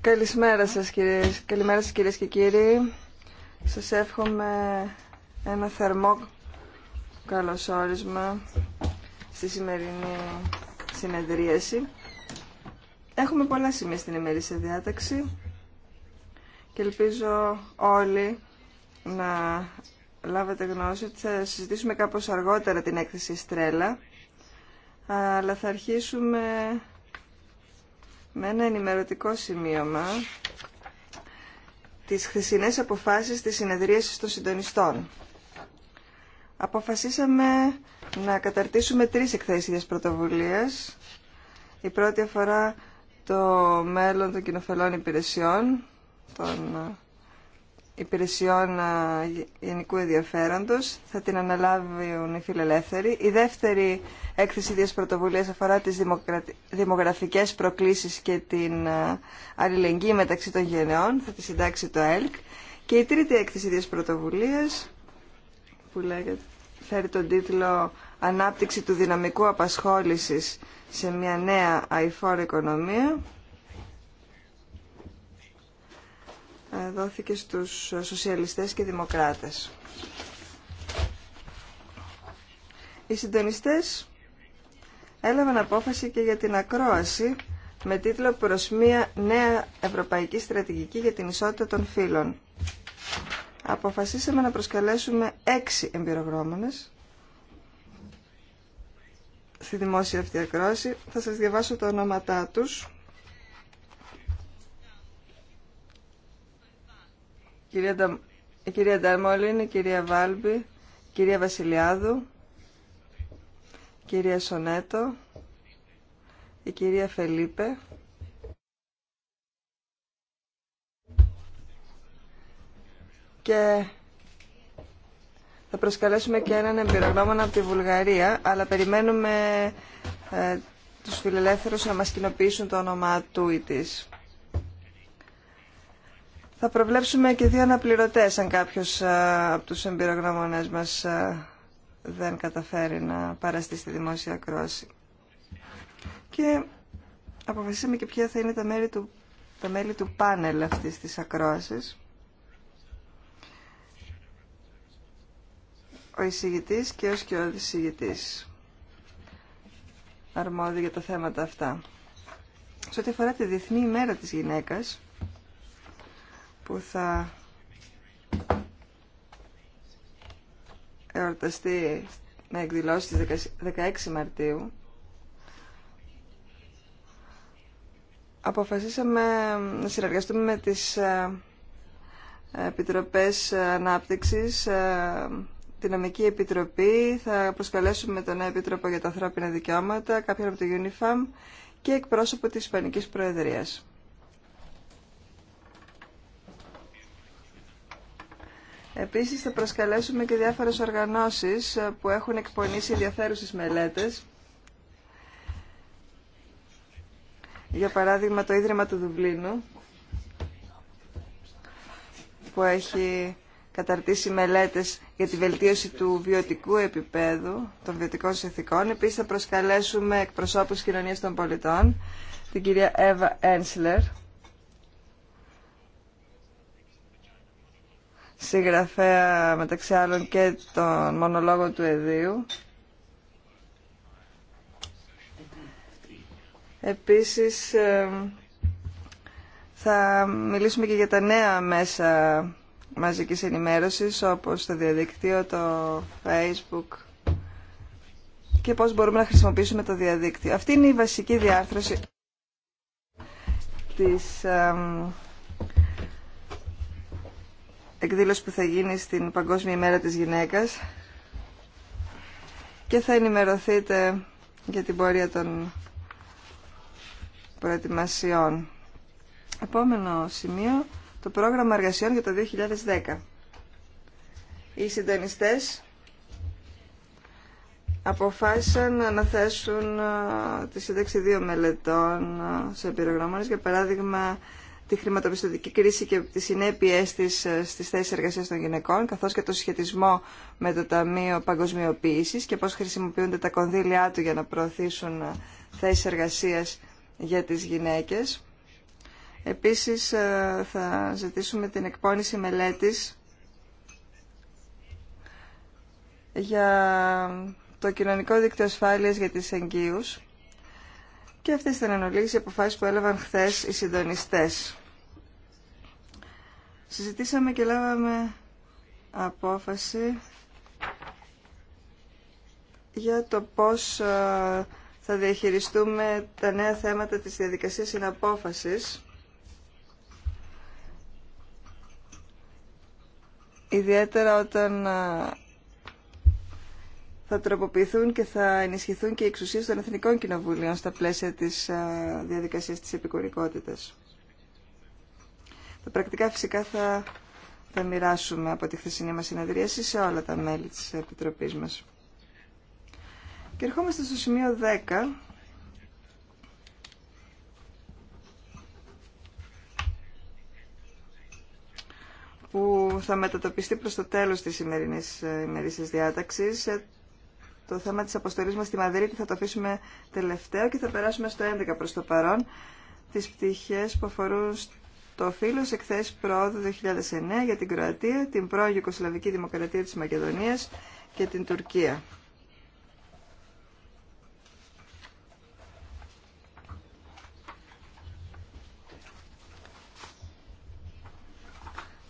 Καλησπέρα σας κυρίες, καλημέρα σας κυρίες και κύριοι. Σας εύχομαι ένα θερμό καλωσόρισμα στη σημερινή συνεδρίαση. Έχουμε πολλά σημεία στην ημερήσια διάταξη και ελπίζω όλοι να λάβετε γνώση ότι θα συζητήσουμε κάπως αργότερα την έκθεση Στρέλα αλλά θα αρχίσουμε με ένα ενημερωτικό σημείωμα τις χθεσινές αποφάσεις της συνεδρίασης των συντονιστών. Αποφασίσαμε να καταρτήσουμε τρεις εκθέσεις πρωτοβουλίας. Η πρώτη αφορά το μέλλον των κοινοφελών υπηρεσιών, των υπηρεσιών ε, γενικού ενδιαφέροντος. Θα την αναλάβουν οι φιλελεύθεροι. Η δεύτερη έκθεση ίδιας πρωτοβουλίας αφορά τις δημογραφικές προκλήσεις και την ε, αλληλεγγύη μεταξύ των γενεών. Θα τη συντάξει το ΕΛΚ. Και η τρίτη έκθεση ίδιας πρωτοβουλίας που λέγεται, φέρει τον τίτλο «Ανάπτυξη του δυναμικού απασχόλησης σε μια νέα αηφόρο οικονομία» Ε, δόθηκε στους σοσιαλιστές και δημοκράτες. Οι συντονιστές έλαβαν απόφαση και για την ακρόαση με τίτλο «Προς μία νέα ευρωπαϊκή στρατηγική για την ισότητα των φύλων». Αποφασίσαμε να προσκαλέσουμε έξι εμπειρογνώμονες στη δημόσια αυτή ακρόαση. Θα σας διαβάσω τα ονόματά τους κυρία, η κυρία Νταρμόλιν, κυρία Βάλμπη, κυρία Βασιλιάδου, κυρία Σονέτο, η κυρία Φελίπε, και θα προσκαλέσουμε και έναν εμπειρογνώμονα από τη Βουλγαρία, αλλά περιμένουμε ε, τους φιλελεύθερους να μας κοινοποιήσουν το όνομά του ή της. Θα προβλέψουμε και δύο αναπληρωτές αν κάποιος ε, από τους εμπειρογνωμονές μας ε, δεν καταφέρει να παραστεί στη δημόσια ακρόαση. Και αποφασίσαμε και ποια θα είναι τα μέλη του, τα μέλη του πάνελ αυτής της ακρόασης. Ο εισηγητής και ο σκιώδης εισηγητής αρμόδιοι για τα θέματα αυτά. Σε ό,τι αφορά τη Διεθνή ημέρα της γυναίκας, που θα εορταστεί με εκδηλώσεις 16 Μαρτίου αποφασίσαμε να συνεργαστούμε με τις ε, Επιτροπές Ανάπτυξης ε, την Νομική Επιτροπή, θα προσκαλέσουμε τον Επίτροπο για τα Ανθρώπινα Δικαιώματα, κάποιον από το UNIFAM και εκπρόσωπο της Ισπανικής Προεδρίας. Επίσης θα προσκαλέσουμε και διάφορες οργανώσεις που έχουν εκπονήσει ενδιαφέρουσες μελέτες. Για παράδειγμα το Ίδρυμα του Δουβλίνου που έχει καταρτήσει μελέτες για τη βελτίωση του βιωτικού επίπεδου των βιωτικών συνθήκων. Επίσης θα προσκαλέσουμε εκπροσώπους κοινωνίας των πολιτών, την κυρία Εύα Ένσλερ, συγγραφέα μεταξύ άλλων και τον μονολόγο του Εδίου. Επίσης ε, θα μιλήσουμε και για τα νέα μέσα μαζικής ενημέρωσης όπως το διαδικτύο, το facebook και πώς μπορούμε να χρησιμοποιήσουμε το διαδίκτυο. Αυτή είναι η βασική διάρθρωση της ε, εκδήλωση που θα γίνει στην Παγκόσμια ημέρα της γυναίκας και θα ενημερωθείτε για την πορεία των προετοιμασιών. Επόμενο σημείο, το πρόγραμμα εργασιών για το 2010. Οι συντονιστές αποφάσισαν να αναθέσουν ε, τη σύνταξη δύο μελετών ε, σε επιρρογραμμόνες, για παράδειγμα τη χρηματοπιστωτική κρίση και τις συνέπειές της ε, στις θέσεις εργασίας των γυναικών, καθώς και το σχετισμό με το Ταμείο Παγκοσμιοποίησης και πώς χρησιμοποιούνται τα κονδύλια του για να προωθήσουν ε, θέσεις εργασίας για τις γυναίκες. Επίσης, ε, θα ζητήσουμε την εκπόνηση μελέτης για το κοινωνικό δίκτυο ασφάλειας για τις εγγύους και αυτές ήταν ολίγης οι αποφάσεις που έλαβαν χθες οι συντονιστές. Συζητήσαμε και λάβαμε απόφαση για το πώς ε, θα διαχειριστούμε τα νέα θέματα της διαδικασίας συναπόφασης. Ιδιαίτερα όταν ε, θα τροποποιηθούν και θα ενισχυθούν και οι εξουσίες των Εθνικών Κοινοβουλίων στα πλαίσια της διαδικασίας της επικουρικότητας. Τα πρακτικά φυσικά θα μοιράσουμε από τη χθεσινή μας συνεδρίαση σε όλα τα μέλη της Επιτροπής μας. Και ερχόμαστε στο σημείο 10. που θα μετατοπιστεί προς το τέλος της σημερινής ε, ημερήσιας διάταξης ε, το θέμα της αποστολής μας στη Μαδρίτη θα το αφήσουμε τελευταίο και θα περάσουμε στο 11 προς το παρόν τις πτυχές που αφορούν το φύλλο σε εκθέσεις προόδου 2009 για την Κροατία, την πρώην Ιουκοσλαβική Δημοκρατία της Μακεδονίας και την Τουρκία.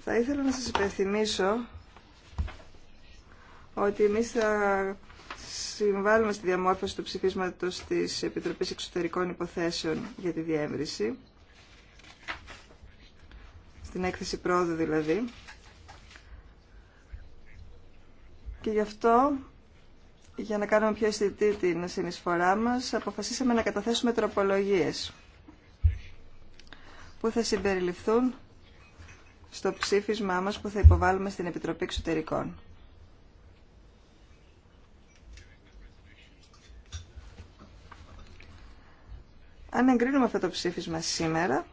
Θα ήθελα να σας υπενθυμίσω ότι εμείς θα συμβάλλουμε στη διαμόρφωση του ψηφίσματος της Επιτροπής Εξωτερικών Υποθέσεων για τη διεύρυνση, στην έκθεση πρόοδου δηλαδή. Και γι' αυτό, για να κάνουμε πιο αισθητή την συνεισφορά μας, αποφασίσαμε να καταθέσουμε τροπολογίες που θα συμπεριληφθούν στο ψήφισμά μας που θα υποβάλουμε στην Επιτροπή Εξωτερικών. Αν εγκρίνουμε αυτό το ψήφισμα σήμερα,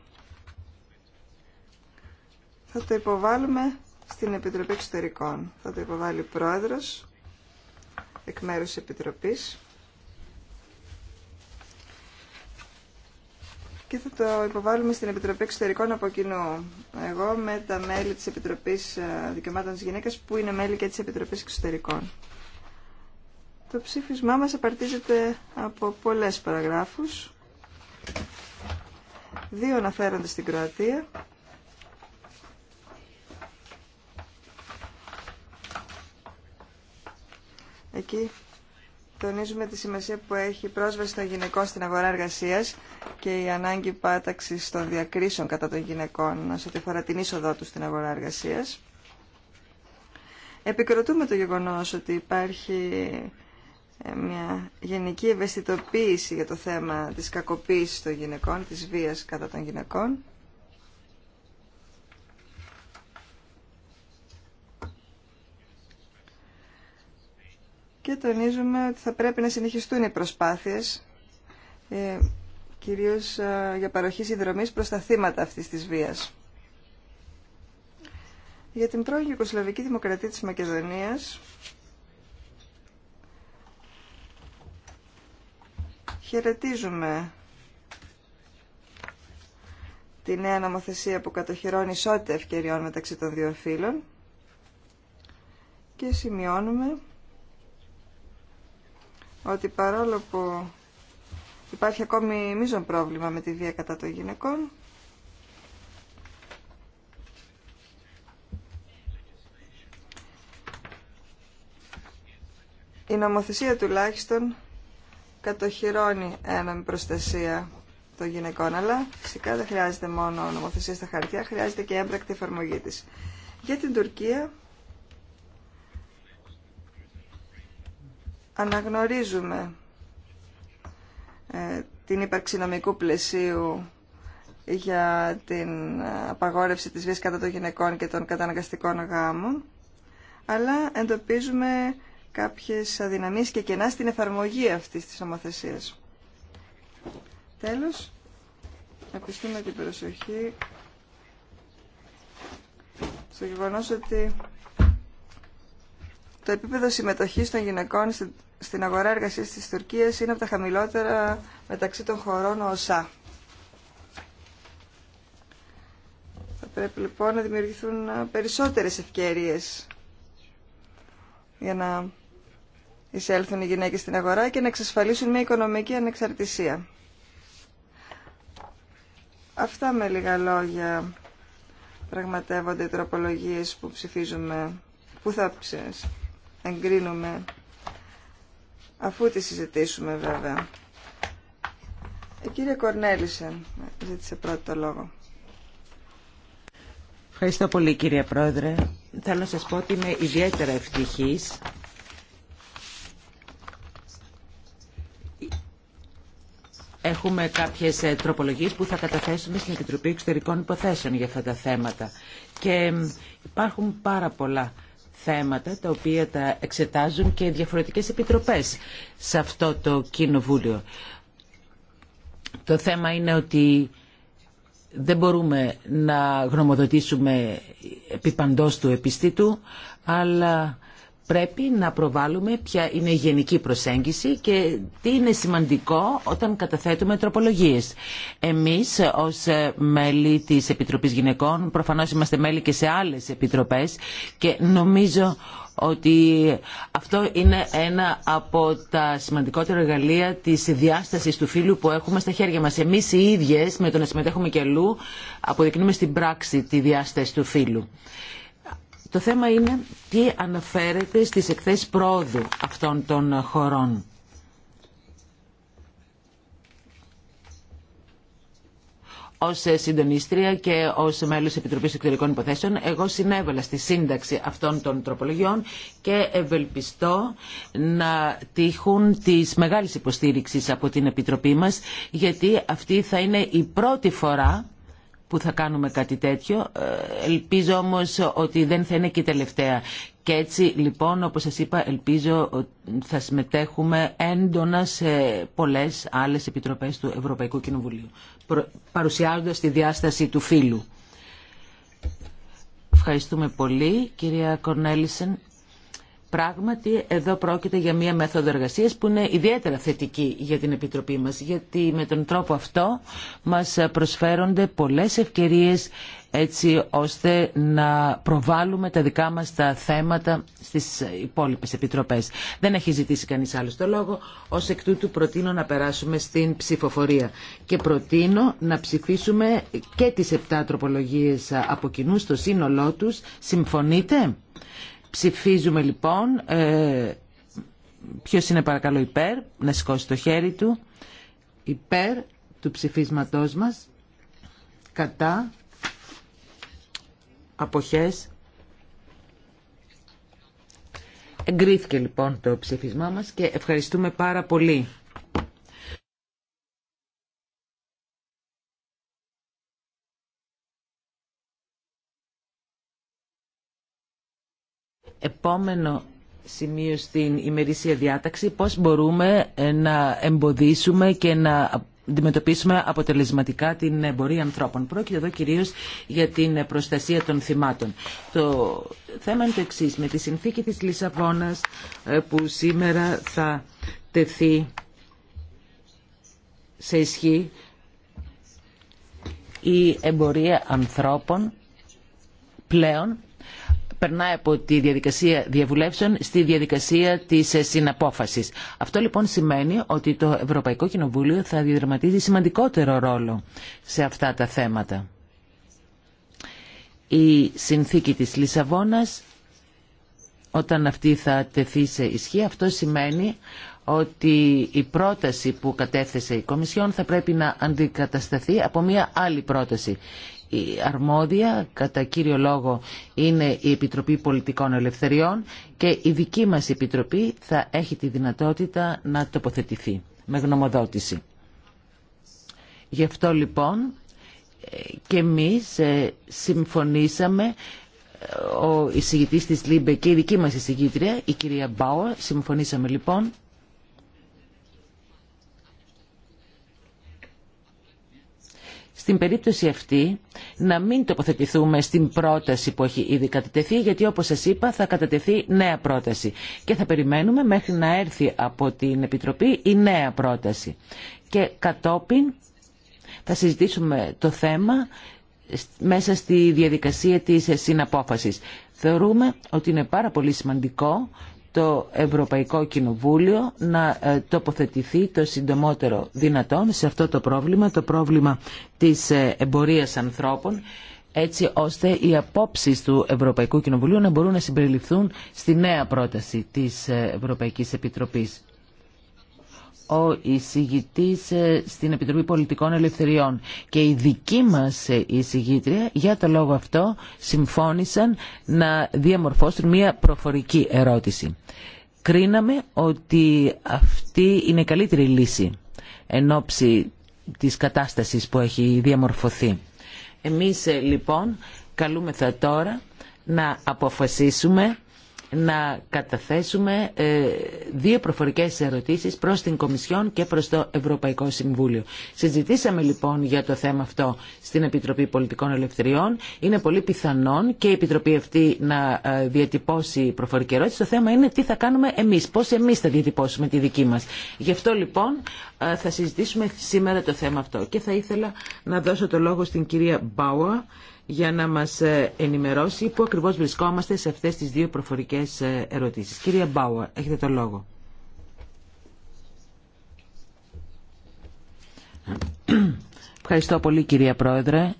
θα το υποβάλουμε στην Επιτροπή Εξωτερικών. Θα το υποβάλει ο Πρόεδρος εκ μέρους της Επιτροπής και θα το υποβάλουμε στην Επιτροπή Εξωτερικών από κοινού. Εγώ με τα μέλη της Επιτροπής ε, Δικαιωμάτων της Γυναίκας που είναι μέλη και της Επιτροπής Εξωτερικών. Το ψήφισμά μας απαρτίζεται από πολλές παραγράφους Δύο αναφέρονται στην Κροατία. Εκεί τονίζουμε τη σημασία που έχει η πρόσβαση των γυναικών στην αγορά εργασίας και η ανάγκη πάταξης των διακρίσεων κατά των γυναικών σε ό,τι αφορά την είσοδό τους στην αγορά εργασίας. Επικροτούμε το γεγονός ότι υπάρχει ε, μια γενική ευαισθητοποίηση για το θέμα της κακοποίησης των γυναικών, της βίας κατά των γυναικών. Και τονίζουμε ότι θα πρέπει να συνεχιστούν οι προσπάθειες, ε, κυρίως ε, για παροχή συνδρομής προς τα θύματα αυτής της βίας. Για την πρώην Ιουκοσλαβική Δημοκρατία της Μακεδονίας, χαιρετίζουμε τη νέα νομοθεσία που κατοχυρώνει ισότητα ευκαιριών μεταξύ των δύο φύλων και σημειώνουμε ότι παρόλο που υπάρχει ακόμη μίζον πρόβλημα με τη βία κατά των γυναικών η νομοθεσία τουλάχιστον κατοχυρώνει με προστασία των γυναικών, αλλά φυσικά δεν χρειάζεται μόνο νομοθεσία στα χαρτιά, χρειάζεται και έμπρακτη εφαρμογή της. Για την Τουρκία αναγνωρίζουμε ε, την ύπαρξη νομικού πλαισίου για την απαγόρευση της βίας κατά των γυναικών και των καταναγκαστικών γάμων, αλλά εντοπίζουμε κάποιες αδυναμίες και κενά στην εφαρμογή αυτής της νομοθεσίας. Τέλος, να πιστούμε την προσοχή στο γεγονό ότι το επίπεδο συμμετοχής των γυναικών στην αγορά εργασίας της Τουρκίας είναι από τα χαμηλότερα μεταξύ των χωρών ΟΣΑ. Θα πρέπει λοιπόν να δημιουργηθούν περισσότερες ευκαιρίες για να εισέλθουν οι γυναίκες στην αγορά και να εξασφαλίσουν μια οικονομική ανεξαρτησία. Αυτά με λίγα λόγια πραγματεύονται οι τροπολογίες που ψηφίζουμε, που θα εγκρίνουμε, αφού τις συζητήσουμε βέβαια. Η ε, κυρία Κορνέλησε ζήτησε πρώτο το λόγο. Ευχαριστώ πολύ κύριε Πρόεδρε. Θέλω να σας πω ότι είμαι ιδιαίτερα ευτυχής Έχουμε κάποιες ε, τροπολογίες που θα καταθέσουμε στην Επιτροπή Εξωτερικών Υποθέσεων για αυτά τα θέματα. Και υπάρχουν πάρα πολλά θέματα τα οποία τα εξετάζουν και διαφορετικές επιτροπές σε αυτό το κοινοβούλιο. Το θέμα είναι ότι δεν μπορούμε να γνωμοδοτήσουμε επί του επιστήτου, αλλά πρέπει να προβάλλουμε ποια είναι η γενική προσέγγιση και τι είναι σημαντικό όταν καταθέτουμε τροπολογίες. Εμείς ως μέλη της Επιτροπής Γυναικών, προφανώς είμαστε μέλη και σε άλλες επιτροπές και νομίζω ότι αυτό είναι ένα από τα σημαντικότερα εργαλεία της διάστασης του φίλου που έχουμε στα χέρια μας. Εμείς οι ίδιες με το να συμμετέχουμε και αλλού αποδεικνύουμε στην πράξη τη διάσταση του φύλου. Το θέμα είναι τι αναφέρεται στις εκθέσεις πρόοδου αυτών των χωρών. Ω συντονίστρια και ω μέλο Επιτροπής Επιτροπή Υποθέσεων, εγώ συνέβαλα στη σύνταξη αυτών των τροπολογιών και ευελπιστώ να τύχουν τις μεγάλες υποστήριξη από την Επιτροπή μας, γιατί αυτή θα είναι η πρώτη φορά που θα κάνουμε κάτι τέτοιο. Ε, ελπίζω όμως ότι δεν θα είναι και η τελευταία. Και έτσι λοιπόν όπως σας είπα ελπίζω ότι θα συμμετέχουμε έντονα σε πολλές άλλες επιτροπές του Ευρωπαϊκού Κοινοβουλίου παρουσιάζοντας τη διάσταση του φίλου. Ευχαριστούμε πολύ κυρία Κορνέλισεν. Πράγματι, εδώ πρόκειται για μια μέθοδο εργασία που είναι ιδιαίτερα θετική για την Επιτροπή μας, γιατί με τον τρόπο αυτό μας προσφέρονται πολλές ευκαιρίες έτσι ώστε να προβάλλουμε τα δικά μας τα θέματα στις υπόλοιπες επιτροπές. Δεν έχει ζητήσει κανείς άλλο το λόγο, ως εκ τούτου προτείνω να περάσουμε στην ψηφοφορία και προτείνω να ψηφίσουμε και τις επτά τροπολογίες από κοινού στο σύνολό τους. Συμφωνείτε? Ψηφίζουμε λοιπόν. Ε, ποιος είναι παρακαλώ υπέρ, να σηκώσει το χέρι του. Υπέρ του ψηφίσματός μας. Κατά. Αποχές. Εγκρίθηκε λοιπόν το ψήφισμά μας και ευχαριστούμε πάρα πολύ. επόμενο σημείο στην ημερήσια διάταξη πώς μπορούμε ε, να εμποδίσουμε και να αντιμετωπίσουμε αποτελεσματικά την εμπορία ανθρώπων. Πρόκειται εδώ κυρίως για την προστασία των θυμάτων. Το θέμα είναι το εξή. Με τη συνθήκη της Λισαβόνας ε, που σήμερα θα τεθεί σε ισχύ η εμπορία ανθρώπων πλέον περνάει από τη διαδικασία διαβουλεύσεων στη διαδικασία της ε, συναπόφασης. Αυτό λοιπόν σημαίνει ότι το Ευρωπαϊκό Κοινοβούλιο θα διαδραματίζει σημαντικότερο ρόλο σε αυτά τα θέματα. Η συνθήκη της Λισαβόνας, όταν αυτή θα τεθεί σε ισχύ, αυτό σημαίνει ότι η πρόταση που κατέθεσε η Κομισιόν θα πρέπει να αντικατασταθεί από μια άλλη πρόταση η αρμόδια κατά κύριο λόγο είναι η Επιτροπή Πολιτικών Ελευθεριών και η δική μας Επιτροπή θα έχει τη δυνατότητα να τοποθετηθεί με γνωμοδότηση. Γι' αυτό λοιπόν και εμείς ε, συμφωνήσαμε ε, ο εισηγητής της ΛΥΜΠΕ και η δική μας εισηγήτρια, η κυρία Μπάουα, συμφωνήσαμε λοιπόν στην περίπτωση αυτή να μην τοποθετηθούμε στην πρόταση που έχει ήδη κατατεθεί γιατί όπως σας είπα θα κατατεθεί νέα πρόταση και θα περιμένουμε μέχρι να έρθει από την Επιτροπή η νέα πρόταση και κατόπιν θα συζητήσουμε το θέμα μέσα στη διαδικασία της συναπόφασης. Θεωρούμε ότι είναι πάρα πολύ σημαντικό το Ευρωπαϊκό Κοινοβούλιο να ε, τοποθετηθεί το συντομότερο δυνατόν σε αυτό το πρόβλημα, το πρόβλημα της ε, εμπορίας ανθρώπων, έτσι ώστε οι απόψεις του Ευρωπαϊκού Κοινοβουλίου να μπορούν να συμπεριληφθούν στη νέα πρόταση της ε, Ευρωπαϊκής Επιτροπής ο εισηγητής ε, στην Επιτροπή Πολιτικών Ελευθεριών και η δική μας ε, εισηγήτρια για το λόγο αυτό συμφώνησαν να διαμορφώσουν μια προφορική ερώτηση. Κρίναμε ότι αυτή είναι η καλύτερη λύση εν ώψη της κατάστασης που έχει διαμορφωθεί. Εμείς ε, λοιπόν καλούμεθα τώρα να αποφασίσουμε να καταθέσουμε ε, δύο προφορικές ερωτήσεις προς την Κομισιόν και προς το Ευρωπαϊκό Συμβούλιο. Συζητήσαμε λοιπόν για το θέμα αυτό στην Επιτροπή Πολιτικών Ελευθεριών. Είναι πολύ πιθανόν και η Επιτροπή αυτή να ε, διατυπώσει προφορική ερώτηση. Το θέμα είναι τι θα κάνουμε εμείς, πώς εμείς θα διατυπώσουμε τη δική μας. Γι' αυτό λοιπόν ε, θα συζητήσουμε σήμερα το θέμα αυτό. Και θα ήθελα να δώσω το λόγο στην κυρία Μπάουα για να μας ε, ενημερώσει που ακριβώς βρισκόμαστε σε αυτές τις δύο προφορικές ε, ερωτήσεις. Κυρία Μπάουα, έχετε το λόγο. Ευχαριστώ πολύ κυρία Πρόεδρε.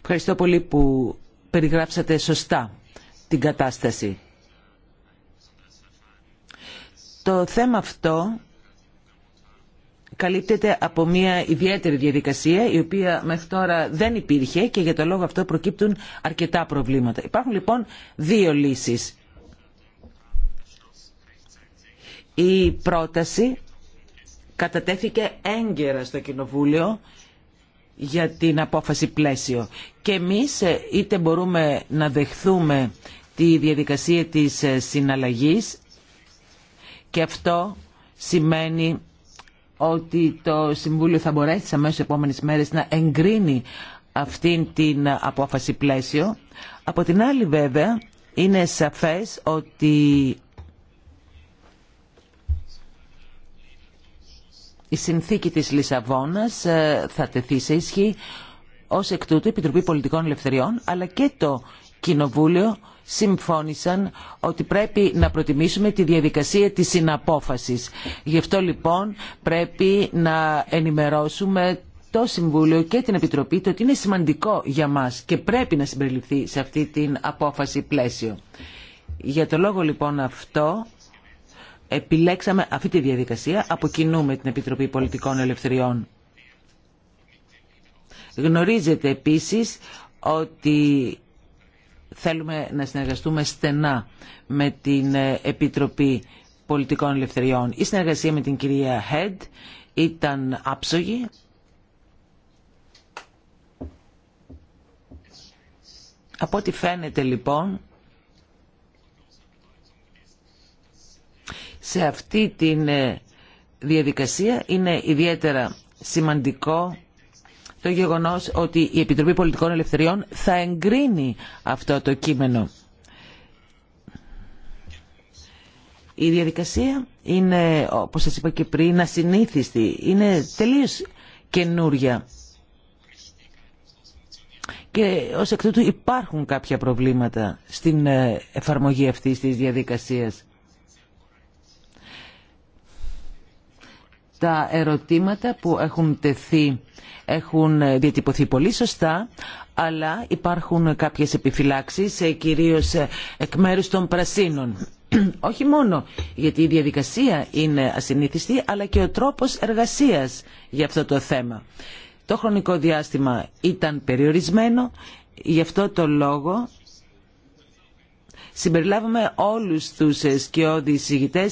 Ευχαριστώ πολύ που περιγράψατε σωστά την κατάσταση. Το θέμα αυτό καλύπτεται από μια ιδιαίτερη διαδικασία η οποία μέχρι τώρα δεν υπήρχε και για το λόγο αυτό προκύπτουν αρκετά προβλήματα. Υπάρχουν λοιπόν δύο λύσεις. Η πρόταση κατατέθηκε έγκαιρα στο Κοινοβούλιο για την απόφαση πλαίσιο και εμείς είτε μπορούμε να δεχθούμε τη διαδικασία της συναλλαγής και αυτό σημαίνει ότι το Συμβούλιο θα μπορέσει τις αμέσως επόμενες μέρες να εγκρίνει αυτήν την απόφαση πλαίσιο. Από την άλλη βέβαια είναι σαφές ότι η συνθήκη της Λισαβόνας ε, θα τεθεί σε ισχύ ως εκ τούτου η Επιτροπή Πολιτικών Ελευθεριών αλλά και το Κοινοβούλιο συμφώνησαν ότι πρέπει να προτιμήσουμε τη διαδικασία της συναπόφασης. Γι' αυτό λοιπόν πρέπει να ενημερώσουμε το Συμβούλιο και την Επιτροπή το ότι είναι σημαντικό για μας και πρέπει να συμπεριληφθεί σε αυτή την απόφαση πλαίσιο. Για το λόγο λοιπόν αυτό επιλέξαμε αυτή τη διαδικασία, αποκοινούμε την Επιτροπή Πολιτικών Ελευθεριών. Γνωρίζετε επίσης ότι θέλουμε να συνεργαστούμε στενά με την ε, Επιτροπή Πολιτικών Ελευθεριών. Η συνεργασία με την κυρία Χέντ ήταν άψογη. Από ό,τι φαίνεται λοιπόν, σε αυτή τη ε, διαδικασία είναι ιδιαίτερα σημαντικό το γεγονός ότι η Επιτροπή Πολιτικών Ελευθεριών θα εγκρίνει αυτό το κείμενο. Η διαδικασία είναι, όπως σας είπα και πριν, ασυνήθιστη. Είναι τελείως καινούρια. Και ως εκ τούτου υπάρχουν κάποια προβλήματα στην ε, εφαρμογή αυτής της διαδικασίας. τα ερωτήματα που έχουν τεθεί έχουν διατυπωθεί πολύ σωστά, αλλά υπάρχουν κάποιες επιφυλάξεις, ε, κυρίως ε, εκ μέρους των πρασίνων. Όχι μόνο γιατί η διαδικασία είναι ασυνήθιστη, αλλά και ο τρόπος εργασίας για αυτό το θέμα. Το χρονικό διάστημα ήταν περιορισμένο, γι' αυτό το λόγο συμπεριλάβουμε όλους του ε, σκιώδη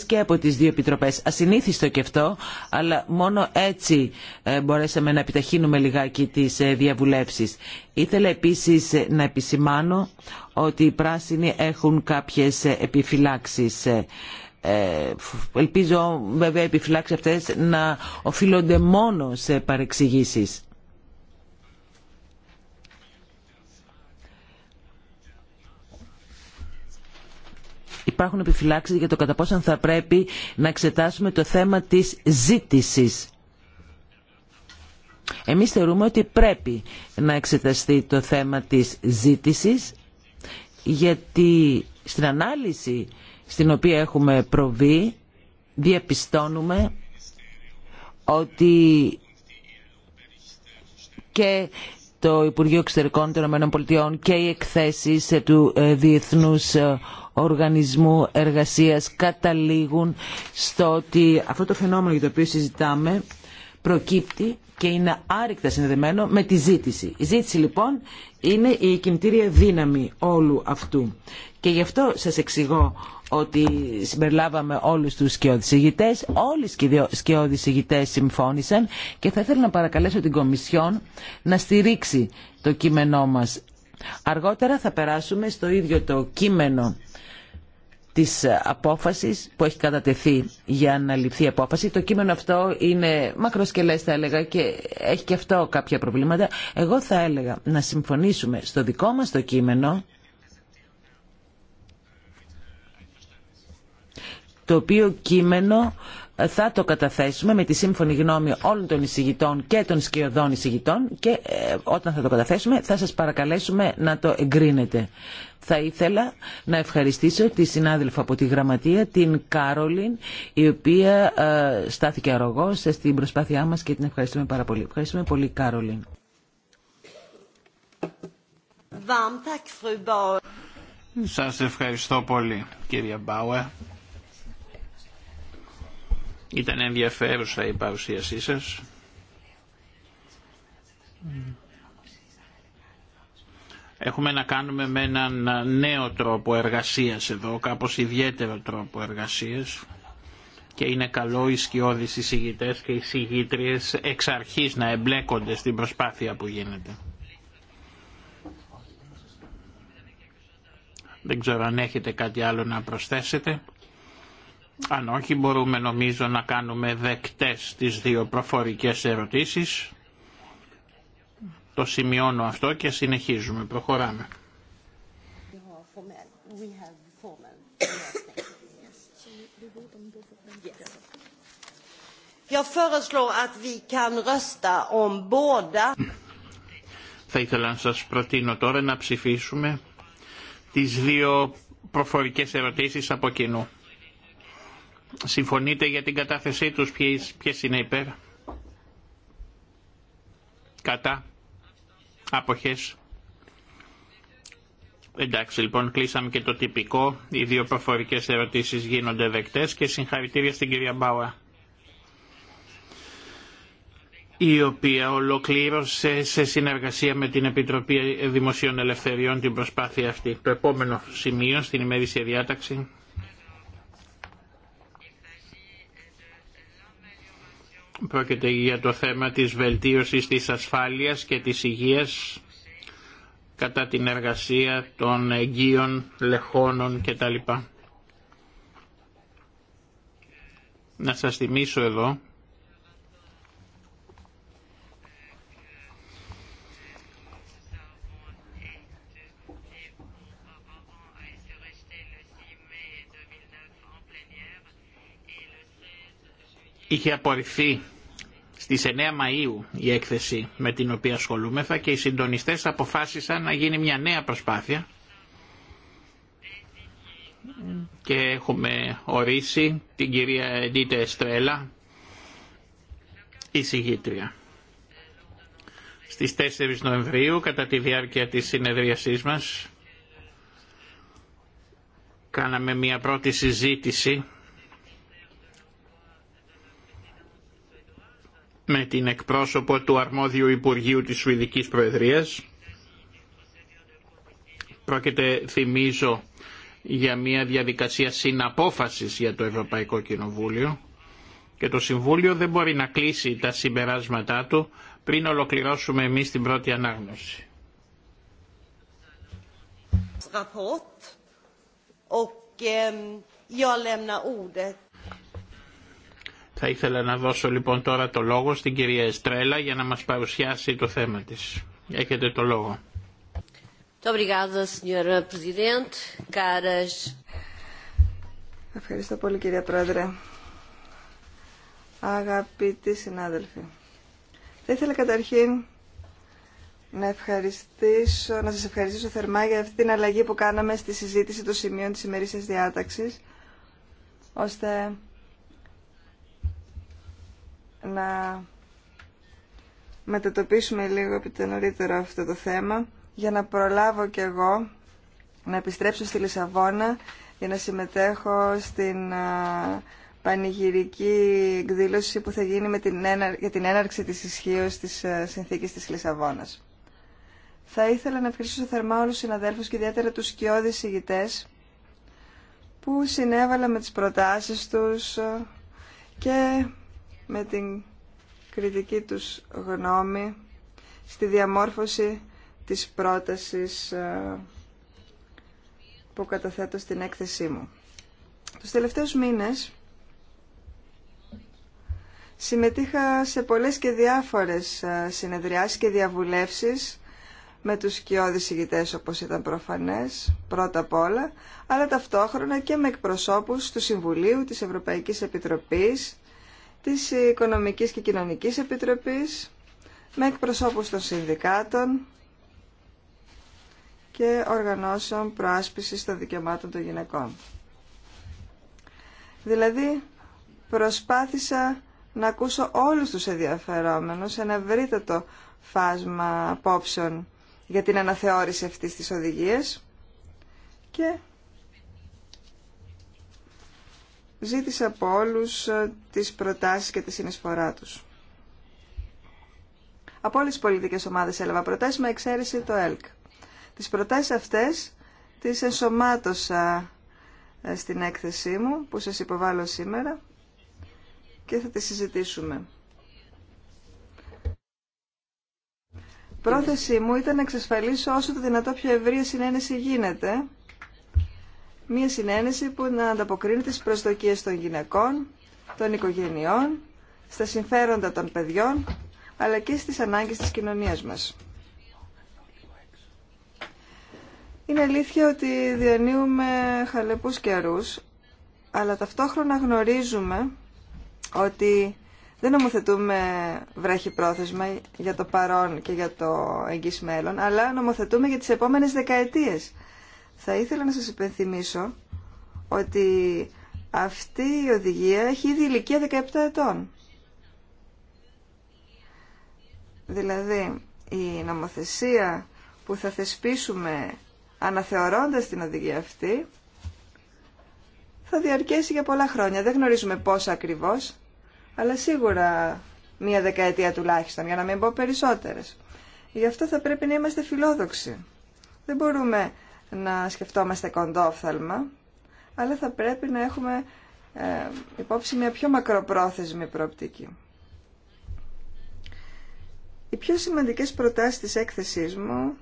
και από τις δύο επιτροπές. Ασυνήθιστο και αυτό, αλλά μόνο έτσι ε, μπορέσαμε να επιταχύνουμε λιγάκι τις ε, διαβουλεύσει. Ήθελα επίσης να επισημάνω ότι οι πράσινοι έχουν κάποιες επιφυλάξεις ελπίζω βέβαια οι επιφυλάξεις αυτές να οφείλονται μόνο σε παρεξηγήσεις. υπάρχουν επιφυλάξεις για το κατά πόσον θα πρέπει να εξετάσουμε το θέμα της ζήτησης. Εμείς θεωρούμε ότι πρέπει να εξεταστεί το θέμα της ζήτησης γιατί στην ανάλυση στην οποία έχουμε προβεί διαπιστώνουμε ότι και το Υπουργείο Εξωτερικών των ΗΠΑ και οι εκθέσεις του ε, Διεθνούς ε, Οργανισμού Εργασίας καταλήγουν στο ότι αυτό το φαινόμενο για το οποίο συζητάμε προκύπτει και είναι άρρηκτα συνδεδεμένο με τη ζήτηση. Η ζήτηση λοιπόν είναι η κινητήρια δύναμη όλου αυτού. Και γι' αυτό σας εξηγώ ότι συμπεριλάβαμε όλους τους σκιώδης ηγητές, όλοι οι σκιώδης ηγητές συμφώνησαν και θα ήθελα να παρακαλέσω την Κομισιόν να στηρίξει το κείμενό μας Αργότερα θα περάσουμε στο ίδιο το κείμενο της απόφασης που έχει κατατεθεί για να ληφθεί απόφαση. Το κείμενο αυτό είναι μακροσκελές θα έλεγα και έχει και αυτό κάποια προβλήματα. Εγώ θα έλεγα να συμφωνήσουμε στο δικό μας το κείμενο το οποίο κείμενο θα το καταθέσουμε με τη σύμφωνη γνώμη όλων των εισηγητών και των σκιωδών εισηγητών και ε, όταν θα το καταθέσουμε θα σας παρακαλέσουμε να το εγκρίνετε. Θα ήθελα να ευχαριστήσω τη συνάδελφα από τη Γραμματεία, την Κάρολιν, η οποία ε, στάθηκε αρρωγός στην προσπάθειά μας και την ευχαριστούμε πάρα πολύ. Ευχαριστούμε πολύ, Κάρολιν. Σας ευχαριστώ πολύ, κύριε Μπάουερ. Ήταν ενδιαφέρουσα η παρουσίασή σας. Έχουμε να κάνουμε με έναν νέο τρόπο εργασίας εδώ, κάπως ιδιαίτερο τρόπο εργασίας και είναι καλό οι σκιώδεις εισηγητές και οι εισηγήτριες εξ αρχής να εμπλέκονται στην προσπάθεια που γίνεται. Δεν ξέρω αν έχετε κάτι άλλο να προσθέσετε. Αν όχι μπορούμε νομίζω να κάνουμε δεκτές τις δύο προφορικές ερωτήσεις. Το σημειώνω αυτό και συνεχίζουμε. Προχωράμε. Θα ήθελα να σας προτείνω τώρα να ψηφίσουμε τις δύο προφορικές ερωτήσεις από κοινού. Συμφωνείτε για την κατάθεσή τους, ποιες, ποιες είναι υπέρ. Κατά. Αποχές. Εντάξει λοιπόν κλείσαμε και το τυπικό, οι δύο προφορικές ερωτήσεις γίνονται δεκτές και συγχαρητήρια στην κυρία Μπάουα η οποία ολοκλήρωσε σε συνεργασία με την Επιτροπή Δημοσίων Ελευθεριών την προσπάθεια αυτή. Το επόμενο σημείο στην ημέρηση διάταξη Πρόκειται για το θέμα της βελτίωσης της ασφάλειας και της υγείας κατά την εργασία των εγγύων, λεχόνων κτλ. Να σας θυμίσω εδώ Είχε απορριφθεί στις 9 Μαΐου η έκθεση με την οποία ασχολούμεθα και οι συντονιστές αποφάσισαν να γίνει μια νέα προσπάθεια και έχουμε ορίσει την κυρία Εντίτε Εστρέλα η συγγήτρια. Στις 4 Νοεμβρίου κατά τη διάρκεια της συνεδρίασής μας κάναμε μια πρώτη συζήτηση με την εκπρόσωπο του αρμόδιου Υπουργείου της Σουηδικής Προεδρίας. Πρόκειται, θυμίζω, για μια διαδικασία συναπόφασης για το Ευρωπαϊκό Κοινοβούλιο και το Συμβούλιο δεν μπορεί να κλείσει τα συμπεράσματά του πριν ολοκληρώσουμε εμείς την πρώτη ανάγνωση. och ehm, jag lämnar ordet θα ήθελα να δώσω λοιπόν τώρα το λόγο στην κυρία Εστρέλα για να μας παρουσιάσει το θέμα της. Έχετε το λόγο. Ευχαριστώ πολύ κυρία Πρόεδρε. Αγαπητοί συνάδελφοι, θα ήθελα καταρχήν να, ευχαριστήσω, να σας ευχαριστήσω θερμά για αυτή την αλλαγή που κάναμε στη συζήτηση των σημείων της ημερήσιας διάταξης, ώστε να μετατοπίσουμε λίγο επί το νωρίτερο αυτό το θέμα για να προλάβω κι εγώ να επιστρέψω στη Λισαβόνα για να συμμετέχω στην πανηγυρική εκδήλωση που θα γίνει με την για την έναρξη της ισχύω της συνθήκης της Λισαβόνας. Θα ήθελα να ευχαριστήσω θερμά όλους τους συναδέλφους και ιδιαίτερα τους σκιώδεις ηγητές που συνέβαλα με τις προτάσεις τους και με την κριτική τους γνώμη στη διαμόρφωση της πρότασης ε, που καταθέτω στην έκθεσή μου. Τους τελευταίους μήνες συμμετείχα σε πολλές και διάφορες ε, συνεδριάσεις και διαβουλεύσεις με τους σκιώδεις ηγητές όπως ήταν προφανές πρώτα απ' όλα αλλά ταυτόχρονα και με εκπροσώπους του Συμβουλίου της Ευρωπαϊκής Επιτροπής της Οικονομικής και Κοινωνικής Επιτροπής με εκπροσώπους των συνδικάτων και οργανώσεων προάσπισης των δικαιωμάτων των γυναικών. Δηλαδή, προσπάθησα να ακούσω όλους τους ενδιαφερόμενους ένα ευρύτατο φάσμα απόψεων για την αναθεώρηση αυτής της οδηγίας και ζήτησα από όλους ε, τις προτάσεις και τη συνεισφορά τους. Από όλες τις πολιτικές ομάδες έλαβα προτάσεις με εξαίρεση το ΕΛΚ. Τις προτάσεις αυτές τις ενσωμάτωσα ε, στην έκθεσή μου που σας υποβάλλω σήμερα και θα τη συζητήσουμε. Πρόθεσή μου ήταν να εξασφαλίσω όσο το δυνατό πιο ευρία συνένεση γίνεται Μία συνένεση που να ανταποκρίνεται στις προσδοκίες των γυναικών, των οικογενειών, στα συμφέροντα των παιδιών, αλλά και στις ανάγκες της κοινωνίας μας. Είναι αλήθεια ότι διανύουμε χαλεπούς αρούς, αλλά ταυτόχρονα γνωρίζουμε ότι δεν νομοθετούμε πρόθεσμα για το παρόν και για το εγγύς μέλλον, αλλά νομοθετούμε για τις επόμενες δεκαετίες. Θα ήθελα να σας υπενθυμίσω ότι αυτή η οδηγία έχει ήδη ηλικία 17 ετών. Δηλαδή, η νομοθεσία που θα θεσπίσουμε αναθεωρώντας την οδηγία αυτή θα διαρκέσει για πολλά χρόνια. Δεν γνωρίζουμε πόσα ακριβώς, αλλά σίγουρα μία δεκαετία τουλάχιστον, για να μην πω περισσότερες. Γι' αυτό θα πρέπει να είμαστε φιλόδοξοι. Δεν μπορούμε να σκεφτόμαστε κοντόφθαλμα, αλλά θα πρέπει να έχουμε ε, υπόψη μια πιο μακροπρόθεσμη προοπτική. Οι πιο σημαντικές προτάσεις της έκθεσής μου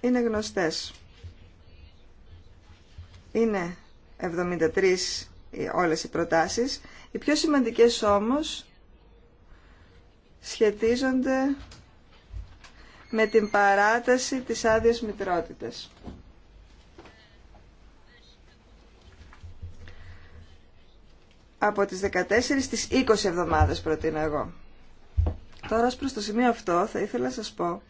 είναι γνωστές. Είναι 73 όλες οι προτάσεις. Οι πιο σημαντικές όμως σχετίζονται με την παράταση της άδειας μητρότητας. από τις 14 στις 20 εβδομάδες προτείνω εγώ. Τώρα προς το σημείο αυτό θα ήθελα να σας πω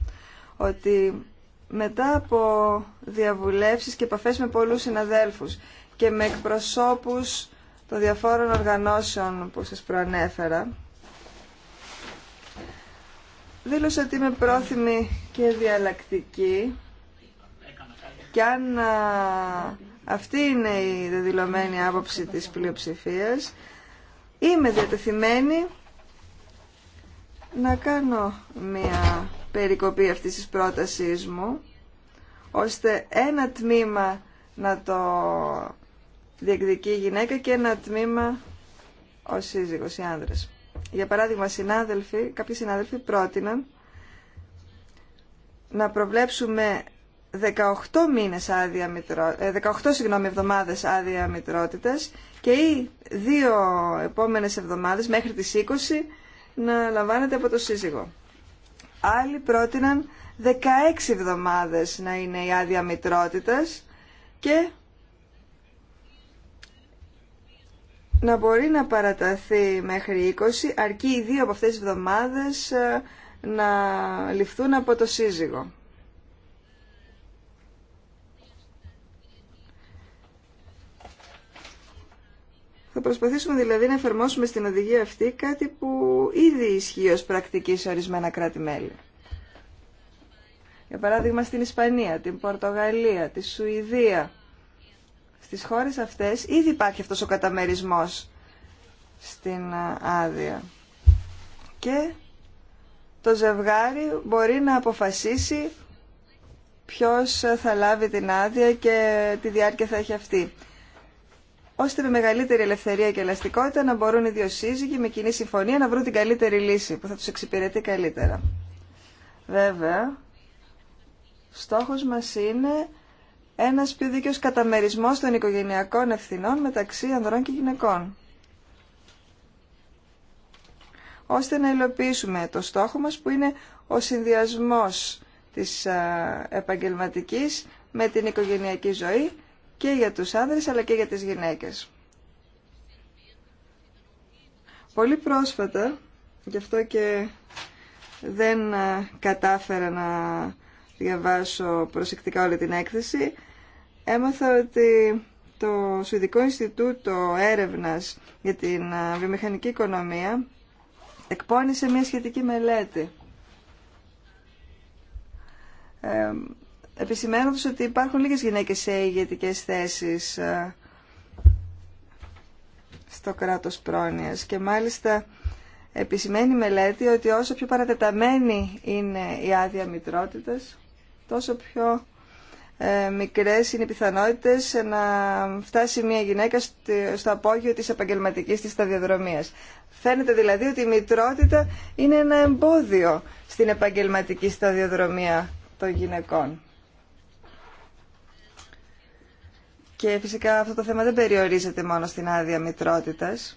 ότι μετά από διαβουλεύσεις και επαφές με πολλούς συναδέλφους και με εκπροσώπους των διαφόρων οργανώσεων που σας προανέφερα δήλωσα ότι είμαι πρόθυμη και διαλλακτική και αν αυτή είναι η δεδηλωμένη άποψη της πλειοψηφίας. Είμαι διατεθειμένη να κάνω μια περικοπή αυτής της πρότασής μου, ώστε ένα τμήμα να το διεκδικεί η γυναίκα και ένα τμήμα ο σύζυγος, οι άνδρες. Για παράδειγμα, συνάδελφοι, κάποιοι συνάδελφοι πρότειναν να προβλέψουμε 18 μήνες άδεια 18 ε, συγγνώμη, εβδομάδες άδεια μητρότητας και ή δύο επόμενες εβδομάδες μέχρι τις 20 να λαμβάνεται από το σύζυγο. Άλλοι πρότειναν 16 εβδομάδες να είναι η άδεια μητρότητας και να μπορεί να παραταθεί μέχρι 20 αρκεί οι δύο από αυτές τις εβδομάδες ε, να ληφθούν από το σύζυγο. Θα προσπαθήσουμε δηλαδή να εφαρμόσουμε στην οδηγία αυτή κάτι που ήδη ισχύει ως πρακτική σε ορισμένα κράτη-μέλη. Για παράδειγμα στην Ισπανία, την Πορτογαλία, τη Σουηδία. Στις χώρες αυτές ήδη υπάρχει αυτός ο καταμερισμός στην άδεια. Και το ζευγάρι μπορεί να αποφασίσει ποιος θα λάβει την άδεια και τη διάρκεια θα έχει αυτή ώστε με μεγαλύτερη ελευθερία και ελαστικότητα να μπορούν οι δύο σύζυγοι με κοινή συμφωνία να βρουν την καλύτερη λύση που θα τους εξυπηρετεί καλύτερα. Βέβαια, στόχος μας είναι ένας πιο δίκαιος καταμερισμός των οικογενειακών ευθυνών μεταξύ ανδρών και γυναικών. Ώστε να υλοποιήσουμε το στόχο μας που είναι ο συνδυασμός της επαγγελματικής με την οικογενειακή ζωή και για τους άνδρες αλλά και για τις γυναίκες. Πολύ πρόσφατα, γι' αυτό και δεν ε, κατάφερα να διαβάσω προσεκτικά όλη την έκθεση, έμαθα ότι το Σουηδικό Ινστιτούτο Έρευνας για την ε, Βιομηχανική Οικονομία εκπώνησε μια σχετική μελέτη ε, επισημένοντας ότι υπάρχουν λίγες γυναίκες σε ηγετικές θέσεις ε, στο κράτος πρόνοιας και μάλιστα επισημαίνει η μελέτη ότι όσο πιο παρατεταμένη είναι η άδεια μητρότητας τόσο πιο ε, μικρές είναι οι πιθανότητες να φτάσει μια γυναίκα στο απόγειο της επαγγελματικής της σταδιοδρομίας. Φαίνεται δηλαδή ότι η μητρότητα είναι ένα εμπόδιο στην επαγγελματική σταδιοδρομία των γυναικών. Και φυσικά αυτό το θέμα δεν περιορίζεται μόνο στην άδεια μητρότητας,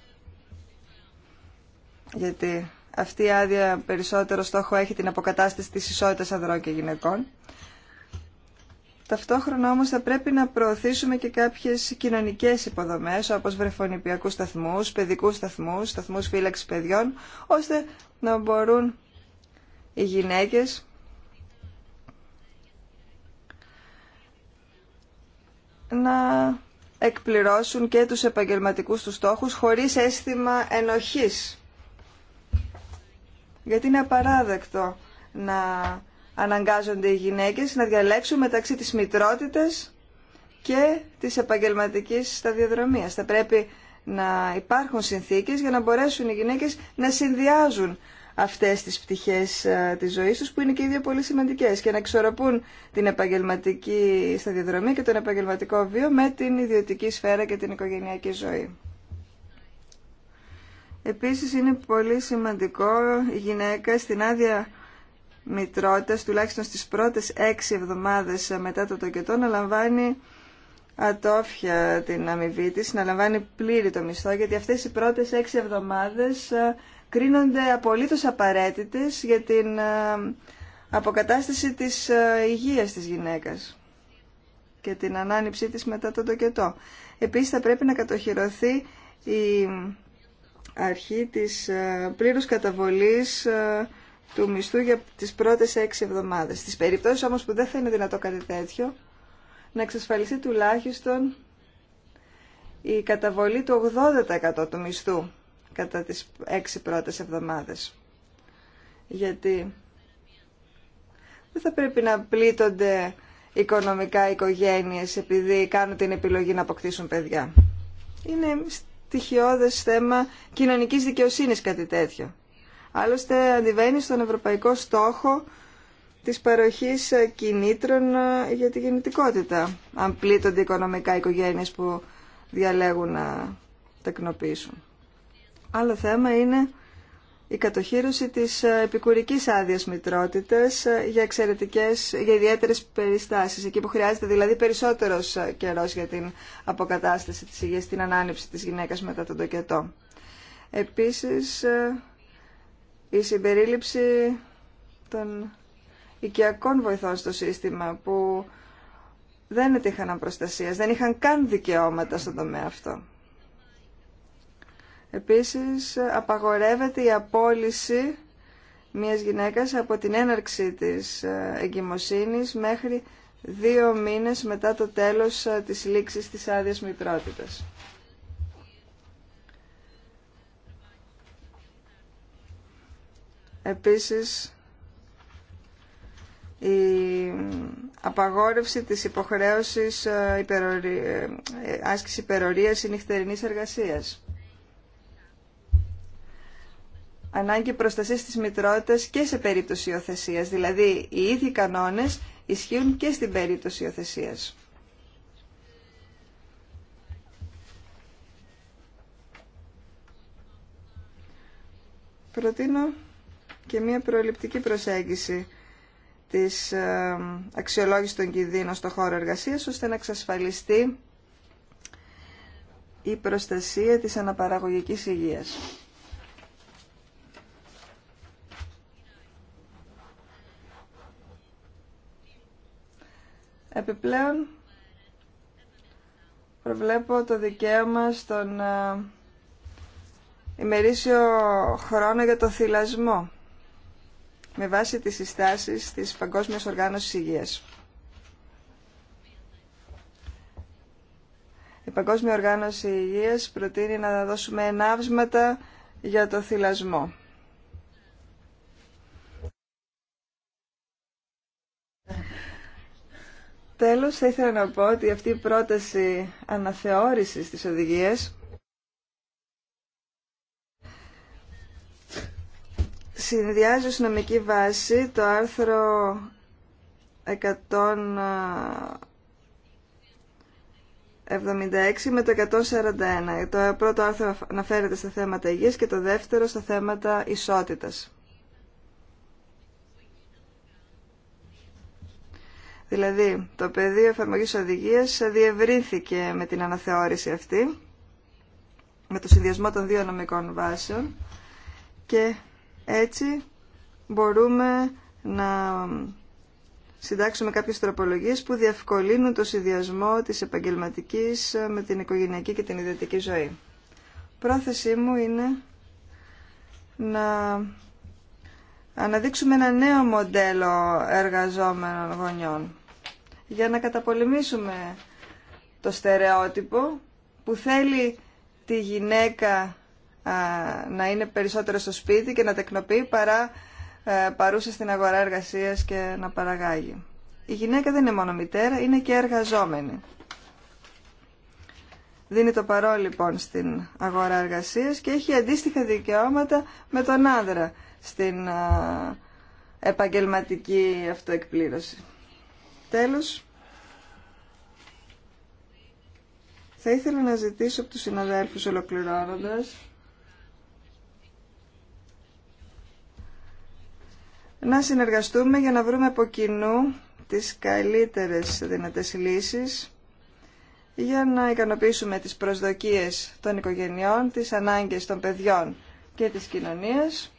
γιατί αυτή η άδεια περισσότερο στόχο έχει την αποκατάσταση της ισότητας ανδρών και γυναικών. Ταυτόχρονα όμως θα πρέπει να προωθήσουμε και κάποιες κοινωνικές υποδομές όπως βρεφονιπιακούς σταθμούς, παιδικούς σταθμούς, σταθμούς φύλαξης παιδιών, ώστε να μπορούν οι γυναίκες να εκπληρώσουν και τους επαγγελματικούς τους στόχους χωρίς αίσθημα ενοχής. Γιατί είναι απαράδεκτο να αναγκάζονται οι γυναίκες να διαλέξουν μεταξύ της μητρότητας και της επαγγελματικής σταδιοδρομίας. Θα πρέπει να υπάρχουν συνθήκες για να μπορέσουν οι γυναίκες να συνδυάζουν αυτές τις πτυχές ε, της ζωής τους που είναι και οι πολύ σημαντικές και να εξορροπούν την επαγγελματική σταδιοδρομή και τον επαγγελματικό βίο με την ιδιωτική σφαίρα και την οικογενειακή ζωή. Επίσης είναι πολύ σημαντικό η γυναίκα στην άδεια μητρότητας τουλάχιστον στις πρώτες έξι εβδομάδες μετά το τοκετό να λαμβάνει ατόφια την αμοιβή της, να λαμβάνει πλήρη το μισθό γιατί αυτές οι πρώτες έξι εβδομάδες ε, κρίνονται απολύτως απαραίτητες για την ε, αποκατάσταση της ε, υγείας της γυναίκας και την ανάνυψή της μετά τον τοκετό. Επίσης θα πρέπει να κατοχυρωθεί η αρχή της ε, πλήρους καταβολής του μισθού για τις πρώτες έξι εβδομάδες. Στις περιπτώσεις όμως που δεν θα είναι δυνατό κάτι τέτοιο, να εξασφαλιστεί τουλάχιστον η καταβολή του 80% του μισθού κατά τις έξι πρώτες εβδομάδες. Γιατί δεν θα πρέπει να πλήττονται οικονομικά οικογένειες επειδή κάνουν την επιλογή να αποκτήσουν παιδιά. Είναι στοιχειώδες θέμα κοινωνικής δικαιοσύνης κάτι τέτοιο. Άλλωστε αντιβαίνει στον ευρωπαϊκό στόχο της παροχής κινήτρων για τη γεννητικότητα, αν πλήττονται οικονομικά οικογένειες που διαλέγουν να τεκνοποιήσουν. Άλλο θέμα είναι η κατοχήρωση της ε, επικουρικής άδειας μητρότητας ε, για, εξαιρετικές, για ιδιαίτερες περιστάσεις, εκεί που χρειάζεται δηλαδή περισσότερος ε, καιρός για την αποκατάσταση της υγείας, την ανάνυψη της γυναίκας μετά τον τοκετό. Επίσης, η συμπερίληψη των οικιακών βοηθών στο σύστημα που δεν έτυχαν προστασία. δεν είχαν καν δικαιώματα στον τομέα αυτό. Επίσης, απαγορεύεται η απόλυση μιας γυναίκας από την έναρξη της ε, εγκυμοσύνης μέχρι δύο μήνες μετά το τέλος ε, της λήξης της άδειας μητρότητας. Επίσης, η απαγόρευση της υποχρέωσης ε, υπερορι... άσκηση υπερορίας ή νυχτερινής εργασίας ανάγκη προστασίας της μητρότητας και σε περίπτωση υιοθεσία. Δηλαδή, οι ίδιοι κανόνες ισχύουν και στην περίπτωση υιοθεσία. Προτείνω και μία προληπτική προσέγγιση της ε, αξιολόγησης των κινδύνων στον χώρο εργασίας, ώστε να εξασφαλιστεί η προστασία της αναπαραγωγικής υγείας. Επιπλέον, προβλέπω το δικαίωμα στον ε, ημερήσιο χρόνο για το θυλασμό με βάση τις συστάσεις της Παγκόσμιας Οργάνωσης Υγείας. Η Παγκόσμια Οργάνωση Υγείας προτείνει να δώσουμε ενάυσματα για το θυλασμό. Τέλος, θα ήθελα να πω ότι αυτή η πρόταση αναθεώρησης της οδηγίας συνδυάζει ως νομική βάση το άρθρο 176 με το 141. Το πρώτο άρθρο αναφέρεται στα θέματα υγείας και το δεύτερο στα θέματα ισότητας. Δηλαδή, το πεδίο εφαρμογή οδηγία διευρύνθηκε με την αναθεώρηση αυτή, με το συνδυασμό των δύο νομικών βάσεων και έτσι μπορούμε να συντάξουμε κάποιες τροπολογίες που διευκολύνουν το συνδυασμό της επαγγελματικής με την οικογενειακή και την ιδιωτική ζωή. Πρόθεσή μου είναι να αναδείξουμε ένα νέο μοντέλο εργαζόμενων γονιών για να καταπολεμήσουμε το στερεότυπο που θέλει τη γυναίκα να είναι περισσότερο στο σπίτι και να τεκνοποιεί παρά ε, παρούσα στην αγορά εργασίας και να παραγάγει. Η γυναίκα δεν είναι μόνο μητέρα, είναι και εργαζόμενη. Δίνει το παρόν λοιπόν στην αγορά εργασίας και έχει αντίστοιχα δικαιώματα με τον άνδρα στην επαγγελματική αυτοεκπλήρωση. Τέλος, θα ήθελα να ζητήσω από τους συναδέλφους ολοκληρώνοντας να συνεργαστούμε για να βρούμε από κοινού τις καλύτερες δυνατές λύσεις για να ικανοποιήσουμε τις προσδοκίες των οικογενειών, τις ανάγκες των παιδιών και της κοινωνίας,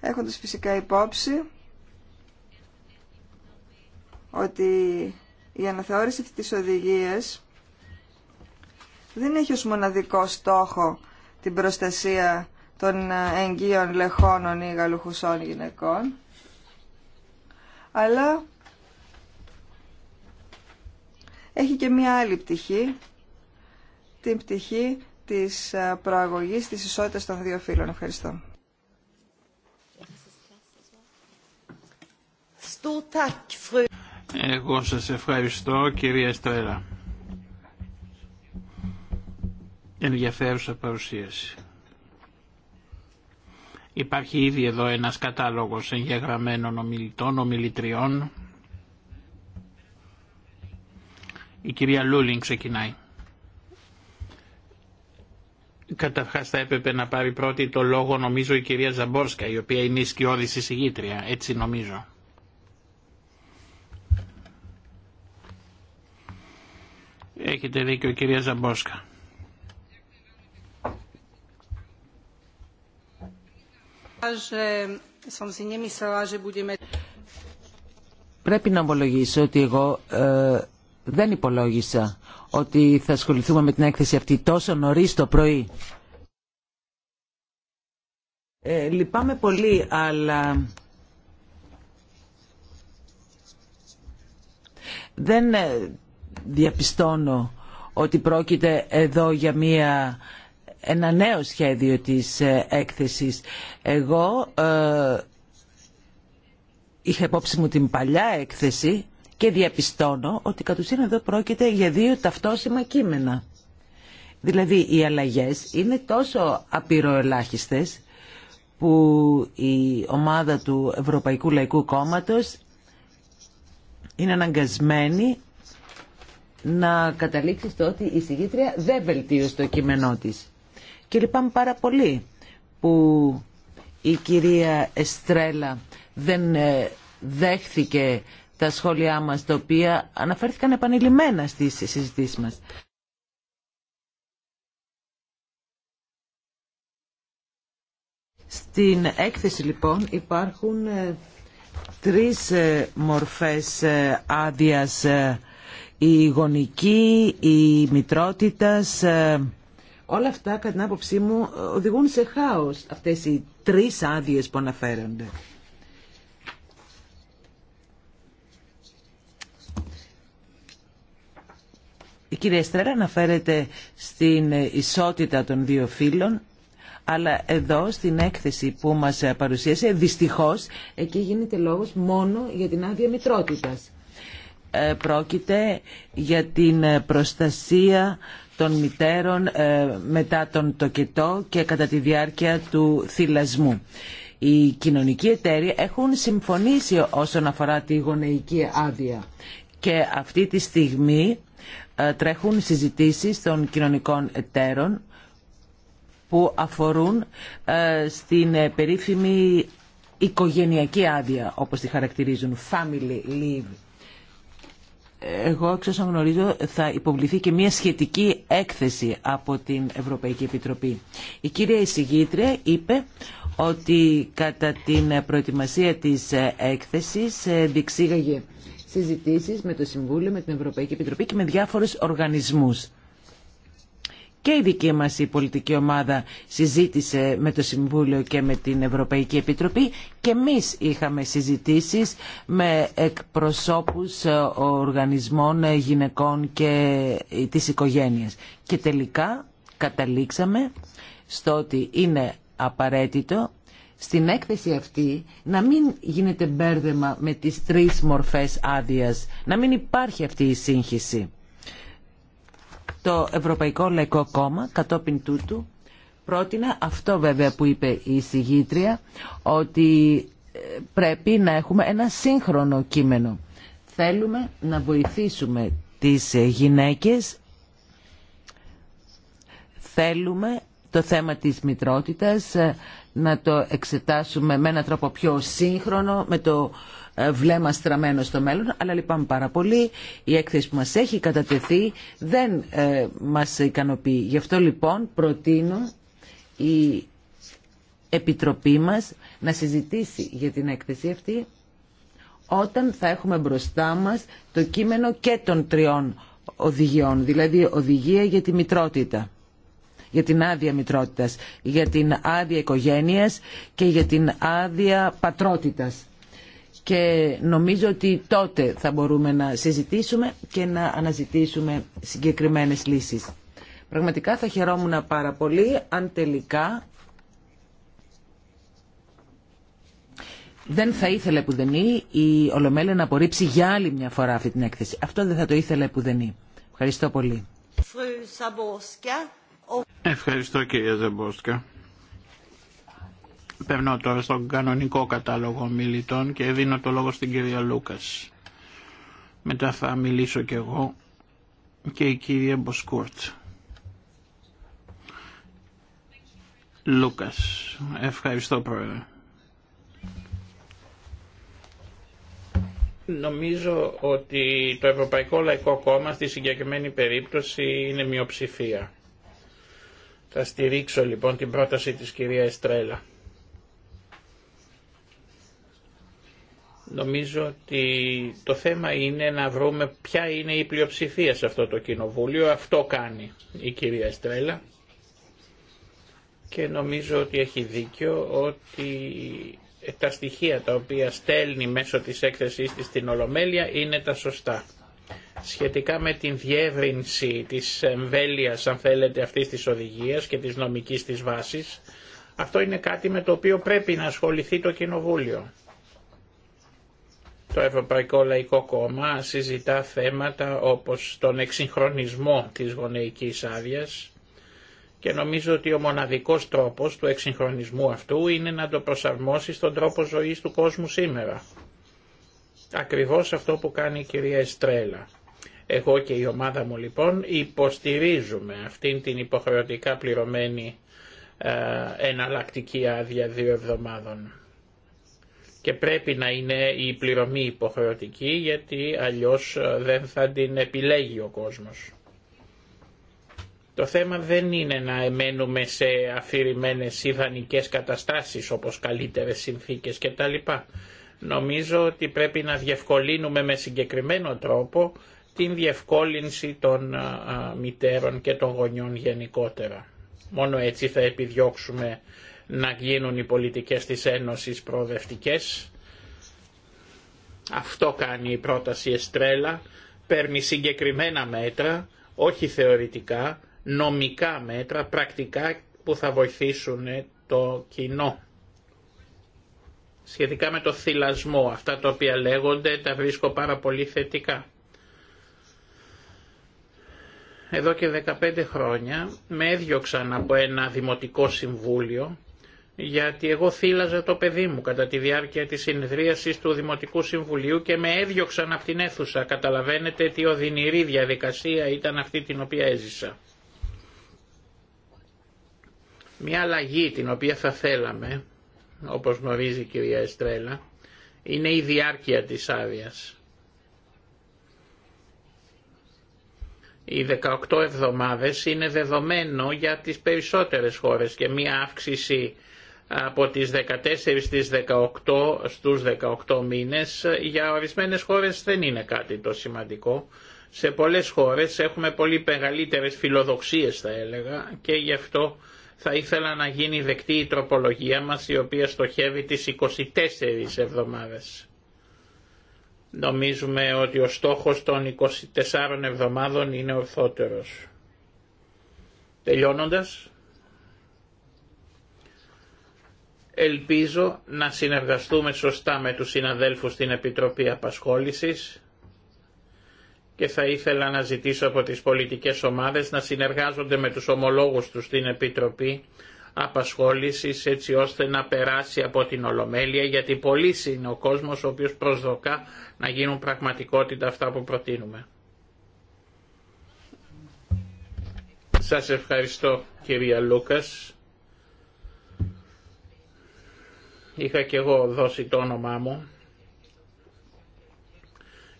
έχοντας φυσικά υπόψη ότι η αναθεώρηση της οδηγίας δεν έχει ως μοναδικό στόχο την προστασία των εγγύων λεχόνων ή γαλουχουσών γυναικών, αλλά έχει και μία άλλη πτυχή, την πτυχή της ε, προαγωγής της ισότητας των δύο φύλων. Ευχαριστώ. Εγώ σας ευχαριστώ κυρία Στρέλα. Ενδιαφέρουσα παρουσίαση. Υπάρχει ήδη εδώ ένας κατάλογος εγγεγραμμένων ομιλητών, ομιλητριών. Η κυρία Λούλιν ξεκινάει. Καταρχά θα έπρεπε να πάρει πρώτη το λόγο νομίζω η κυρία Ζαμπόρσκα, η οποία είναι η σκιώδη εισηγήτρια, έτσι νομίζω. Έχετε δίκιο κυρία Ζαμπόσκα. Πρέπει να ομολογήσω ότι εγώ ε, δεν υπολόγισα ότι θα ασχοληθούμε με την έκθεση αυτή τόσο νωρίς το πρωί. Ε, λυπάμαι πολύ, αλλά δεν ε, διαπιστώνω ότι πρόκειται εδώ για μία ένα νέο σχέδιο της ε, έκθεσης. Εγώ ε, είχα υπόψη μου την παλιά έκθεση και διαπιστώνω ότι κατ' ουσίαν εδώ πρόκειται για δύο ταυτόσιμα κείμενα. Δηλαδή οι αλλαγές είναι τόσο απειροελάχιστες που η ομάδα του Ευρωπαϊκού Λαϊκού Κόμματος είναι αναγκασμένη να καταλήξει στο ότι η συγγήτρια δεν βελτίωσε το κείμενό της. Και λυπάμαι πάρα πολύ που η κυρία Εστρέλα δεν ε, δέχθηκε τα σχόλιά μας, τα οποία αναφέρθηκαν επανειλημμένα στις συζητήσεις μας. Στην έκθεση λοιπόν υπάρχουν ε, τρεις ε, μορφές άδειας η γονική, η μητρότητα. Ε, όλα αυτά, κατά την άποψή μου, οδηγούν σε χάος αυτές οι τρεις άδειε που αναφέρονται. Η κυρία Στρέρα αναφέρεται στην ισότητα των δύο φίλων, αλλά εδώ στην έκθεση που μας παρουσίασε, δυστυχώς, εκεί γίνεται λόγος μόνο για την άδεια μητρότητας. Ε, πρόκειται για την ε, προστασία των μητέρων ε, μετά τον τοκετό και κατά τη διάρκεια του θυλασμού. Οι κοινωνικοί εταίροι έχουν συμφωνήσει όσον αφορά τη γονεϊκή άδεια και αυτή τη στιγμή τρέχουν συζητήσεις των κοινωνικών εταίρων που αφορούν στην περίφημη οικογενειακή άδεια, όπως τη χαρακτηρίζουν, family leave εγώ εξ όσων γνωρίζω θα υποβληθεί και μια σχετική έκθεση από την Ευρωπαϊκή Επιτροπή. Η κυρία εισηγήτρια είπε ότι κατά την προετοιμασία της έκθεσης ε, διεξήγαγε συζητήσεις με το Συμβούλιο, με την Ευρωπαϊκή Επιτροπή και με διάφορους οργανισμούς και η δική μας η πολιτική ομάδα συζήτησε με το Συμβούλιο και με την Ευρωπαϊκή Επιτροπή και εμείς είχαμε συζητήσεις με εκπροσώπους οργανισμών γυναικών και της οικογένειας. Και τελικά καταλήξαμε στο ότι είναι απαραίτητο στην έκθεση αυτή να μην γίνεται μπέρδεμα με τις τρεις μορφές άδειας, να μην υπάρχει αυτή η σύγχυση το Ευρωπαϊκό Λαϊκό Κόμμα κατόπιν τούτου πρότεινα αυτό βέβαια που είπε η συγγήτρια ότι ε, πρέπει να έχουμε ένα σύγχρονο κείμενο. Θέλουμε να βοηθήσουμε τις γυναίκες, θέλουμε το θέμα της μητρότητας ε, να το εξετάσουμε με έναν τρόπο πιο σύγχρονο, με το ε, βλέμμα στραμμένο στο μέλλον, αλλά λυπάμαι πάρα πολύ. Η έκθεση που μας έχει κατατεθεί δεν ε, μας ικανοποιεί. Γι' αυτό λοιπόν προτείνω η Επιτροπή μας να συζητήσει για την έκθεση αυτή όταν θα έχουμε μπροστά μας το κείμενο και των τριών οδηγιών, δηλαδή οδηγία για τη μητρότητα για την άδεια μητρότητας, για την άδεια οικογένειας και για την άδεια πατρότητας και νομίζω ότι τότε θα μπορούμε να συζητήσουμε και να αναζητήσουμε συγκεκριμένες λύσεις. Πραγματικά θα χαιρόμουν πάρα πολύ αν τελικά δεν θα ήθελε που δεν η Ολομέλεια να απορρίψει για άλλη μια φορά αυτή την έκθεση. Αυτό δεν θα το ήθελε που δεν Ευχαριστώ πολύ. Ευχαριστώ κυρία Ζεμπόσκα. Περνώ τώρα στον κανονικό κατάλογο μιλητών και δίνω το λόγο στην κυρία Λούκας. Μετά θα μιλήσω κι εγώ και η κυρία Μποσκούρτ. Λούκας. Ευχαριστώ πρόεδρε. Νομίζω ότι το Ευρωπαϊκό Λαϊκό Κόμμα στη συγκεκριμένη περίπτωση είναι μειοψηφία. Θα στηρίξω λοιπόν την πρόταση της κυρία Εστρέλα. Νομίζω ότι το θέμα είναι να βρούμε ποια είναι η πλειοψηφία σε αυτό το κοινοβούλιο. Αυτό κάνει η κυρία Στρέλα και νομίζω ότι έχει δίκιο ότι τα στοιχεία τα οποία στέλνει μέσω της έκθεσής της στην Ολομέλεια είναι τα σωστά. Σχετικά με την διεύρυνση της εμβέλειας, αν θέλετε, αυτής της οδηγίας και της νομικής της βάσης, αυτό είναι κάτι με το οποίο πρέπει να ασχοληθεί το Κοινοβούλιο. Το Ευρωπαϊκό Λαϊκό Κόμμα συζητά θέματα όπως τον εξυγχρονισμό της γονεϊκής άδεια και νομίζω ότι ο μοναδικός τρόπος του εξυγχρονισμού αυτού είναι να το προσαρμόσει στον τρόπο ζωής του κόσμου σήμερα. Ακριβώς αυτό που κάνει η κυρία Εστρέλα. Εγώ και η ομάδα μου λοιπόν υποστηρίζουμε αυτήν την υποχρεωτικά πληρωμένη ε, εναλλακτική άδεια δύο εβδομάδων και πρέπει να είναι η πληρωμή υποχρεωτική γιατί αλλιώς ε, δεν θα την επιλέγει ο κόσμος. Το θέμα δεν είναι να εμένουμε σε αφηρημένες ιδανικές καταστάσεις όπως καλύτερες συνθήκες κτλ. Νομίζω ότι πρέπει να διευκολύνουμε με συγκεκριμένο τρόπο την διευκόλυνση των ε, ε, μητέρων και των γονιών γενικότερα. Μόνο έτσι θα επιδιώξουμε να γίνουν οι πολιτικές της Ένωσης προοδευτικές. Αυτό κάνει η πρόταση Εστρέλα, παίρνει συγκεκριμένα μέτρα, όχι θεωρητικά, νομικά μέτρα, πρακτικά που θα βοηθήσουν το κοινό. Σχετικά με το θυλασμό, αυτά τα οποία λέγονται τα βρίσκω πάρα πολύ θετικά. Εδώ και 15 χρόνια με έδιωξαν από ένα δημοτικό συμβούλιο γιατί εγώ θύλαζα το παιδί μου κατά τη διάρκεια της συνεδρίασης του Δημοτικού Συμβουλίου και με έδιωξαν από την αίθουσα. Καταλαβαίνετε τι οδυνηρή διαδικασία ήταν αυτή την οποία έζησα. Μια αλλαγή την οποία θα θέλαμε, όπως γνωρίζει η κυρία Εστρέλα, είναι η διάρκεια της άδεια. Οι 18 εβδομάδες είναι δεδομένο για τις περισσότερες χώρες και μία αύξηση από τις 14 στις 18 στους 18 μήνες για ορισμένες χώρες δεν είναι κάτι το σημαντικό. Σε πολλές χώρες έχουμε πολύ μεγαλύτερε φιλοδοξίες θα έλεγα και γι' αυτό θα ήθελα να γίνει δεκτή η τροπολογία μας η οποία στοχεύει τις 24 εβδομάδες. Νομίζουμε ότι ο στόχος των 24 εβδομάδων είναι ορθότερος. Τελειώνοντας, Ελπίζω να συνεργαστούμε σωστά με τους συναδέλφους στην Επιτροπή Απασχόλησης και θα ήθελα να ζητήσω από τις πολιτικές ομάδες να συνεργάζονται με τους ομολόγους τους στην Επιτροπή Απασχόλησης έτσι ώστε να περάσει από την Ολομέλεια γιατί πολλοί είναι ο κόσμος ο οποίος προσδοκά να γίνουν πραγματικότητα αυτά που προτείνουμε. Σας ευχαριστώ κυρία Λούκας. είχα και εγώ δώσει το όνομά μου.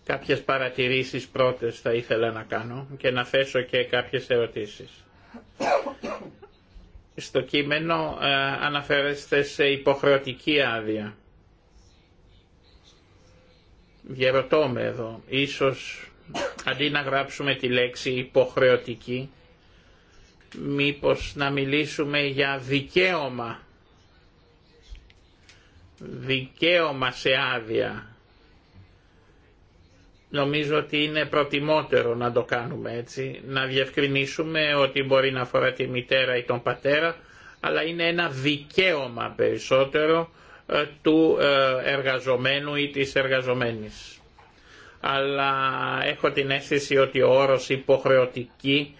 Κάποιες παρατηρήσεις πρώτες θα ήθελα να κάνω και να θέσω και κάποιες ερωτήσεις. Στο κείμενο ε, αναφέρεστε σε υποχρεωτική άδεια. Διαρωτώ με εδώ. Ίσως αντί να γράψουμε τη λέξη υποχρεωτική, μήπως να μιλήσουμε για δικαίωμα δικαίωμα σε άδεια. Νομίζω ότι είναι προτιμότερο να το κάνουμε έτσι, να διευκρινίσουμε ότι μπορεί να αφορά τη μητέρα ή τον πατέρα, αλλά είναι ένα δικαίωμα περισσότερο ε, του ε, εργαζομένου ή της εργαζομένης. Αλλά έχω την αίσθηση ότι ο όρος υποχρεωτική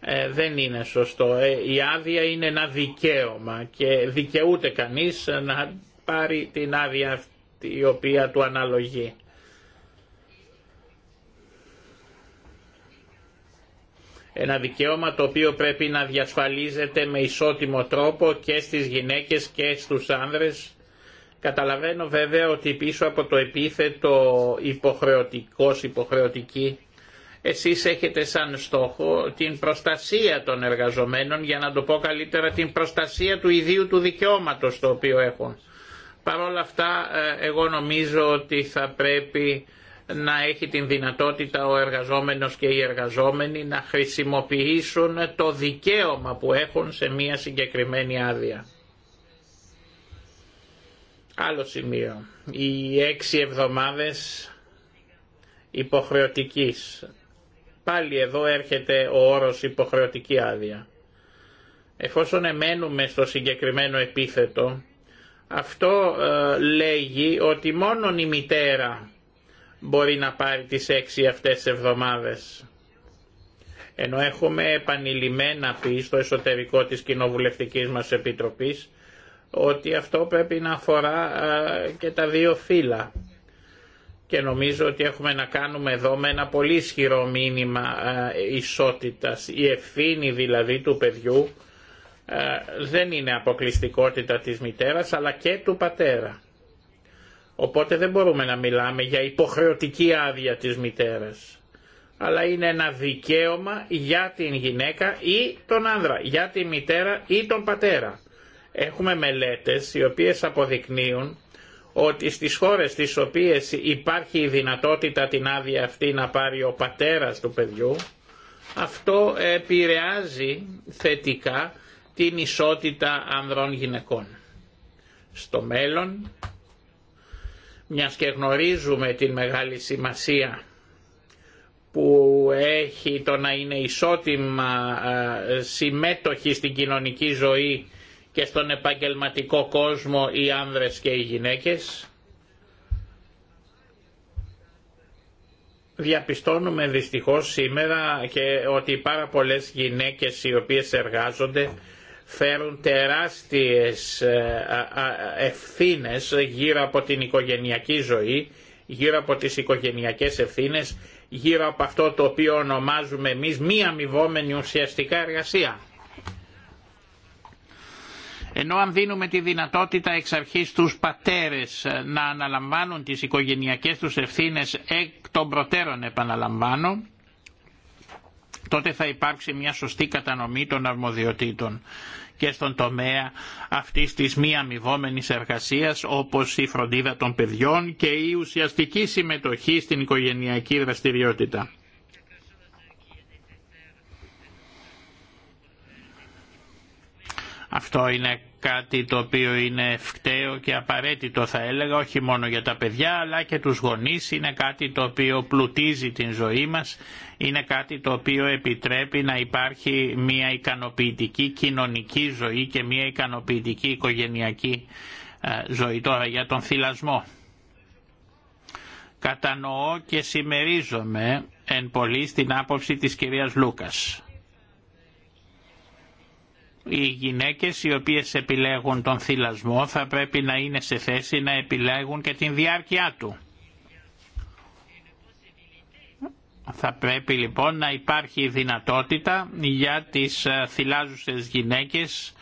ε, δεν είναι σωστό. Η άδεια είναι ένα δικαίωμα και δικαιούται κανείς να πάρει την άδεια αυτή η οποία του αναλογεί. Ένα δικαίωμα το οποίο πρέπει να διασφαλίζεται με ισότιμο τρόπο και στις γυναίκες και στους άνδρες. Καταλαβαίνω βέβαια ότι πίσω από το επίθετο υποχρεωτικός, υποχρεωτική, εσείς έχετε σαν στόχο την προστασία των εργαζομένων, για να το πω καλύτερα, την προστασία του ιδίου του δικαιώματος το οποίο έχουν. Παρ' όλα αυτά ε, εγώ νομίζω ότι θα πρέπει να έχει την δυνατότητα ο εργαζόμενος και οι εργαζόμενοι να χρησιμοποιήσουν το δικαίωμα που έχουν σε μία συγκεκριμένη άδεια. Άλλο σημείο. Οι έξι εβδομάδες υποχρεωτικής. Πάλι εδώ έρχεται ο όρος υποχρεωτική άδεια. Εφόσον εμένουμε στο συγκεκριμένο επίθετο, αυτό ε, λέγει ότι μόνον η μητέρα μπορεί να πάρει τις έξι αυτές εβδομάδες. Ενώ έχουμε επανειλημμένα πει στο εσωτερικό της κοινοβουλευτικής μας επιτροπής ότι αυτό πρέπει να αφορά ε, και τα δύο φύλλα. Και νομίζω ότι έχουμε να κάνουμε εδώ με ένα πολύ ισχυρό μήνυμα ε, ισότητας. Η ευθύνη δηλαδή του παιδιού ε, δεν είναι αποκλειστικότητα της μητέρας αλλά και του πατέρα. Οπότε δεν μπορούμε να μιλάμε για υποχρεωτική άδεια της μητέρας. Αλλά είναι ένα δικαίωμα για την γυναίκα ή τον άνδρα, για τη μητέρα ή τον πατέρα. Έχουμε μελέτες οι οποίες αποδεικνύουν ότι στις χώρες τις οποίες υπάρχει η δυνατότητα την άδεια αυτή να πάρει ο πατέρας του παιδιού, αυτό επηρεάζει θετικά την ισότητα ανδρών γυναικών. Στο μέλλον, μιας και γνωρίζουμε την μεγάλη σημασία που έχει το να είναι ισότιμα συμμέτοχοι στην κοινωνική ζωή και στον επαγγελματικό κόσμο οι άνδρες και οι γυναίκες, διαπιστώνουμε δυστυχώς σήμερα και ότι πάρα πολλές γυναίκες οι οποίες εργάζονται φέρουν τεράστιες ε, ευθύνες γύρω από την οικογενειακή ζωή, γύρω από τις οικογενειακές ευθύνες, γύρω από αυτό το οποίο ονομάζουμε εμείς μη αμοιβόμενη ουσιαστικά εργασία. Ενώ αν δίνουμε τη δυνατότητα εξ αρχής στους πατέρες ε, να αναλαμβάνουν τις οικογενειακές τους ευθύνες εκ των προτέρων επαναλαμβάνω, τότε θα υπάρξει μια σωστή κατανομή των αρμοδιοτήτων και στον τομέα αυτής της μη αμοιβόμενης εργασίας όπως η φροντίδα των παιδιών και η ουσιαστική συμμετοχή στην οικογενειακή δραστηριότητα. Αυτό είναι κάτι το οποίο είναι ευκταίο και απαραίτητο θα έλεγα όχι μόνο για τα παιδιά αλλά και τους γονείς είναι κάτι το οποίο πλουτίζει την ζωή μας είναι κάτι το οποίο επιτρέπει να υπάρχει μια ικανοποιητική κοινωνική ζωή και μια ικανοποιητική οικογενειακή ε, ζωή τώρα για τον θυλασμό. Κατανοώ και συμμερίζομαι εν πολύ στην άποψη της κυρίας Λούκας οι γυναίκες οι οποίες επιλέγουν τον θυλασμό θα πρέπει να είναι σε θέση να επιλέγουν και την διάρκεια του. Θα πρέπει λοιπόν να υπάρχει δυνατότητα για τις ε, θυλάζουσες γυναίκες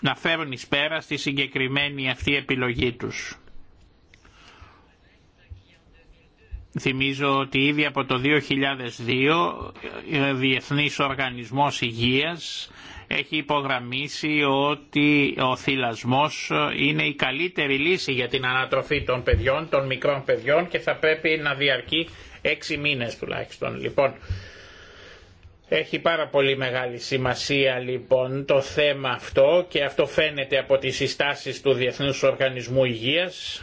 να φέρουν εις πέρα στη συγκεκριμένη αυτή επιλογή τους. Θυμίζω ότι ήδη από το 2002 ο ε, ε, Διεθνής Οργανισμός Υγείας έχει υπογραμμίσει ότι ο θυλασμός ε, είναι η καλύτερη λύση για την ανατροφή των παιδιών, των μικρών παιδιών και θα πρέπει να διαρκεί έξι μήνες τουλάχιστον. Λοιπόν, έχει πάρα πολύ μεγάλη σημασία λοιπόν το θέμα αυτό και αυτό φαίνεται από τις συστάσεις του Διεθνούς Οργανισμού Υγείας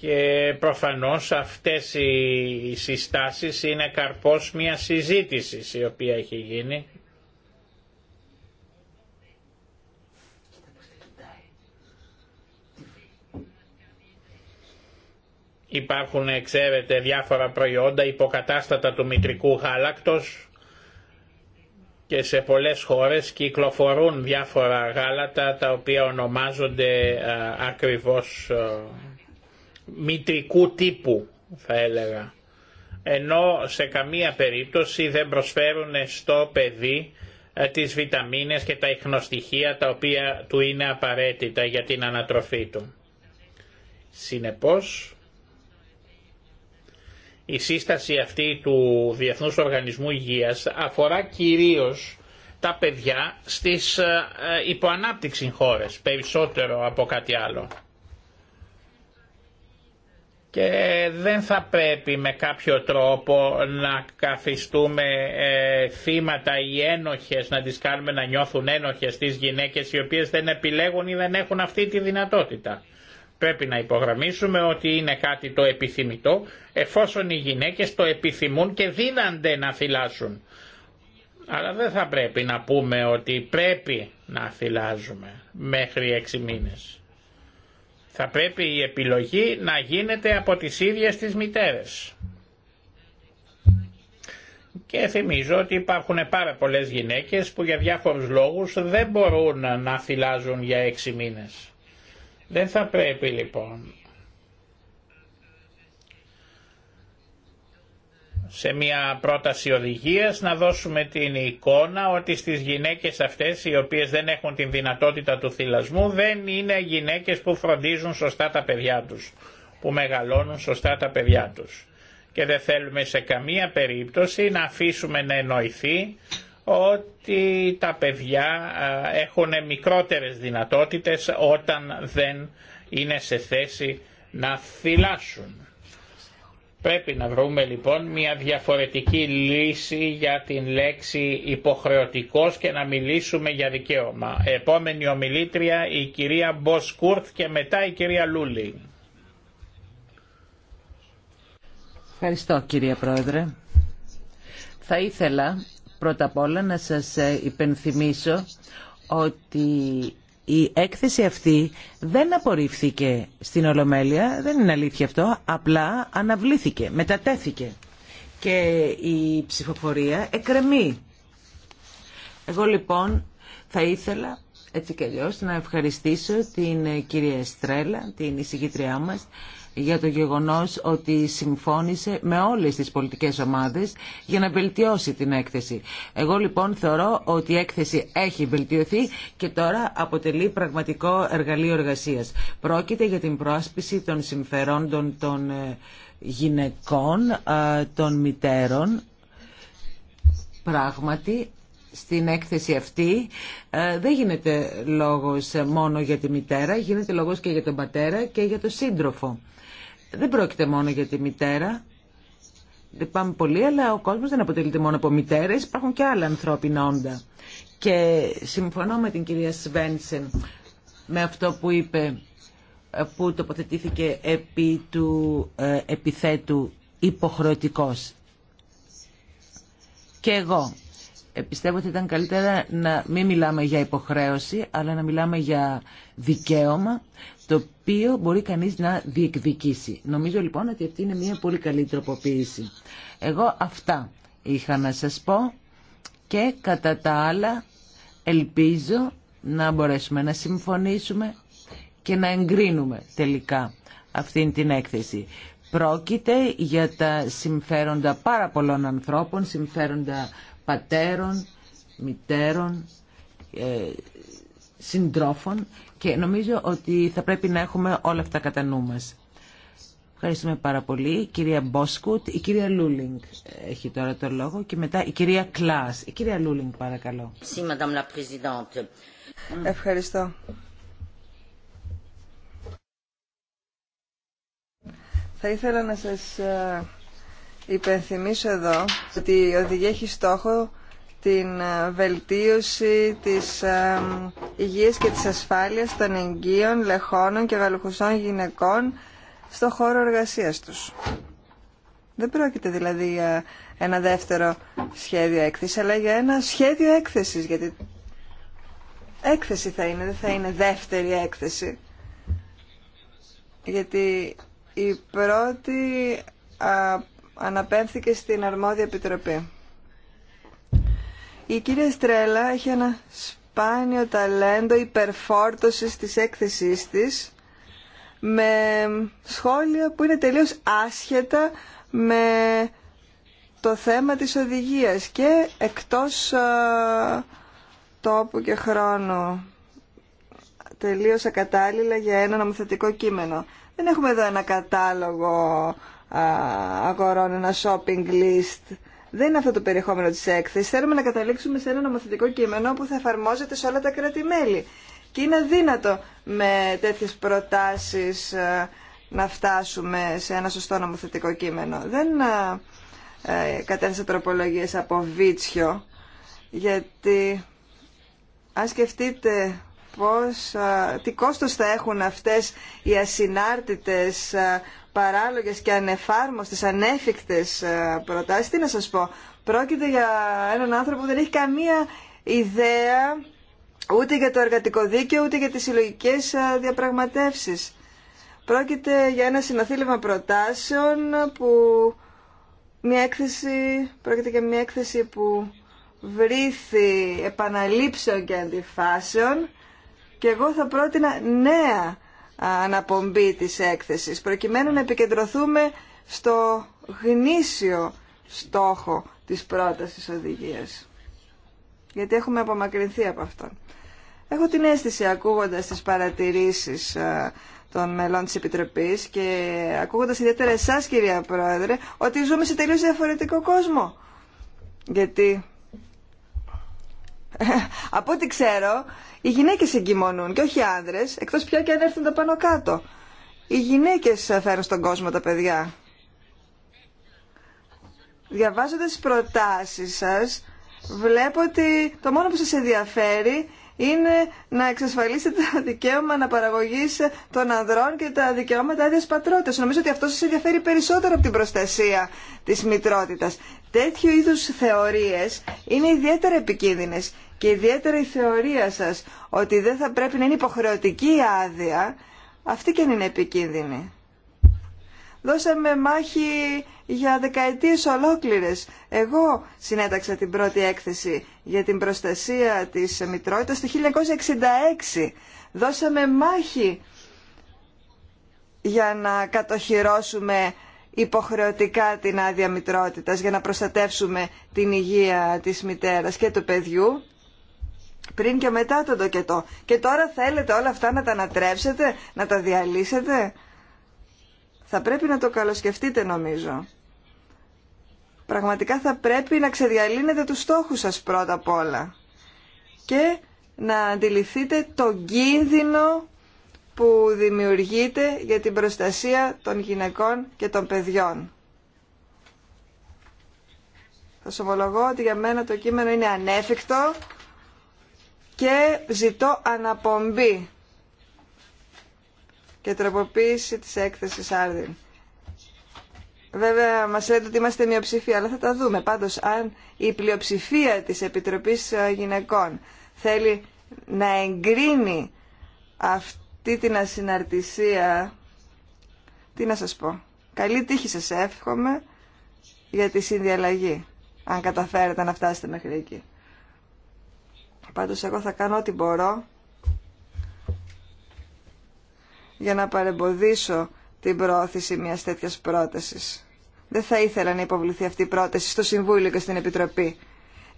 και προφανώς αυτές οι συστάσεις είναι καρπός μια συζήτηση η οποία έχει γίνει. Υπάρχουν, ξέρετε, διάφορα προϊόντα υποκατάστατα του μητρικού γάλακτος και σε πολλές χώρες κυκλοφορούν διάφορα γάλατα τα οποία ονομάζονται α, ακριβώς μητρικού τύπου θα έλεγα ενώ σε καμία περίπτωση δεν προσφέρουν στο παιδί ε, τις βιταμίνες και τα ιχνοστοιχεία τα οποία του είναι απαραίτητα για την ανατροφή του. Συνεπώς, η σύσταση αυτή του Διεθνούς Οργανισμού Υγείας αφορά κυρίως τα παιδιά στις ε, ε, υποανάπτυξη χώρες, περισσότερο από κάτι άλλο και δεν θα πρέπει με κάποιο τρόπο να καθιστούμε ε, θύματα ή ένοχες, να τις κάνουμε να νιώθουν ένοχες τις γυναίκες οι οποίες δεν επιλέγουν ή δεν έχουν αυτή τη δυνατότητα. Πρέπει να υπογραμμίσουμε ότι είναι κάτι το επιθυμητό εφόσον οι γυναίκες το επιθυμούν και δίνανται να θυλάσουν. Αλλά δεν θα πρέπει να πούμε ότι πρέπει να θυλάζουμε μέχρι έξι μήνες. Θα πρέπει η επιλογή να γίνεται από τις ίδιες τις μητέρες. Και θυμίζω ότι υπάρχουν πάρα πολλές γυναίκες που για διάφορους λόγους δεν μπορούν να φυλάζουν για έξι μήνες. Δεν θα πρέπει λοιπόν σε μια πρόταση οδηγίας να δώσουμε την εικόνα ότι στις γυναίκες αυτές οι οποίες δεν έχουν την δυνατότητα του θυλασμού δεν είναι γυναίκες που φροντίζουν σωστά τα παιδιά τους, που μεγαλώνουν σωστά τα παιδιά τους. Και δεν θέλουμε σε καμία περίπτωση να αφήσουμε να εννοηθεί ότι τα παιδιά έχουν μικρότερες δυνατότητες όταν δεν είναι σε θέση να θυλάσουν. Πρέπει να βρούμε λοιπόν μια διαφορετική λύση για την λέξη υποχρεωτικός και να μιλήσουμε για δικαίωμα. Επόμενη ομιλήτρια η κυρία Μπόσκουρθ και μετά η κυρία Λούλη. Ευχαριστώ κυρία Πρόεδρε. Θα ήθελα πρώτα απ' όλα να σας ε, υπενθυμίσω ότι η έκθεση αυτή δεν απορρίφθηκε στην Ολομέλεια, δεν είναι αλήθεια αυτό, απλά αναβλήθηκε, μετατέθηκε και η ψηφοφορία εκρεμεί. Εγώ λοιπόν θα ήθελα έτσι κι αλλιώς να ευχαριστήσω την ε, κυρία Στρέλα, την εισηγήτριά μας, για το γεγονός ότι συμφώνησε με όλες τις πολιτικές ομάδες για να βελτιώσει την έκθεση. Εγώ λοιπόν θεωρώ ότι η έκθεση έχει βελτιωθεί και τώρα αποτελεί πραγματικό εργαλείο εργασίας. Πρόκειται για την πρόσπιση των συμφερόντων των ε, γυναικών, ε, των μητέρων. Πράγματι, στην έκθεση αυτή ε, δεν γίνεται λόγος μόνο για τη μητέρα, γίνεται λόγος και για τον πατέρα και για τον σύντροφο δεν πρόκειται μόνο για τη μητέρα. Πάμε πολύ, αλλά ο κόσμος δεν αποτελείται μόνο από μητέρες, υπάρχουν και άλλα ανθρώπινα όντα. Και συμφωνώ με την κυρία Σβένσεν με αυτό που είπε, ε, που τοποθετήθηκε επί του ε, επιθέτου υποχρεωτικός. Και εγώ ε, πιστεύω ότι ήταν καλύτερα να μην μιλάμε για υποχρέωση, αλλά να μιλάμε για δικαίωμα, το οποίο μπορεί κανείς να διεκδικήσει. Νομίζω λοιπόν ότι αυτή είναι μια πολύ καλή τροποποίηση. Εγώ αυτά είχα να σας πω και κατά τα άλλα ελπίζω να μπορέσουμε να συμφωνήσουμε και να εγκρίνουμε τελικά αυτήν την έκθεση. Πρόκειται για τα συμφέροντα πάρα πολλών ανθρώπων, συμφέροντα πατέρων, μητέρων, ε, συντρόφων και νομίζω ότι θα πρέπει να έχουμε όλα αυτά κατά νου μας. Ευχαριστούμε πάρα πολύ. κυρία Μπόσκουτ, η κυρία Λούλινγκ έχει τώρα το λόγο και μετά η κυρία Κλάς. Η κυρία Λούλινγκ παρακαλώ. Ευχαριστώ. Θα ήθελα να σας ε, υπενθυμίσω εδώ ότι η οδηγία έχει στόχο την ε, βελτίωση της ε, υγείας και της ασφάλειας των εγγύων, λεχόνων και γαλουχουσών γυναικών στο χώρο εργασίας τους. Δεν πρόκειται δηλαδή για ένα δεύτερο σχέδιο έκθεση, αλλά για ένα σχέδιο έκθεσης, γιατί έκθεση θα είναι, δεν θα είναι δεύτερη έκθεση. Γιατί η πρώτη αναπέμφθηκε στην αρμόδια επιτροπή. Η κυρία Στρέλα έχει ένα σπάνιο ταλέντο υπερφόρτωσης της έκθεσής της με σχόλια που είναι τελείως άσχετα με το θέμα της οδηγίας και εκτός τόπου και χρόνου τελείως ακατάλληλα για ένα νομοθετικό κείμενο. Δεν έχουμε εδώ ένα κατάλογο αγορών, ένα shopping list. Δεν είναι αυτό το περιεχόμενο της έκθεσης. Θέλουμε να καταλήξουμε σε ένα νομοθετικό κείμενο που θα εφαρμόζεται σε όλα τα κράτη-μέλη. Και είναι αδύνατο με τέτοιες προτάσεις να φτάσουμε σε ένα σωστό νομοθετικό κείμενο. Δεν ε, κατέθεσα τροπολογίες από βίτσιο, γιατί αν σκεφτείτε πώς, τι κόστος θα έχουν αυτές οι ασυνάρτητες παράλογες και ανεφάρμοστες, ανέφικτες ε, προτάσεις, τι να σας πω. Πρόκειται για έναν άνθρωπο που δεν έχει καμία ιδέα ούτε για το εργατικό δίκαιο, ούτε για τις συλλογικέ ε, διαπραγματεύσεις. Πρόκειται για ένα συνοθήλευμα προτάσεων που μια έκθεση, πρόκειται για μια έκθεση που βρήθη επαναλήψεων και αντιφάσεων και εγώ θα πρότεινα νέα αναπομπή της έκθεσης, προκειμένου να επικεντρωθούμε στο γνήσιο στόχο της πρότασης οδηγίας. Γιατί έχουμε απομακρυνθεί από αυτόν. Έχω την αίσθηση ακούγοντας τις παρατηρήσεις ε, των μελών της Επιτροπής και ακούγοντας ιδιαίτερα εσάς κυρία Πρόεδρε ότι ζούμε σε τελείως διαφορετικό κόσμο. Γιατί από ό,τι ξέρω, οι γυναίκες εγκυμονούν και όχι οι άνδρες, εκτός πια και αν έρθουν τα πάνω κάτω. Οι γυναίκες φέρουν στον κόσμο τα παιδιά. Διαβάζοντας τις προτάσεις σας, βλέπω ότι το μόνο που σας ενδιαφέρει είναι να εξασφαλίσετε το δικαίωμα αναπαραγωγή των ανδρών και τα δικαιώματα άδεια πατρότητα. Νομίζω ότι αυτό σα ενδιαφέρει περισσότερο από την προστασία τη μητρότητα. Τέτοιου είδου θεωρίε είναι ιδιαίτερα επικίνδυνε και ιδιαίτερα η θεωρία σα ότι δεν θα πρέπει να είναι υποχρεωτική άδεια, αυτή και αν είναι επικίνδυνη. Δώσαμε μάχη για δεκαετίες ολόκληρες. Εγώ συνέταξα την πρώτη έκθεση για την προστασία της μητρότητας το 1966. Δώσαμε μάχη για να κατοχυρώσουμε υποχρεωτικά την άδεια μητρότητας, για να προστατεύσουμε την υγεία της μητέρας και του παιδιού πριν και μετά τον τοκετό. Και τώρα θέλετε όλα αυτά να τα ανατρέψετε, να τα διαλύσετε. Θα πρέπει να το καλοσκεφτείτε νομίζω. Πραγματικά θα πρέπει να ξεδιαλύνετε τους στόχους σας πρώτα απ' όλα και να αντιληφθείτε τον κίνδυνο που δημιουργείται για την προστασία των γυναικών και των παιδιών. Θα σου ομολογώ ότι για μένα το κείμενο είναι ανέφικτο και ζητώ αναπομπή και τροποποίηση της έκθεσης Άρδιν. Βέβαια, μας λέτε ότι είμαστε μειοψηφία, αλλά θα τα δούμε. Πάντως, αν η πλειοψηφία της Επιτροπής ε, Γυναικών θέλει να εγκρίνει αυτή την ασυναρτησία, τι να σας πω. Καλή τύχη σας εύχομαι για τη συνδιαλλαγή, αν καταφέρετε να φτάσετε μέχρι εκεί. Πάντως, εγώ θα κάνω ό,τι μπορώ για να παρεμποδίσω την πρόωθηση μιας τέτοιας πρότασης. Δεν θα ήθελα να υποβληθεί αυτή η πρόταση στο Συμβούλιο και στην Επιτροπή.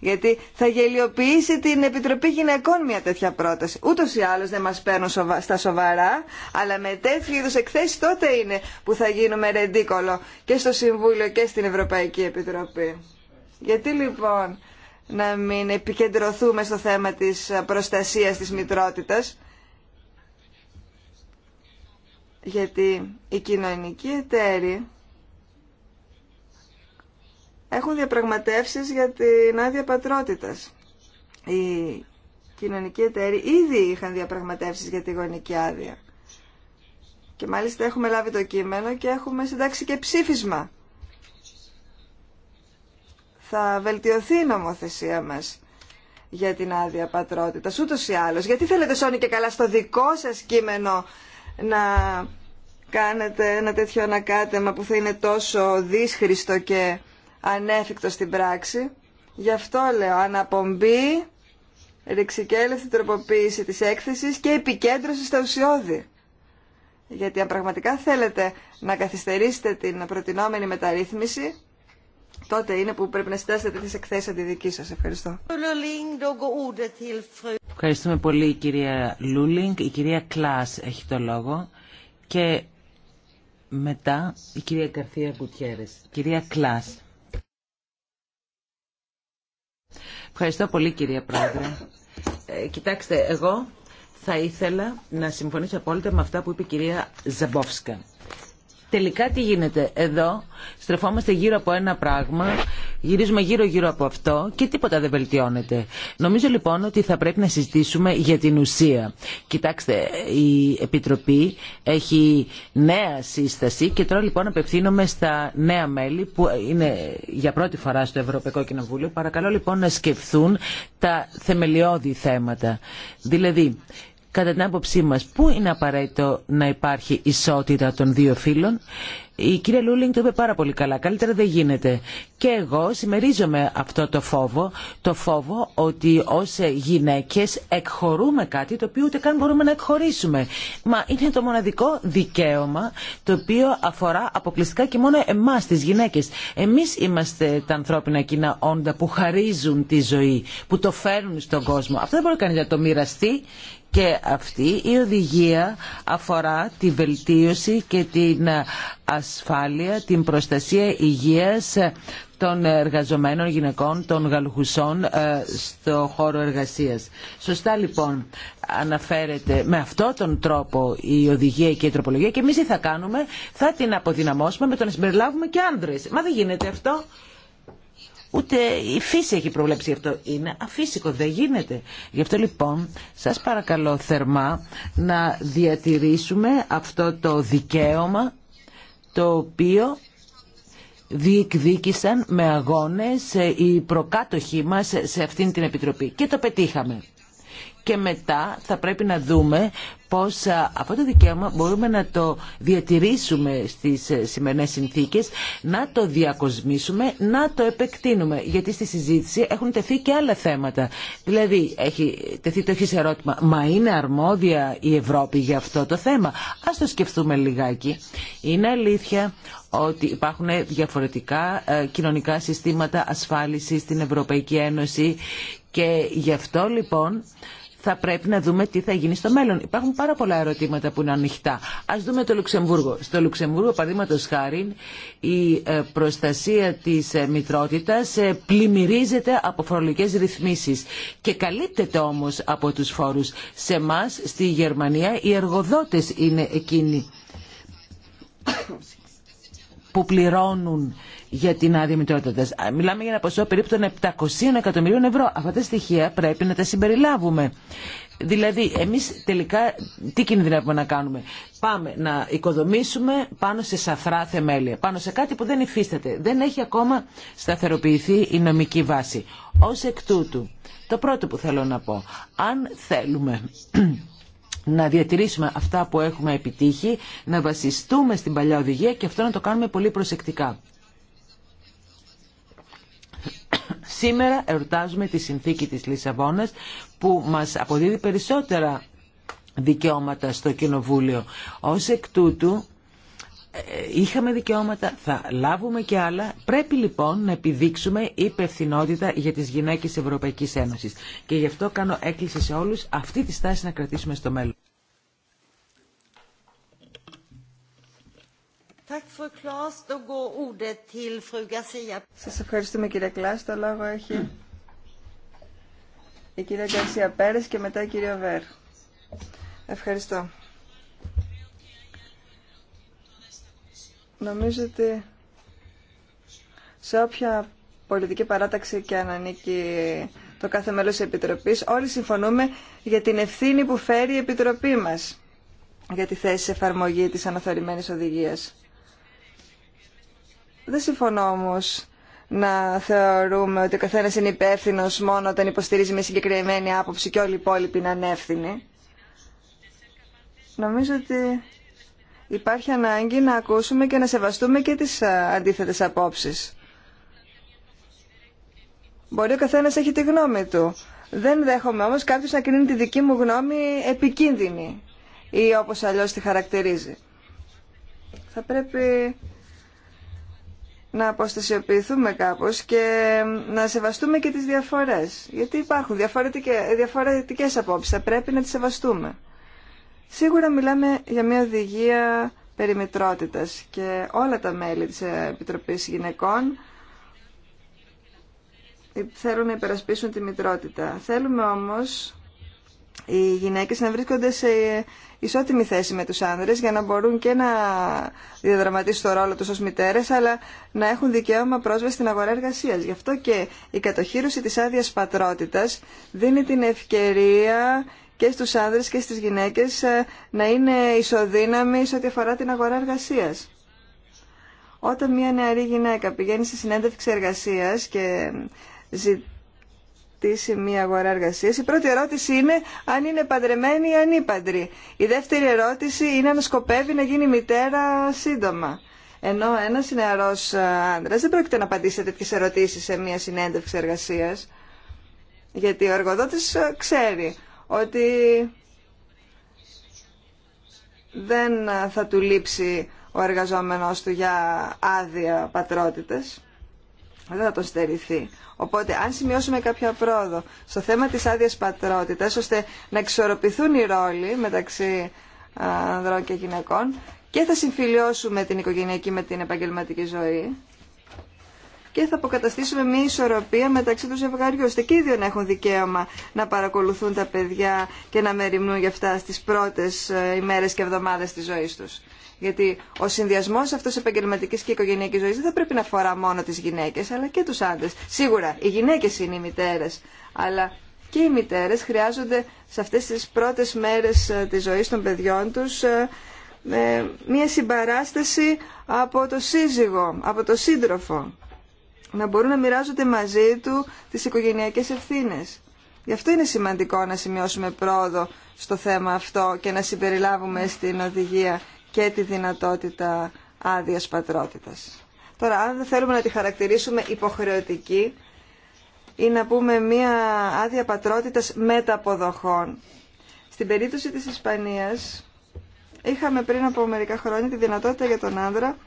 Γιατί θα γελιοποιήσει την Επιτροπή Γυναικών μια τέτοια πρόταση. Ούτω ή άλλω δεν μα παίρνουν στα σοβαρά, αλλά με τέτοιου είδου εκθέσει τότε είναι που θα γίνουμε ρεντίκολο και στο Συμβούλιο και στην Ευρωπαϊκή Επιτροπή. Γιατί λοιπόν να μην επικεντρωθούμε στο θέμα τη προστασίας της μητρότητας γιατί οι κοινωνικοί εταίροι έχουν διαπραγματεύσεις για την άδεια πατρότητας. Οι κοινωνικοί εταίροι ήδη είχαν διαπραγματεύσεις για τη γονική άδεια. Και μάλιστα έχουμε λάβει το κείμενο και έχουμε συντάξει και ψήφισμα. Θα βελτιωθεί η νομοθεσία μας για την άδεια πατρότητας, ούτως ή άλλως. Γιατί θέλετε σώνει και καλά στο δικό σας κείμενο να κάνετε ένα τέτοιο ανακάτεμα που θα είναι τόσο δύσχριστο και ανέφικτο στην πράξη. Γι' αυτό λέω αναπομπή, ρηξικέλευτη τροποποίηση της έκθεσης και επικέντρωση στα ουσιώδη. Γιατί αν πραγματικά θέλετε να καθυστερήσετε την προτινόμενη μεταρρύθμιση, τότε είναι που πρέπει να συντάσσετε τις εκθέσεις τη δική σας. Ευχαριστώ. Ευχαριστούμε πολύ κυρία Λούλινγκ. Η κυρία Κλάς έχει το λόγο και μετά η κυρία Καρθία Κουτιέρες. Κυρία Κλάς. Ευχαριστώ πολύ κυρία Πρόεδρε. Ε, κοιτάξτε, εγώ θα ήθελα να συμφωνήσω απόλυτα με αυτά που είπε η κυρία Ζαμπόφσκα. Τελικά τι γίνεται εδώ, στρεφόμαστε γύρω από ένα πράγμα, γυρίζουμε γύρω-γύρω από αυτό και τίποτα δεν βελτιώνεται. Νομίζω λοιπόν ότι θα πρέπει να συζητήσουμε για την ουσία. Κοιτάξτε, η Επιτροπή έχει νέα σύσταση και τώρα λοιπόν απευθύνομαι στα νέα μέλη που είναι για πρώτη φορά στο Ευρωπαϊκό Κοινοβούλιο. Παρακαλώ λοιπόν να σκεφτούν τα θεμελιώδη θέματα. Δηλαδή, Κατά την άποψή μας, πού είναι απαραίτητο να υπάρχει ισότητα των δύο φύλων. Η κυρία Λούλινγκ το είπε πάρα πολύ καλά. Καλύτερα δεν γίνεται. Και εγώ συμμερίζομαι αυτό το φόβο, το φόβο ότι ως γυναίκες εκχωρούμε κάτι το οποίο ούτε καν μπορούμε να εκχωρήσουμε. Μα είναι το μοναδικό δικαίωμα το οποίο αφορά αποκλειστικά και μόνο εμάς τις γυναίκες. Εμείς είμαστε τα ανθρώπινα κοινά όντα που χαρίζουν τη ζωή, που το φέρνουν στον κόσμο. Αυτό δεν μπορεί κανείς να το μοιραστεί και αυτή η οδηγία αφορά τη βελτίωση και την ασφάλεια, την προστασία υγείας των εργαζομένων γυναικών, των γαλουχουσών ε, στο χώρο εργασίας. Σωστά λοιπόν αναφέρεται με αυτόν τον τρόπο η οδηγία και η τροπολογία και εμείς τι θα κάνουμε, θα την αποδυναμώσουμε με το να συμπεριλάβουμε και άνδρες. Μα δεν γίνεται αυτό. Ούτε η φύση έχει προβλέψει γι' αυτό. Είναι αφύσικο, δεν γίνεται. Γι' αυτό λοιπόν σας παρακαλώ θερμά να διατηρήσουμε αυτό το δικαίωμα το οποίο διεκδίκησαν με αγώνες οι προκάτοχοί μας σε αυτήν την Επιτροπή. Και το πετύχαμε και μετά θα πρέπει να δούμε πώς αυτό το δικαίωμα μπορούμε να το διατηρήσουμε στις ε, σημερινές συνθήκες, να το διακοσμήσουμε, να το επεκτείνουμε. Γιατί στη συζήτηση έχουν τεθεί και άλλα θέματα. Δηλαδή, έχει τεθεί το έχεις ερώτημα, μα είναι αρμόδια η Ευρώπη για αυτό το θέμα. Ας το σκεφτούμε λιγάκι. Είναι αλήθεια ότι υπάρχουν διαφορετικά ε, κοινωνικά συστήματα ασφάλισης στην Ευρωπαϊκή Ένωση και γι' αυτό λοιπόν θα πρέπει να δούμε τι θα γίνει στο μέλλον. Υπάρχουν πάρα πολλά ερωτήματα που είναι ανοιχτά. Α δούμε το Λουξεμβούργο. Στο Λουξεμβούργο, παραδείγματο χάρη, η ε, προστασία τη ε, μητρότητα ε, πλημμυρίζεται από φορολογικέ ρυθμίσει και καλύπτεται όμω από του φόρου. Σε εμά, στη Γερμανία, οι εργοδότε είναι εκείνοι που πληρώνουν για την άδεια μητρότητα. Μιλάμε για ένα ποσό περίπου των 700 εκατομμυρίων ευρώ. Αυτά τα στοιχεία πρέπει να τα συμπεριλάβουμε. Δηλαδή, εμείς τελικά τι κινδυνεύουμε να κάνουμε. Πάμε να οικοδομήσουμε πάνω σε σαφρά θεμέλια, πάνω σε κάτι που δεν υφίσταται. Δεν έχει ακόμα σταθεροποιηθεί η νομική βάση. Ω εκ τούτου, το πρώτο που θέλω να πω, αν θέλουμε να διατηρήσουμε αυτά που έχουμε επιτύχει, να βασιστούμε στην παλιά οδηγία και αυτό να το κάνουμε πολύ προσεκτικά. Σήμερα ερωτάζουμε τη συνθήκη της Λισαβόνας που μας αποδίδει περισσότερα δικαιώματα στο Κοινοβούλιο. Ως εκ τούτου είχαμε δικαιώματα, θα λάβουμε και άλλα. Πρέπει λοιπόν να επιδείξουμε υπευθυνότητα για τις γυναίκες Ευρωπαϊκής Ένωσης. Και γι' αυτό κάνω έκκληση σε όλους αυτή τη στάση να κρατήσουμε στο μέλλον. Σας ευχαριστούμε κύριε Κλάς. Το λόγο έχει η κυρία Γκαρσία Πέρες και μετά η κυρία Βέρ. Ευχαριστώ. Νομίζω ότι σε όποια πολιτική παράταξη και αν ανήκει το κάθε μέλος της Επιτροπής, όλοι συμφωνούμε για την ευθύνη που φέρει η Επιτροπή μας για τη θέση εφαρμογή της αναθεωρημένης οδηγίας. Δεν συμφωνώ όμως να θεωρούμε ότι ο καθένας είναι υπεύθυνο μόνο όταν υποστηρίζει μια συγκεκριμένη άποψη και όλοι οι υπόλοιποι είναι ανεύθυνοι. Νομίζω ότι υπάρχει ανάγκη να ακούσουμε και να σεβαστούμε και τις αντίθετες απόψεις. Μπορεί ο καθένας έχει τη γνώμη του. Δεν δέχομαι όμως κάποιος να κρίνει τη δική μου γνώμη επικίνδυνη ή όπως αλλιώς τη χαρακτηρίζει. Θα πρέπει να αποστασιοποιηθούμε κάπως και να σεβαστούμε και τις διαφορές. Γιατί υπάρχουν διαφορετικές απόψεις, θα πρέπει να τις σεβαστούμε. Σίγουρα μιλάμε για μια οδηγία περιμετρότητας και όλα τα μέλη της Επιτροπής Γυναικών θέλουν να υπερασπίσουν τη μητρότητα. Θέλουμε όμως οι γυναίκες να βρίσκονται σε ισότιμη θέση με τους άνδρες για να μπορούν και να διαδραματίσουν το ρόλο τους ως μητέρες αλλά να έχουν δικαίωμα πρόσβαση στην αγορά εργασίας. Γι' αυτό και η κατοχήρωση της άδειας πατρότητας δίνει την ευκαιρία και στους άνδρες και στις γυναίκες ε, να είναι ισοδύναμοι σε ό,τι αφορά την αγορά εργασίας. Όταν μια νεαρή γυναίκα πηγαίνει στη συνέντευξη εργασίας και ζητήσει μια αγορά εργασίας, η πρώτη ερώτηση είναι αν είναι παντρεμένη ή ανήπαντρη. Η δεύτερη ερώτηση είναι αν σκοπεύει να γίνει μητέρα σύντομα. Ενώ ένας νεαρός ε, άνδρας δεν πρόκειται να απαντήσει σε τέτοιες ερωτήσεις σε μια συνέντευξη εργασίας. Γιατί ο εργοδότης ε, ξέρει ότι δεν θα του λείψει ο εργαζόμενος του για άδεια πατρότητες, Δεν θα τον στερηθεί. Οπότε αν σημειώσουμε κάποια πρόοδο στο θέμα της άδειας πατρότητας ώστε να εξορροπηθούν οι ρόλοι μεταξύ ανδρών και γυναικών και θα συμφιλιώσουμε την οικογενειακή με την επαγγελματική ζωή και θα αποκαταστήσουμε μια ισορροπία μεταξύ του ζευγαριού, ώστε και οι δύο να έχουν δικαίωμα να παρακολουθούν τα παιδιά και να μεριμνούν για αυτά στι πρώτε ημέρε και εβδομάδε τη ζωή του. Γιατί ο συνδυασμό αυτό επαγγελματική και οικογενειακή ζωή δεν θα πρέπει να αφορά μόνο τι γυναίκε, αλλά και του άντρε. Σίγουρα οι γυναίκε είναι οι μητέρε, αλλά και οι μητέρε χρειάζονται σε αυτέ τι πρώτε μέρε ε, τη ζωή των παιδιών του ε, μια συμπαράσταση από το σύζυγο, από το σύντροφο να μπορούν να μοιράζονται μαζί του τις οικογενειακές ευθύνες. Γι' αυτό είναι σημαντικό να σημειώσουμε πρόοδο στο θέμα αυτό και να συμπεριλάβουμε στην οδηγία και τη δυνατότητα άδειας πατρότητας. Τώρα, αν δεν θέλουμε να τη χαρακτηρίσουμε υποχρεωτική ή να πούμε μία άδεια πατρότητας μεταποδοχών. Στην περίπτωση της Ισπανίας είχαμε πριν από μερικά χρόνια τη δυνατότητα για τον άνδρα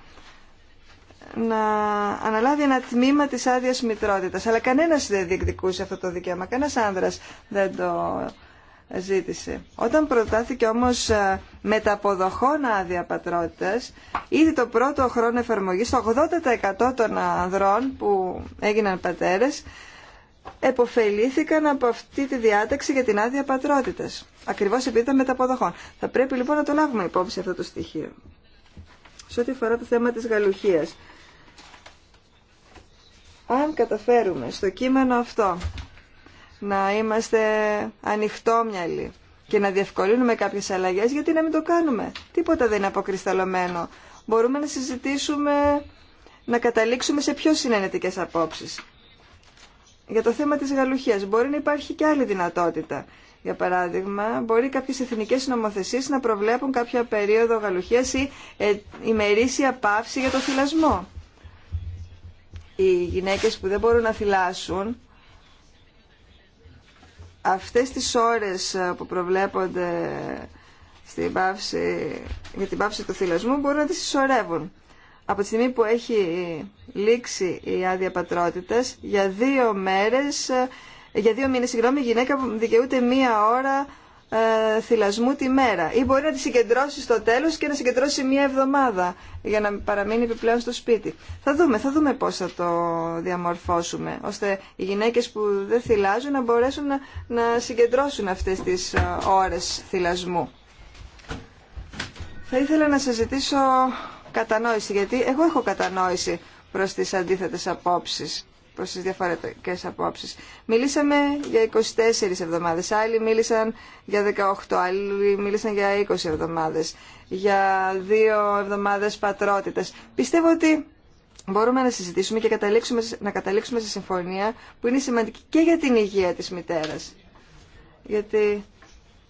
να αναλάβει ένα τμήμα της άδεια μητρότητας. Αλλά κανένας δεν διεκδικούσε αυτό το δικαίωμα, κανένας άνδρας δεν το ζήτησε. Όταν προτάθηκε όμως ε, μεταποδοχών άδεια πατρότητας, ήδη το πρώτο χρόνο εφαρμογής, το 80% των ανδρών που έγιναν πατέρες, εποφελήθηκαν από αυτή τη διάταξη για την άδεια πατρότητας. Ακριβώς επειδή ήταν μεταποδοχών. Θα πρέπει λοιπόν να το λάβουμε υπόψη αυτό το στοιχείο. Σε ό,τι αφορά το θέμα της γαλουχίας. Αν καταφέρουμε στο κείμενο αυτό να είμαστε ανοιχτόμυαλοι και να διευκολύνουμε κάποιες αλλαγές, γιατί να μην το κάνουμε. Τίποτα δεν είναι αποκρισταλωμένο. Μπορούμε να συζητήσουμε, να καταλήξουμε σε πιο συνενετικές απόψεις. Για το θέμα της γαλουχίας μπορεί να υπάρχει και άλλη δυνατότητα. Για παράδειγμα, μπορεί κάποιες εθνικές νομοθεσίες να προβλέπουν κάποια περίοδο γαλουχίας ή ε, ημερήσια πάυση για το θυλασμό οι γυναίκες που δεν μπορούν να θυλάσουν αυτές τις ώρες ε, που προβλέπονται στην για την πάυση του θυλασμού μπορούν να τις συσσωρεύουν. Από τη στιγμή που έχει λήξει η άδεια πατρότητας, για δύο μέρες, ε, για δύο μήνες, συγγνώμη, η γυναίκα δικαιούται μία ώρα ε, θυλασμού τη μέρα ή μπορεί να τη συγκεντρώσει στο τέλος και να συγκεντρώσει μία εβδομάδα για να παραμείνει επιπλέον στο σπίτι. Θα δούμε, θα δούμε πώς θα το διαμορφώσουμε ώστε οι γυναίκες που δεν θυλάζουν να μπορέσουν να, να συγκεντρώσουν αυτές τις ε, ώρες θυλασμού. Θα ήθελα να σας ζητήσω κατανόηση γιατί εγώ έχω κατανόηση προς τις αντίθετες απόψεις προς τις διαφορετικές απόψεις. Μιλήσαμε για 24 εβδομάδες, άλλοι μίλησαν για 18, άλλοι μίλησαν για 20 εβδομάδες, για δύο εβδομάδες πατρότητας. Πιστεύω ότι μπορούμε να συζητήσουμε και να καταλήξουμε σε συμφωνία που είναι σημαντική και για την υγεία της μητέρας. Γιατί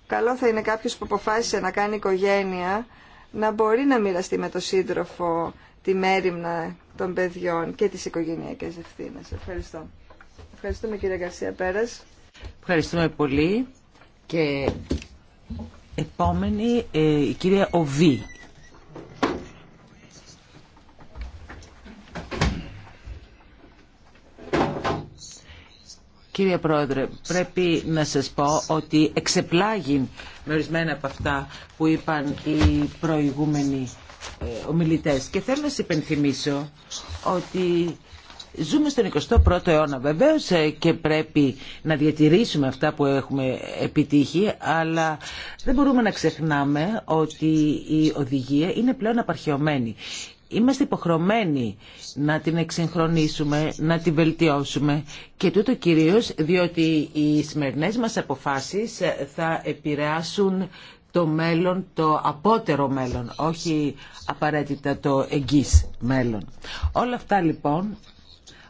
καλό θα είναι κάποιος που αποφάσισε να κάνει οικογένεια να μπορεί να μοιραστεί με τον σύντροφο τη μέρημνα των παιδιών και τις οικογενειακές ευθύνες. Ευχαριστώ. Ευχαριστούμε κύριε Γκαρσία Πέρας. Ευχαριστούμε πολύ και επόμενη ε, η κυρία Οβή. Κύριε Πρόεδρε, πρέπει να σας πω ότι εξεπλάγει με ορισμένα από αυτά που είπαν οι προηγούμενοι ε, ομιλητές και θέλω να σας υπενθυμίσω ότι Ζούμε στον 21ο αιώνα βεβαίως ε, και πρέπει να διατηρήσουμε αυτά που έχουμε επιτύχει αλλά δεν μπορούμε να ξεχνάμε ότι η οδηγία είναι πλέον απαρχαιωμένη. Είμαστε υποχρεωμένοι να την εξυγχρονίσουμε, να την βελτιώσουμε και τούτο κυρίως διότι οι σημερινές μας αποφάσεις ε, θα επηρεάσουν το μέλλον, το απότερο μέλλον, όχι απαραίτητα το εγγύς μέλλον. Όλα αυτά λοιπόν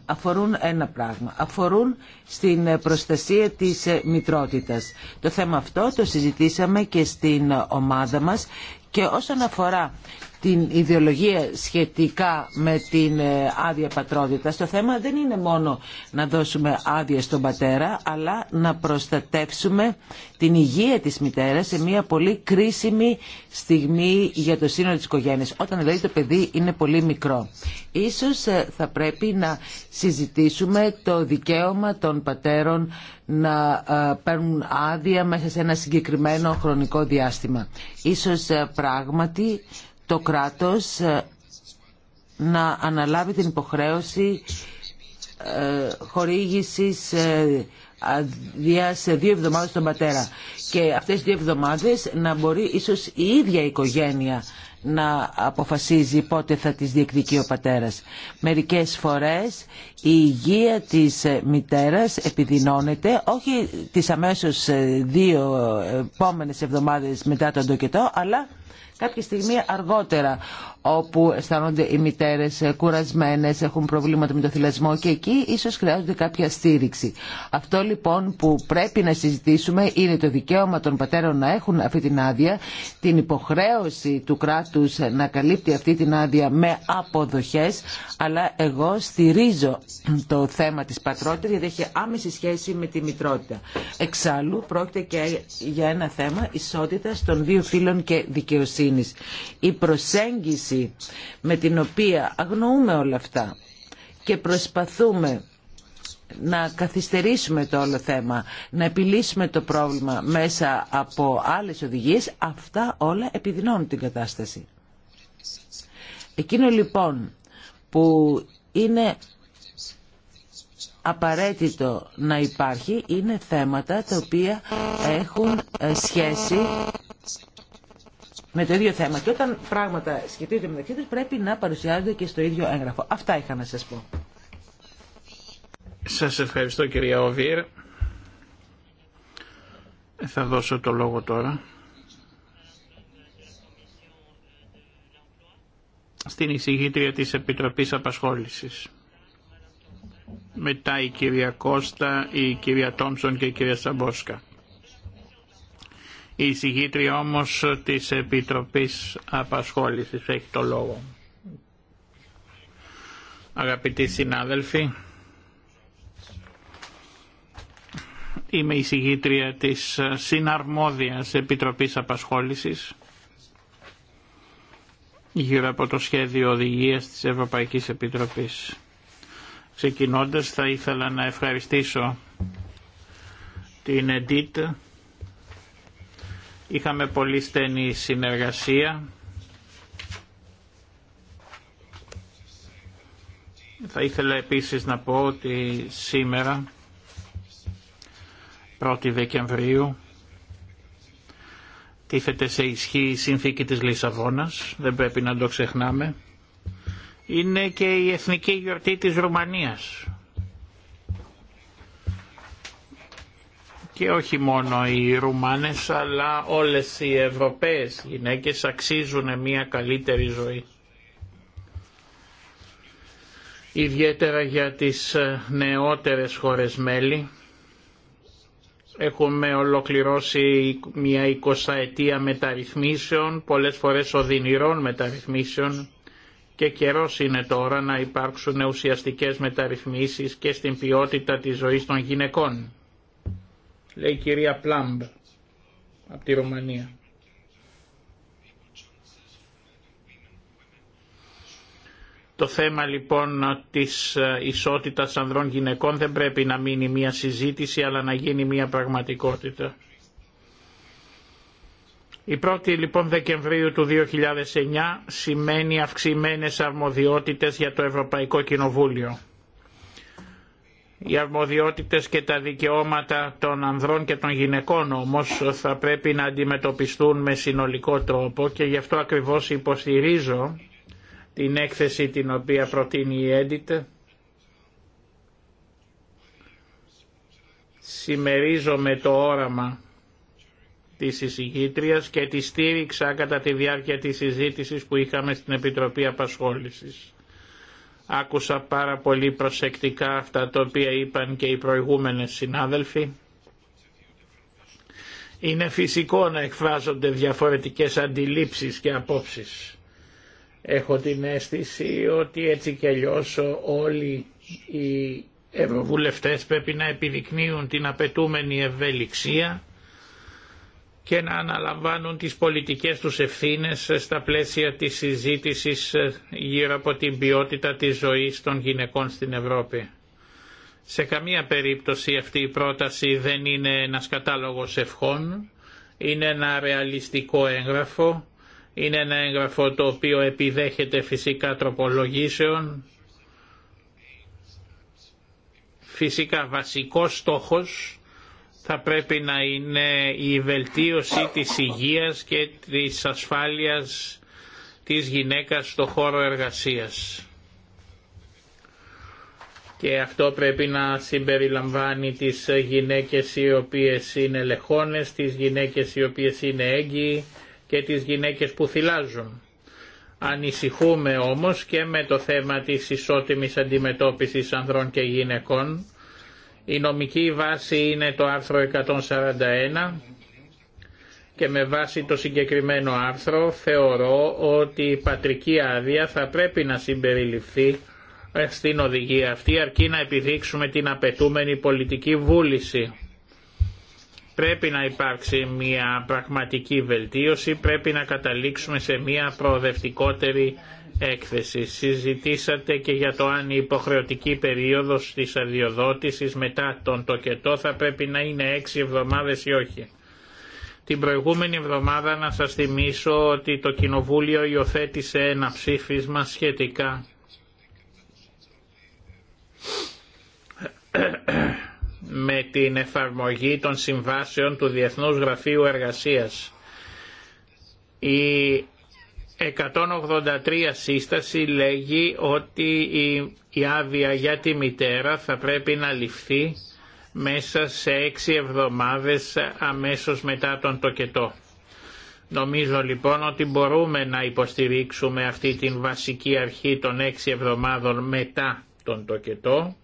αφορούν ένα πράγμα. Αφορούν στην προστασία της μητρότητας. Το θέμα αυτό το συζητήσαμε και στην ομάδα μας και όσον αφορά την ιδεολογία σχετικά με την ε, άδεια πατρότητα. Το θέμα δεν είναι μόνο να δώσουμε άδεια στον πατέρα, αλλά να προστατεύσουμε την υγεία της μητέρας σε μια πολύ κρίσιμη στιγμή για το σύνολο της οικογένειας, όταν δηλαδή το παιδί είναι πολύ μικρό. Ίσως ε, θα πρέπει να συζητήσουμε το δικαίωμα των πατέρων να ε, παίρνουν άδεια μέσα σε ένα συγκεκριμένο χρονικό διάστημα. Ίσως πράγματι το κράτος ε, να αναλάβει την υποχρέωση ε, χορήγησης ε, αδειά σε δύο εβδομάδες στον πατέρα. Και αυτές τις δύο εβδομάδες να μπορεί ίσως η ίδια η οικογένεια να αποφασίζει πότε θα τις διεκδικεί ο πατέρας. Μερικές φορές η υγεία της μητέρας επιδεινώνεται όχι τις αμέσως δύο επόμενες εβδομάδες μετά τον τοκετό αλλά κάποια στιγμή αργότερα όπου αισθάνονται οι μητέρες ε, κουρασμένες, έχουν προβλήματα με το θυλασμό και εκεί ίσως χρειάζονται κάποια στήριξη. Αυτό λοιπόν που πρέπει να συζητήσουμε είναι το δικαίωμα των πατέρων να έχουν αυτή την άδεια, την υποχρέωση του κράτους να καλύπτει αυτή την άδεια με αποδοχές, αλλά εγώ στηρίζω το θέμα της πατρότητας γιατί έχει άμεση σχέση με τη μητρότητα. Εξάλλου πρόκειται και για ένα θέμα ισότητας των δύο φύλων και δικαιοσύνης. Η προσέγγιση με την οποία αγνοούμε όλα αυτά και προσπαθούμε να καθυστερήσουμε το όλο θέμα, να επιλύσουμε το πρόβλημα μέσα από άλλες οδηγίες, αυτά όλα επιδεινώνουν την κατάσταση. Εκείνο λοιπόν που είναι απαραίτητο να υπάρχει είναι θέματα τα οποία έχουν ε, σχέση με το ίδιο θέμα. Και όταν πράγματα σχετίζονται μεταξύ του πρέπει να παρουσιάζονται και στο ίδιο έγγραφο. Αυτά είχα να σας πω. Σας ευχαριστώ κυρία Οβίρ. Ε, θα δώσω το λόγο τώρα. Στην εισηγήτρια της Επιτροπής Απασχόλησης. Μετά η κυρία Κώστα, η κυρία Τόμψον και η κυρία Σαμπόσκα. Η εισηγήτρια όμως της Επιτροπής Απασχόλησης έχει το λόγο. Αγαπητοί συνάδελφοι, είμαι εισηγήτρια της Συναρμόδιας Επιτροπής Απασχόλησης γύρω από το σχέδιο οδηγίας της Ευρωπαϊκής Επιτροπής. Ξεκινώντας θα ήθελα να ευχαριστήσω την ΕΝΤΙΤ Είχαμε πολύ στενή συνεργασία. Θα ήθελα επίσης να πω ότι σήμερα, 1η Δεκεμβρίου, τίθεται σε ισχύ η συνθήκη της Λισαβόνας, δεν πρέπει να το ξεχνάμε. Είναι και η εθνική γιορτή της Ρουμανίας. και όχι μόνο οι Ρουμάνες αλλά όλες οι Ευρωπαίες γυναίκες αξίζουν μια καλύτερη ζωή. Ιδιαίτερα για τις ε, νεότερες χώρες μέλη έχουμε ολοκληρώσει μια εικοσαετία μεταρρυθμίσεων, πολλές φορές οδυνηρών μεταρρυθμίσεων και καιρός είναι τώρα να υπάρξουν ουσιαστικές μεταρρυθμίσεις και στην ποιότητα της ζωής των γυναικών λέει η κυρία Πλάμπ από τη Ρωμανία. Το θέμα λοιπόν της ε, ισότητας ανδρών γυναικών δεν πρέπει να μείνει μια συζήτηση αλλά να γίνει μια πραγματικότητα. Η 1η λοιπόν Δεκεμβρίου του 2009 σημαίνει αυξημένες αρμοδιότητες για το Ευρωπαϊκό Κοινοβούλιο. Οι αρμοδιότητες και τα δικαιώματα των ανδρών και των γυναικών όμως θα πρέπει να αντιμετωπιστούν με συνολικό τρόπο και γι' αυτό ακριβώς υποστηρίζω την έκθεση την οποία προτείνει η Edit. Σημερίζομαι το όραμα της εισηγήτριας και τη στήριξα κατά τη διάρκεια της συζήτησης που είχαμε στην Επιτροπή Απασχόλησης. Άκουσα πάρα πολύ προσεκτικά αυτά τα οποία είπαν και οι προηγούμενες συνάδελφοι. Είναι φυσικό να εκφράζονται διαφορετικές αντιλήψεις και απόψεις. Έχω την αίσθηση ότι έτσι και αλλιώς όλοι οι ευρωβουλευτές πρέπει να επιδεικνύουν την απαιτούμενη ευελιξία και να αναλαμβάνουν τις πολιτικές τους ευθύνες στα πλαίσια της συζήτησης ε, γύρω από την ποιότητα της ζωής των γυναικών στην Ευρώπη. Σε καμία περίπτωση αυτή η πρόταση δεν είναι ένας κατάλογος ευχών, είναι ένα ρεαλιστικό έγγραφο, είναι ένα έγγραφο το οποίο επιδέχεται φυσικά τροπολογήσεων. Φυσικά βασικός στόχος θα πρέπει να είναι η βελτίωση της υγείας και της ασφάλειας της γυναίκας στο χώρο εργασίας. Και αυτό πρέπει να συμπεριλαμβάνει τις γυναίκες οι οποίες είναι λεχόνες, τις γυναίκες οι οποίες είναι έγκυοι και τις γυναίκες που θυλάζουν. Ανησυχούμε όμως και με το θέμα της ισότιμης αντιμετώπισης ανδρών και γυναικών η νομική βάση είναι το άρθρο 141 και με βάση το συγκεκριμένο άρθρο θεωρώ ότι η πατρική άδεια θα πρέπει να συμπεριληφθεί ε, στην οδηγία αυτή αρκεί να επιδείξουμε την απαιτούμενη πολιτική βούληση. Πρέπει να υπάρξει μια πραγματική βελτίωση, πρέπει να καταλήξουμε σε μια προοδευτικότερη Έκθεση. Συζητήσατε και για το αν η υποχρεωτική περίοδος της αδειοδότησης μετά τον τοκετό θα πρέπει να είναι έξι εβδομάδες ή όχι. Την προηγούμενη εβδομάδα να σας θυμίσω ότι το Κοινοβούλιο υιοθέτησε ένα ψήφισμα σχετικά με την εφαρμογή των συμβάσεων του Διεθνούς Γραφείου Εργασίας. Η 183 σύσταση λέγει ότι η άδεια για τη μητέρα θα πρέπει να ληφθεί μέσα σε έξι εβδομάδες αμέσως μετά τον τοκετό. Νομίζω λοιπόν ότι μπορούμε να υποστηρίξουμε αυτή την βασική αρχή των έξι εβδομάδων μετά τον τοκετό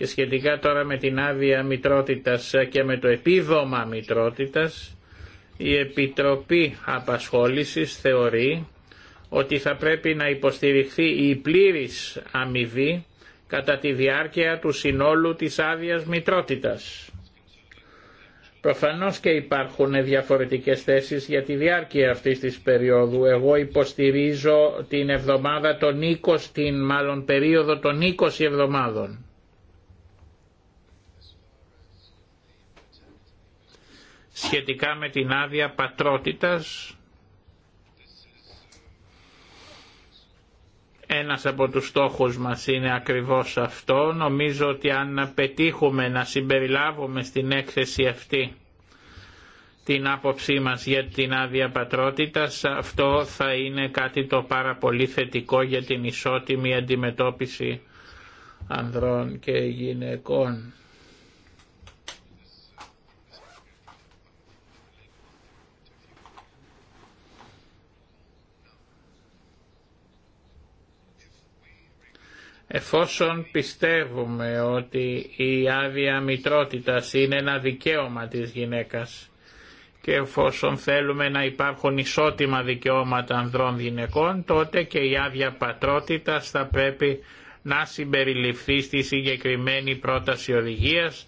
και σχετικά τώρα με την άδεια μητρότητα και με το επίδομα μητρότητας η Επιτροπή Απασχόλησης θεωρεί ότι θα πρέπει να υποστηριχθεί η πλήρης αμοιβή κατά τη διάρκεια του συνόλου της άδεια μητρότητας. Προφανώς και υπάρχουν διαφορετικές θέσεις για τη διάρκεια αυτής της περίοδου. Εγώ υποστηρίζω την εβδομάδα των 20, την μάλλον περίοδο των 20 εβδομάδων. σχετικά με την άδεια πατρότητας ένας από τους στόχους μας είναι ακριβώς αυτό. Νομίζω ότι αν πετύχουμε να συμπεριλάβουμε στην έκθεση αυτή την άποψή μας για την άδεια πατρότητας, αυτό θα είναι κάτι το πάρα πολύ θετικό για την ισότιμη αντιμετώπιση ανδρών και γυναικών. Εφόσον πιστεύουμε ότι η άδεια μητρότητας είναι ένα δικαίωμα της γυναίκας και εφόσον θέλουμε να υπάρχουν ισότιμα δικαιώματα ανδρών γυναικών, τότε και η άδεια πατρότητας θα πρέπει να συμπεριληφθεί στη συγκεκριμένη πρόταση οδηγίας,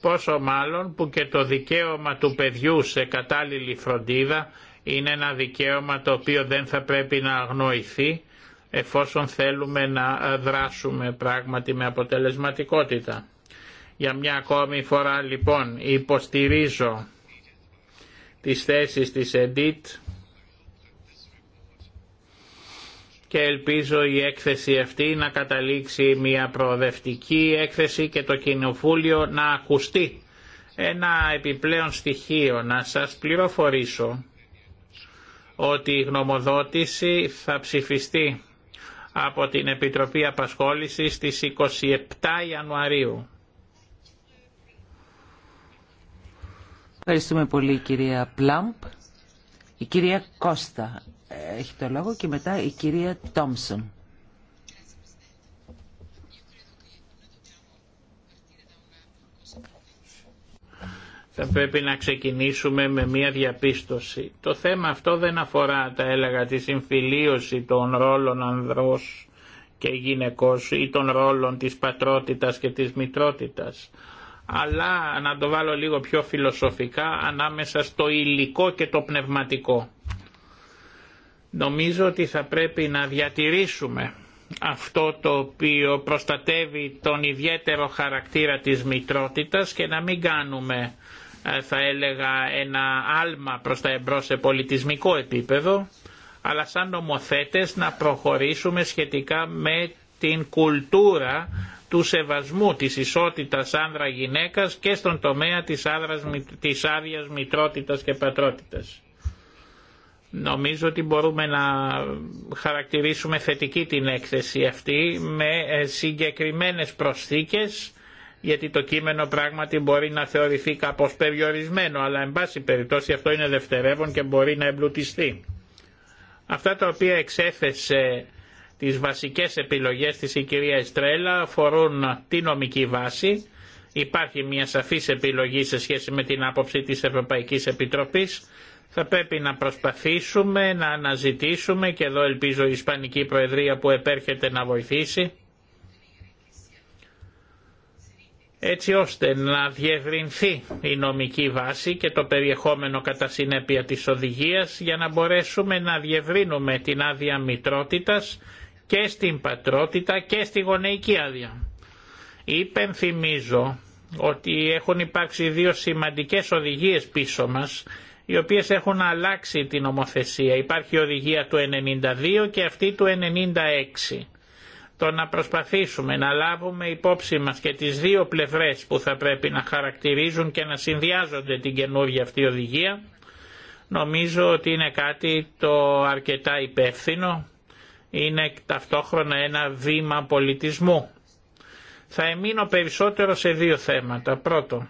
πόσο μάλλον που και το δικαίωμα του παιδιού σε κατάλληλη φροντίδα είναι ένα δικαίωμα το οποίο δεν θα πρέπει να αγνοηθεί εφόσον θέλουμε να ε, δράσουμε πράγματι με αποτελεσματικότητα. Για μια ακόμη φορά λοιπόν υποστηρίζω τις θέσεις της ΕΝΤΙΤ και ελπίζω η έκθεση αυτή να καταλήξει μια προοδευτική έκθεση και το Κοινοβούλιο να ακουστεί. Ένα επιπλέον στοιχείο να σας πληροφορήσω ότι η γνωμοδότηση θα ψηφιστεί από την Επιτροπή Απασχόλησης στις 27 Ιανουαρίου. Ευχαριστούμε πολύ κυρία Πλάμπ. Η κυρία Κώστα έχει το λόγο και μετά η κυρία Τόμσον. θα πρέπει να ξεκινήσουμε με μια διαπίστωση. Το θέμα αυτό δεν αφορά τα έλεγα τη συμφιλίωση των ρόλων ανδρός και γυναικός ή των ρόλων της πατρότητας και της μητρότητας αλλά να το βάλω λίγο πιο φιλοσοφικά ανάμεσα στο υλικό και το πνευματικό. Νομίζω ότι θα πρέπει να διατηρήσουμε αυτό το οποίο προστατεύει τον ιδιαίτερο χαρακτήρα της μητρότητας και να μην κάνουμε ε, θα έλεγα ένα άλμα προς τα εμπρό σε πολιτισμικό επίπεδο, αλλά σαν νομοθέτες να προχωρήσουμε σχετικά με την κουλτούρα του σεβασμού της ισότητας άνδρα-γυναίκας και στον τομέα της, άδρας, της άδειας μητρότητας και πατρότητας. Νομίζω ότι μπορούμε να χαρακτηρίσουμε θετική την έκθεση αυτή με ε, συγκεκριμένες προσθήκες γιατί το κείμενο πράγματι μπορεί να θεωρηθεί κάπως περιορισμένο, αλλά εν πάση περιπτώσει αυτό είναι δευτερεύον και μπορεί να εμπλουτιστεί. Αυτά τα οποία εξέθεσε τις βασικές επιλογές της η κυρία Εστρέλα αφορούν τη νομική βάση. Υπάρχει μια σαφής επιλογή σε σχέση με την άποψη της Ευρωπαϊκής Επιτροπής. Θα πρέπει να προσπαθήσουμε, να αναζητήσουμε και εδώ ελπίζω η Ισπανική Προεδρία που επέρχεται να βοηθήσει έτσι ώστε να διευρυνθεί η νομική βάση και το περιεχόμενο κατά συνέπεια της οδηγίας για να μπορέσουμε να διευρύνουμε την άδεια μητρότητας και στην πατρότητα και στη γονεϊκή άδεια. Υπενθυμίζω ότι έχουν υπάρξει δύο σημαντικές οδηγίες πίσω μας οι οποίες έχουν αλλάξει την ομοθεσία. Υπάρχει η οδηγία του 92 και αυτή του 96 το να προσπαθήσουμε να λάβουμε υπόψη μας και τις δύο πλευρές που θα πρέπει να χαρακτηρίζουν και να συνδυάζονται την καινούργια αυτή οδηγία, νομίζω ότι είναι κάτι το αρκετά υπεύθυνο, είναι ταυτόχρονα ένα βήμα πολιτισμού. Θα εμείνω περισσότερο σε δύο θέματα. Πρώτο,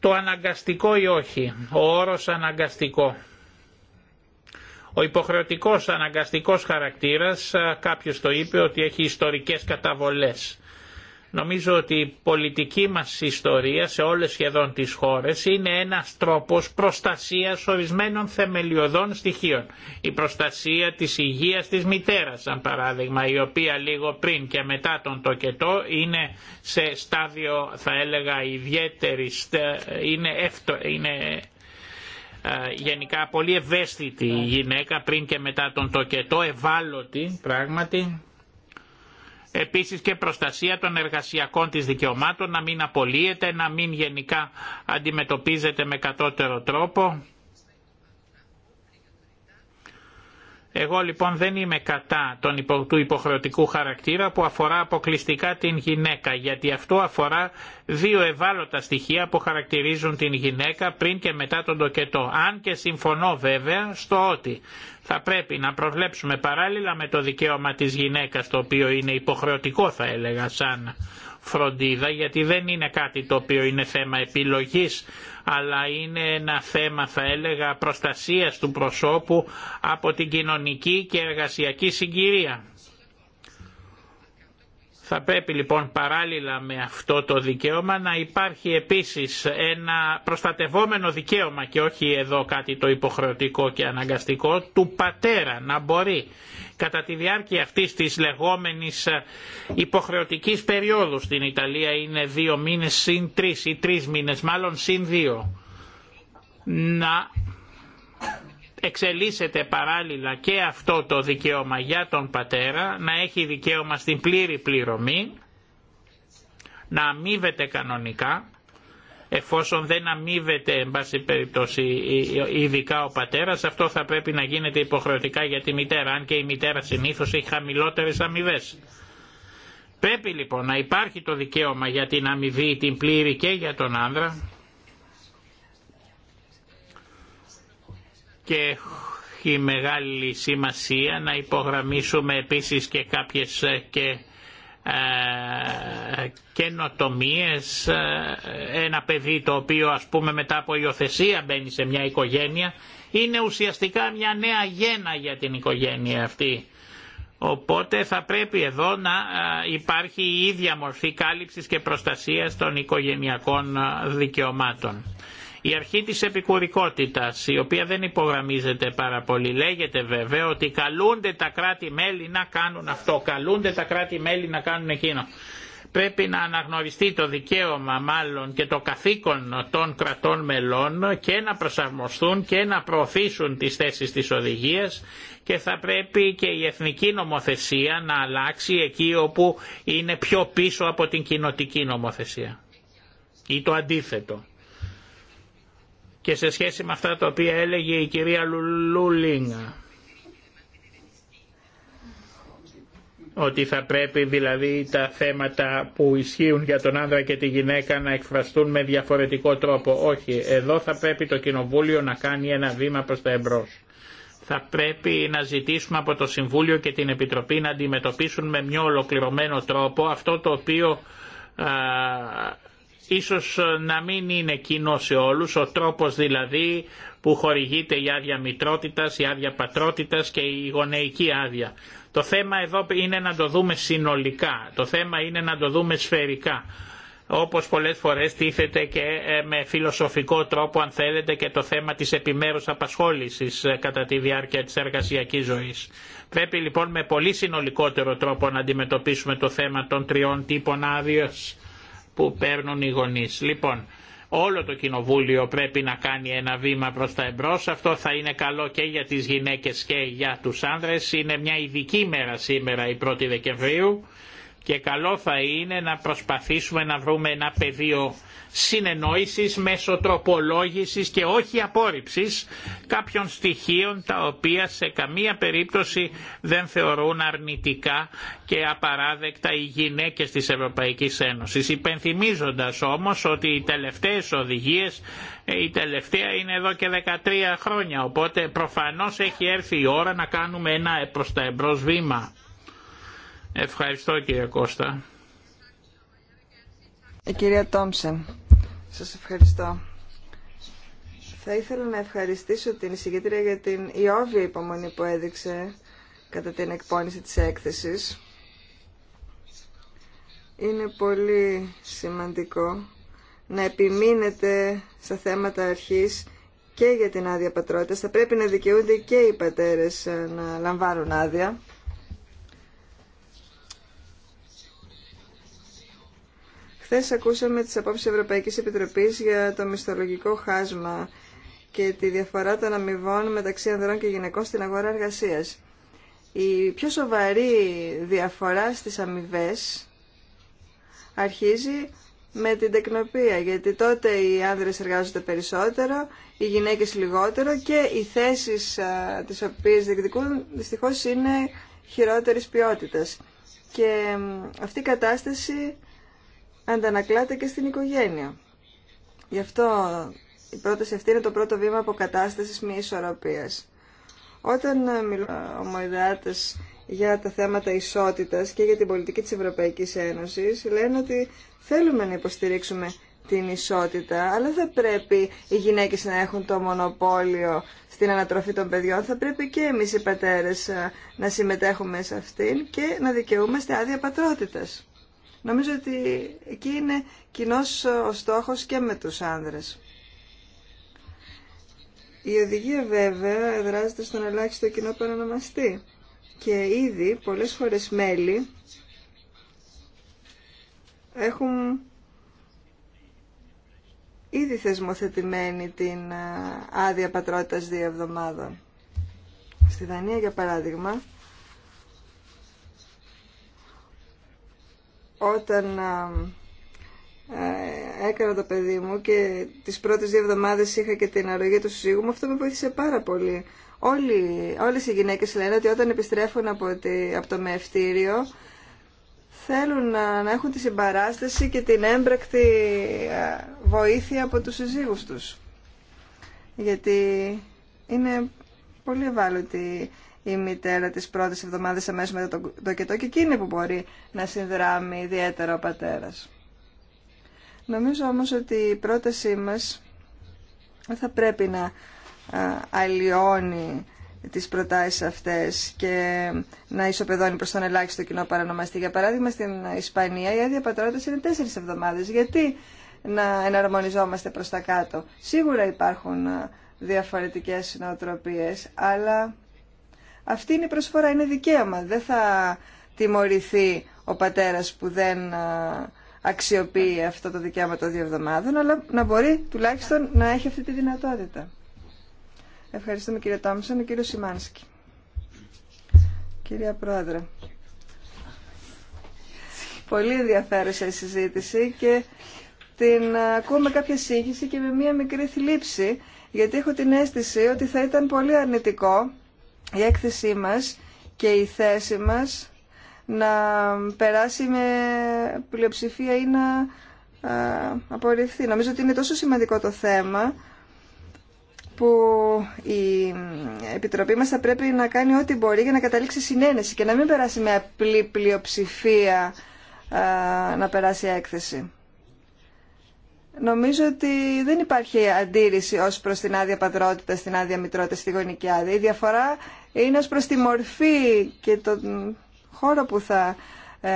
το αναγκαστικό ή όχι, ο όρος αναγκαστικό ο υποχρεωτικός αναγκαστικός χαρακτήρας, κάποιος το είπε ότι έχει ιστορικές καταβολές. Νομίζω ότι η πολιτική μας ιστορία σε όλες σχεδόν τις χώρες είναι ένας τρόπος προστασίας ορισμένων θεμελιωδών στοιχείων. Η προστασία της υγείας της μητέρας, σαν παράδειγμα, η οποία λίγο πριν και μετά τον τοκετό είναι σε στάδιο, θα έλεγα, ιδιαίτερη, ε, είναι, είναι ε, γενικά πολύ ευαίσθητη γυναίκα πριν και μετά τον τοκετό, ευάλωτη πράγματι. Επίσης και προστασία των εργασιακών της δικαιωμάτων, να μην απολύεται, να μην γενικά αντιμετωπίζεται με κατώτερο τρόπο Εγώ λοιπόν δεν είμαι κατά τον υπο, του υποχρεωτικού χαρακτήρα που αφορά αποκλειστικά την γυναίκα, γιατί αυτό αφορά δύο ευάλωτα στοιχεία που χαρακτηρίζουν την γυναίκα πριν και μετά τον τοκετό. Αν και συμφωνώ βέβαια στο ότι θα πρέπει να προβλέψουμε παράλληλα με το δικαίωμα της γυναίκας, το οποίο είναι υποχρεωτικό θα έλεγα σαν φροντίδα γιατί δεν είναι κάτι το οποίο είναι θέμα επιλογής αλλά είναι ένα θέμα θα έλεγα προστασίας του προσώπου από την κοινωνική και εργασιακή συγκυρία. Θα πρέπει λοιπόν παράλληλα με αυτό το δικαίωμα να υπάρχει επίσης ένα προστατευόμενο δικαίωμα και όχι εδώ κάτι το υποχρεωτικό και αναγκαστικό του πατέρα να μπορεί Κατά τη διάρκεια αυτής της λεγόμενης ε, υποχρεωτικής περίοδου στην Ιταλία είναι δύο μήνες συν τρεις ή τρεις μήνες μάλλον συν δύο να εξελίσσεται παράλληλα και αυτό το δικαίωμα για τον πατέρα να έχει δικαίωμα στην πλήρη πληρωμή να αμείβεται κανονικά εφόσον δεν αμείβεται εν πάση περιπτώσει ειδικά ο πατέρας αυτό θα πρέπει να γίνεται υποχρεωτικά για τη μητέρα αν και η μητέρα συνήθως έχει χαμηλότερες αμοιβέ. Πρέπει λοιπόν να υπάρχει το δικαίωμα για την αμοιβή την πλήρη και για τον άνδρα και έχει μεγάλη σημασία να υπογραμμίσουμε επίσης και κάποιες ε, και ε, καινοτομίες, ε, ένα παιδί το οποίο ας πούμε μετά από υιοθεσία μπαίνει σε μια οικογένεια, είναι ουσιαστικά μια νέα γένα για την οικογένεια αυτή. Οπότε θα πρέπει εδώ να ε, υπάρχει η ίδια μορφή κάλυψης και προστασίας των οικογενειακών δικαιωμάτων. Η αρχή της επικουρικότητας, η οποία δεν υπογραμμίζεται πάρα πολύ, λέγεται βέβαια ότι καλούνται τα κράτη-μέλη να κάνουν αυτό, καλούνται τα κράτη-μέλη να κάνουν εκείνο. Πρέπει να αναγνωριστεί το δικαίωμα μάλλον και το καθήκον των κρατών μελών και να προσαρμοστούν και να προωθήσουν τις θέσεις της οδηγίας και θα πρέπει και η εθνική νομοθεσία να αλλάξει εκεί όπου είναι πιο πίσω από την κοινοτική νομοθεσία ή το αντίθετο και σε σχέση με αυτά τα οποία έλεγε η κυρία Λουλούλινγκ ότι θα πρέπει δηλαδή τα θέματα που ισχύουν για τον άνδρα και τη γυναίκα να εκφραστούν με διαφορετικό τρόπο. Όχι, εδώ θα πρέπει το Κοινοβούλιο να κάνει ένα βήμα προς τα εμπρός. Θα πρέπει να ζητήσουμε από το Συμβούλιο και την Επιτροπή να αντιμετωπίσουν με μια ολοκληρωμένο τρόπο αυτό το οποίο ίσως ε, να μην είναι κοινό σε όλους, ο τρόπος δηλαδή που χορηγείται η άδεια μητρότητας, η άδεια πατρότητας και η γονεϊκή άδεια. Το θέμα εδώ είναι να το δούμε συνολικά, το θέμα είναι να το δούμε σφαιρικά όπως πολλές φορές τίθεται και ε, με φιλοσοφικό τρόπο αν θέλετε και το θέμα της επιμέρους απασχόλησης ε, κατά τη διάρκεια της εργασιακής ζωής. Πρέπει λοιπόν με πολύ συνολικότερο τρόπο να αντιμετωπίσουμε το θέμα των τριών τύπων άδειας που παίρνουν οι γονείς. Λοιπόν, όλο το κοινοβούλιο πρέπει να κάνει ένα βήμα προς τα εμπρός. Αυτό θα είναι καλό και για τις γυναίκες και για τους άνδρες. Είναι μια ειδική μέρα σήμερα η 1η Δεκεμβρίου και καλό θα είναι να προσπαθήσουμε να βρούμε ένα πεδίο συνεννόησης μέσω τροπολόγησης και όχι απόρριψης κάποιων στοιχείων τα οποία σε καμία περίπτωση δεν θεωρούν αρνητικά και απαράδεκτα οι γυναίκες της Ευρωπαϊκής Ένωσης. Υπενθυμίζοντας όμως ότι οι τελευταίες οδηγίες, η τελευταία είναι εδώ και 13 χρόνια, οπότε προφανώς έχει έρθει η ώρα να κάνουμε ένα προς τα εμπρός βήμα. Ευχαριστώ κύριε Κώστα. Η ε, κυρία σας ευχαριστώ. Θα ήθελα να ευχαριστήσω την εισηγήτρια για την ιόβια υπομονή που έδειξε κατά την εκπόνηση της έκθεσης. Είναι πολύ σημαντικό να επιμείνετε στα θέματα αρχής και για την άδεια πατρότητας. Θα πρέπει να δικαιούνται και οι πατέρες να λαμβάνουν άδεια. Χθε ακούσαμε τις απόψεις Ευρωπαϊκής Επιτροπής για το μισθολογικό χάσμα και τη διαφορά των αμοιβών μεταξύ ανδρών και γυναικών στην αγορά εργασίας. Η πιο σοβαρή διαφορά στις αμοιβέ αρχίζει με την τεκνοπία, γιατί τότε οι άνδρες εργάζονται περισσότερο, οι γυναίκες λιγότερο και οι θέσεις α, τις οποίες διεκδικούν δυστυχώς είναι χειρότερης ποιότητας. Και αυτή η κατάσταση αντανακλάται και στην οικογένεια. Γι' αυτό η πρόταση αυτή είναι το πρώτο βήμα αποκατάστασης μη ισορροπίας. Όταν ε, μιλούν ομοειδεάτες για τα θέματα ισότητας και για την πολιτική της Ευρωπαϊκής Ένωσης, λένε ότι θέλουμε να υποστηρίξουμε την ισότητα, αλλά δεν πρέπει οι γυναίκες να έχουν το μονοπόλιο στην ανατροφή των παιδιών, θα πρέπει και εμείς οι πατέρες ε, να συμμετέχουμε σε αυτήν και να δικαιούμαστε άδεια πατρότητας. Νομίζω ότι εκεί είναι κοινό ο στόχος και με τους άνδρες. Η οδηγία βέβαια εδράζεται στον ελάχιστο κοινό παρανομαστή και ήδη πολλές φορές μέλη έχουν ήδη θεσμοθετημένη την ε, άδεια πατρότητας δύο εβδομάδων. Στη Δανία, για παράδειγμα, όταν ε, έκανα το παιδί μου και τις πρώτες δύο εβδομάδες είχα και την αρρωγή του σύζυγου μου, αυτό με βοήθησε πάρα πολύ. Όλοι, όλες οι γυναίκες λένε ότι όταν επιστρέφουν από, τη, από το μεευτήριο θέλουν να, έχουν τη συμπαράσταση και την έμπρακτη βοήθεια από τους σύζυγους τους. Γιατί είναι πολύ ευάλωτοι η μητέρα τις πρώτες εβδομάδες αμέσως μετά το κετό και εκείνη που μπορεί να συνδράμει ιδιαίτερα ο πατέρας. Νομίζω όμως ότι η πρότασή μας θα πρέπει να αλλοιώνει τις προτάσεις αυτές και να ισοπεδώνει προς τον ελάχιστο κοινό παρανομαστή. Για παράδειγμα, στην Ισπανία η άδεια πατρότητας είναι τέσσερις εβδομάδες. Γιατί να εναρμονιζόμαστε προς τα κάτω. Σίγουρα υπάρχουν διαφορετικές νοοτροπίες, αλλά αυτή είναι η προσφορά, είναι δικαίωμα. Δεν θα τιμωρηθεί ο πατέρας που δεν αξιοποιεί αυτό το δικαίωμα των δύο εβδομάδων, αλλά να μπορεί τουλάχιστον να έχει αυτή τη δυνατότητα. Ευχαριστούμε κύριε Τόμσον και κύριο Σιμάνσκι. Κυρία Πρόεδρε, πολύ ενδιαφέρουσα η συζήτηση και την ακούω με κάποια σύγχυση και με μία μικρή θλίψη, γιατί έχω την αίσθηση ότι θα ήταν πολύ αρνητικό η έκθεσή μας και η θέση μας να περάσει με πλειοψηφία ή να απορριφθεί. Νομίζω ότι είναι τόσο σημαντικό το θέμα που η Επιτροπή μας θα πρέπει να κάνει ό,τι μπορεί για να καταλήξει συνένεση και να μην περάσει με απλή πλειοψηφία να περάσει έκθεση. Νομίζω ότι δεν υπάρχει αντίρρηση ως προς την άδεια πατρότητα, την άδεια μητρότητα, στη γονική άδεια. Η διαφορά είναι ως προς τη μορφή και τον χώρο που θα ε,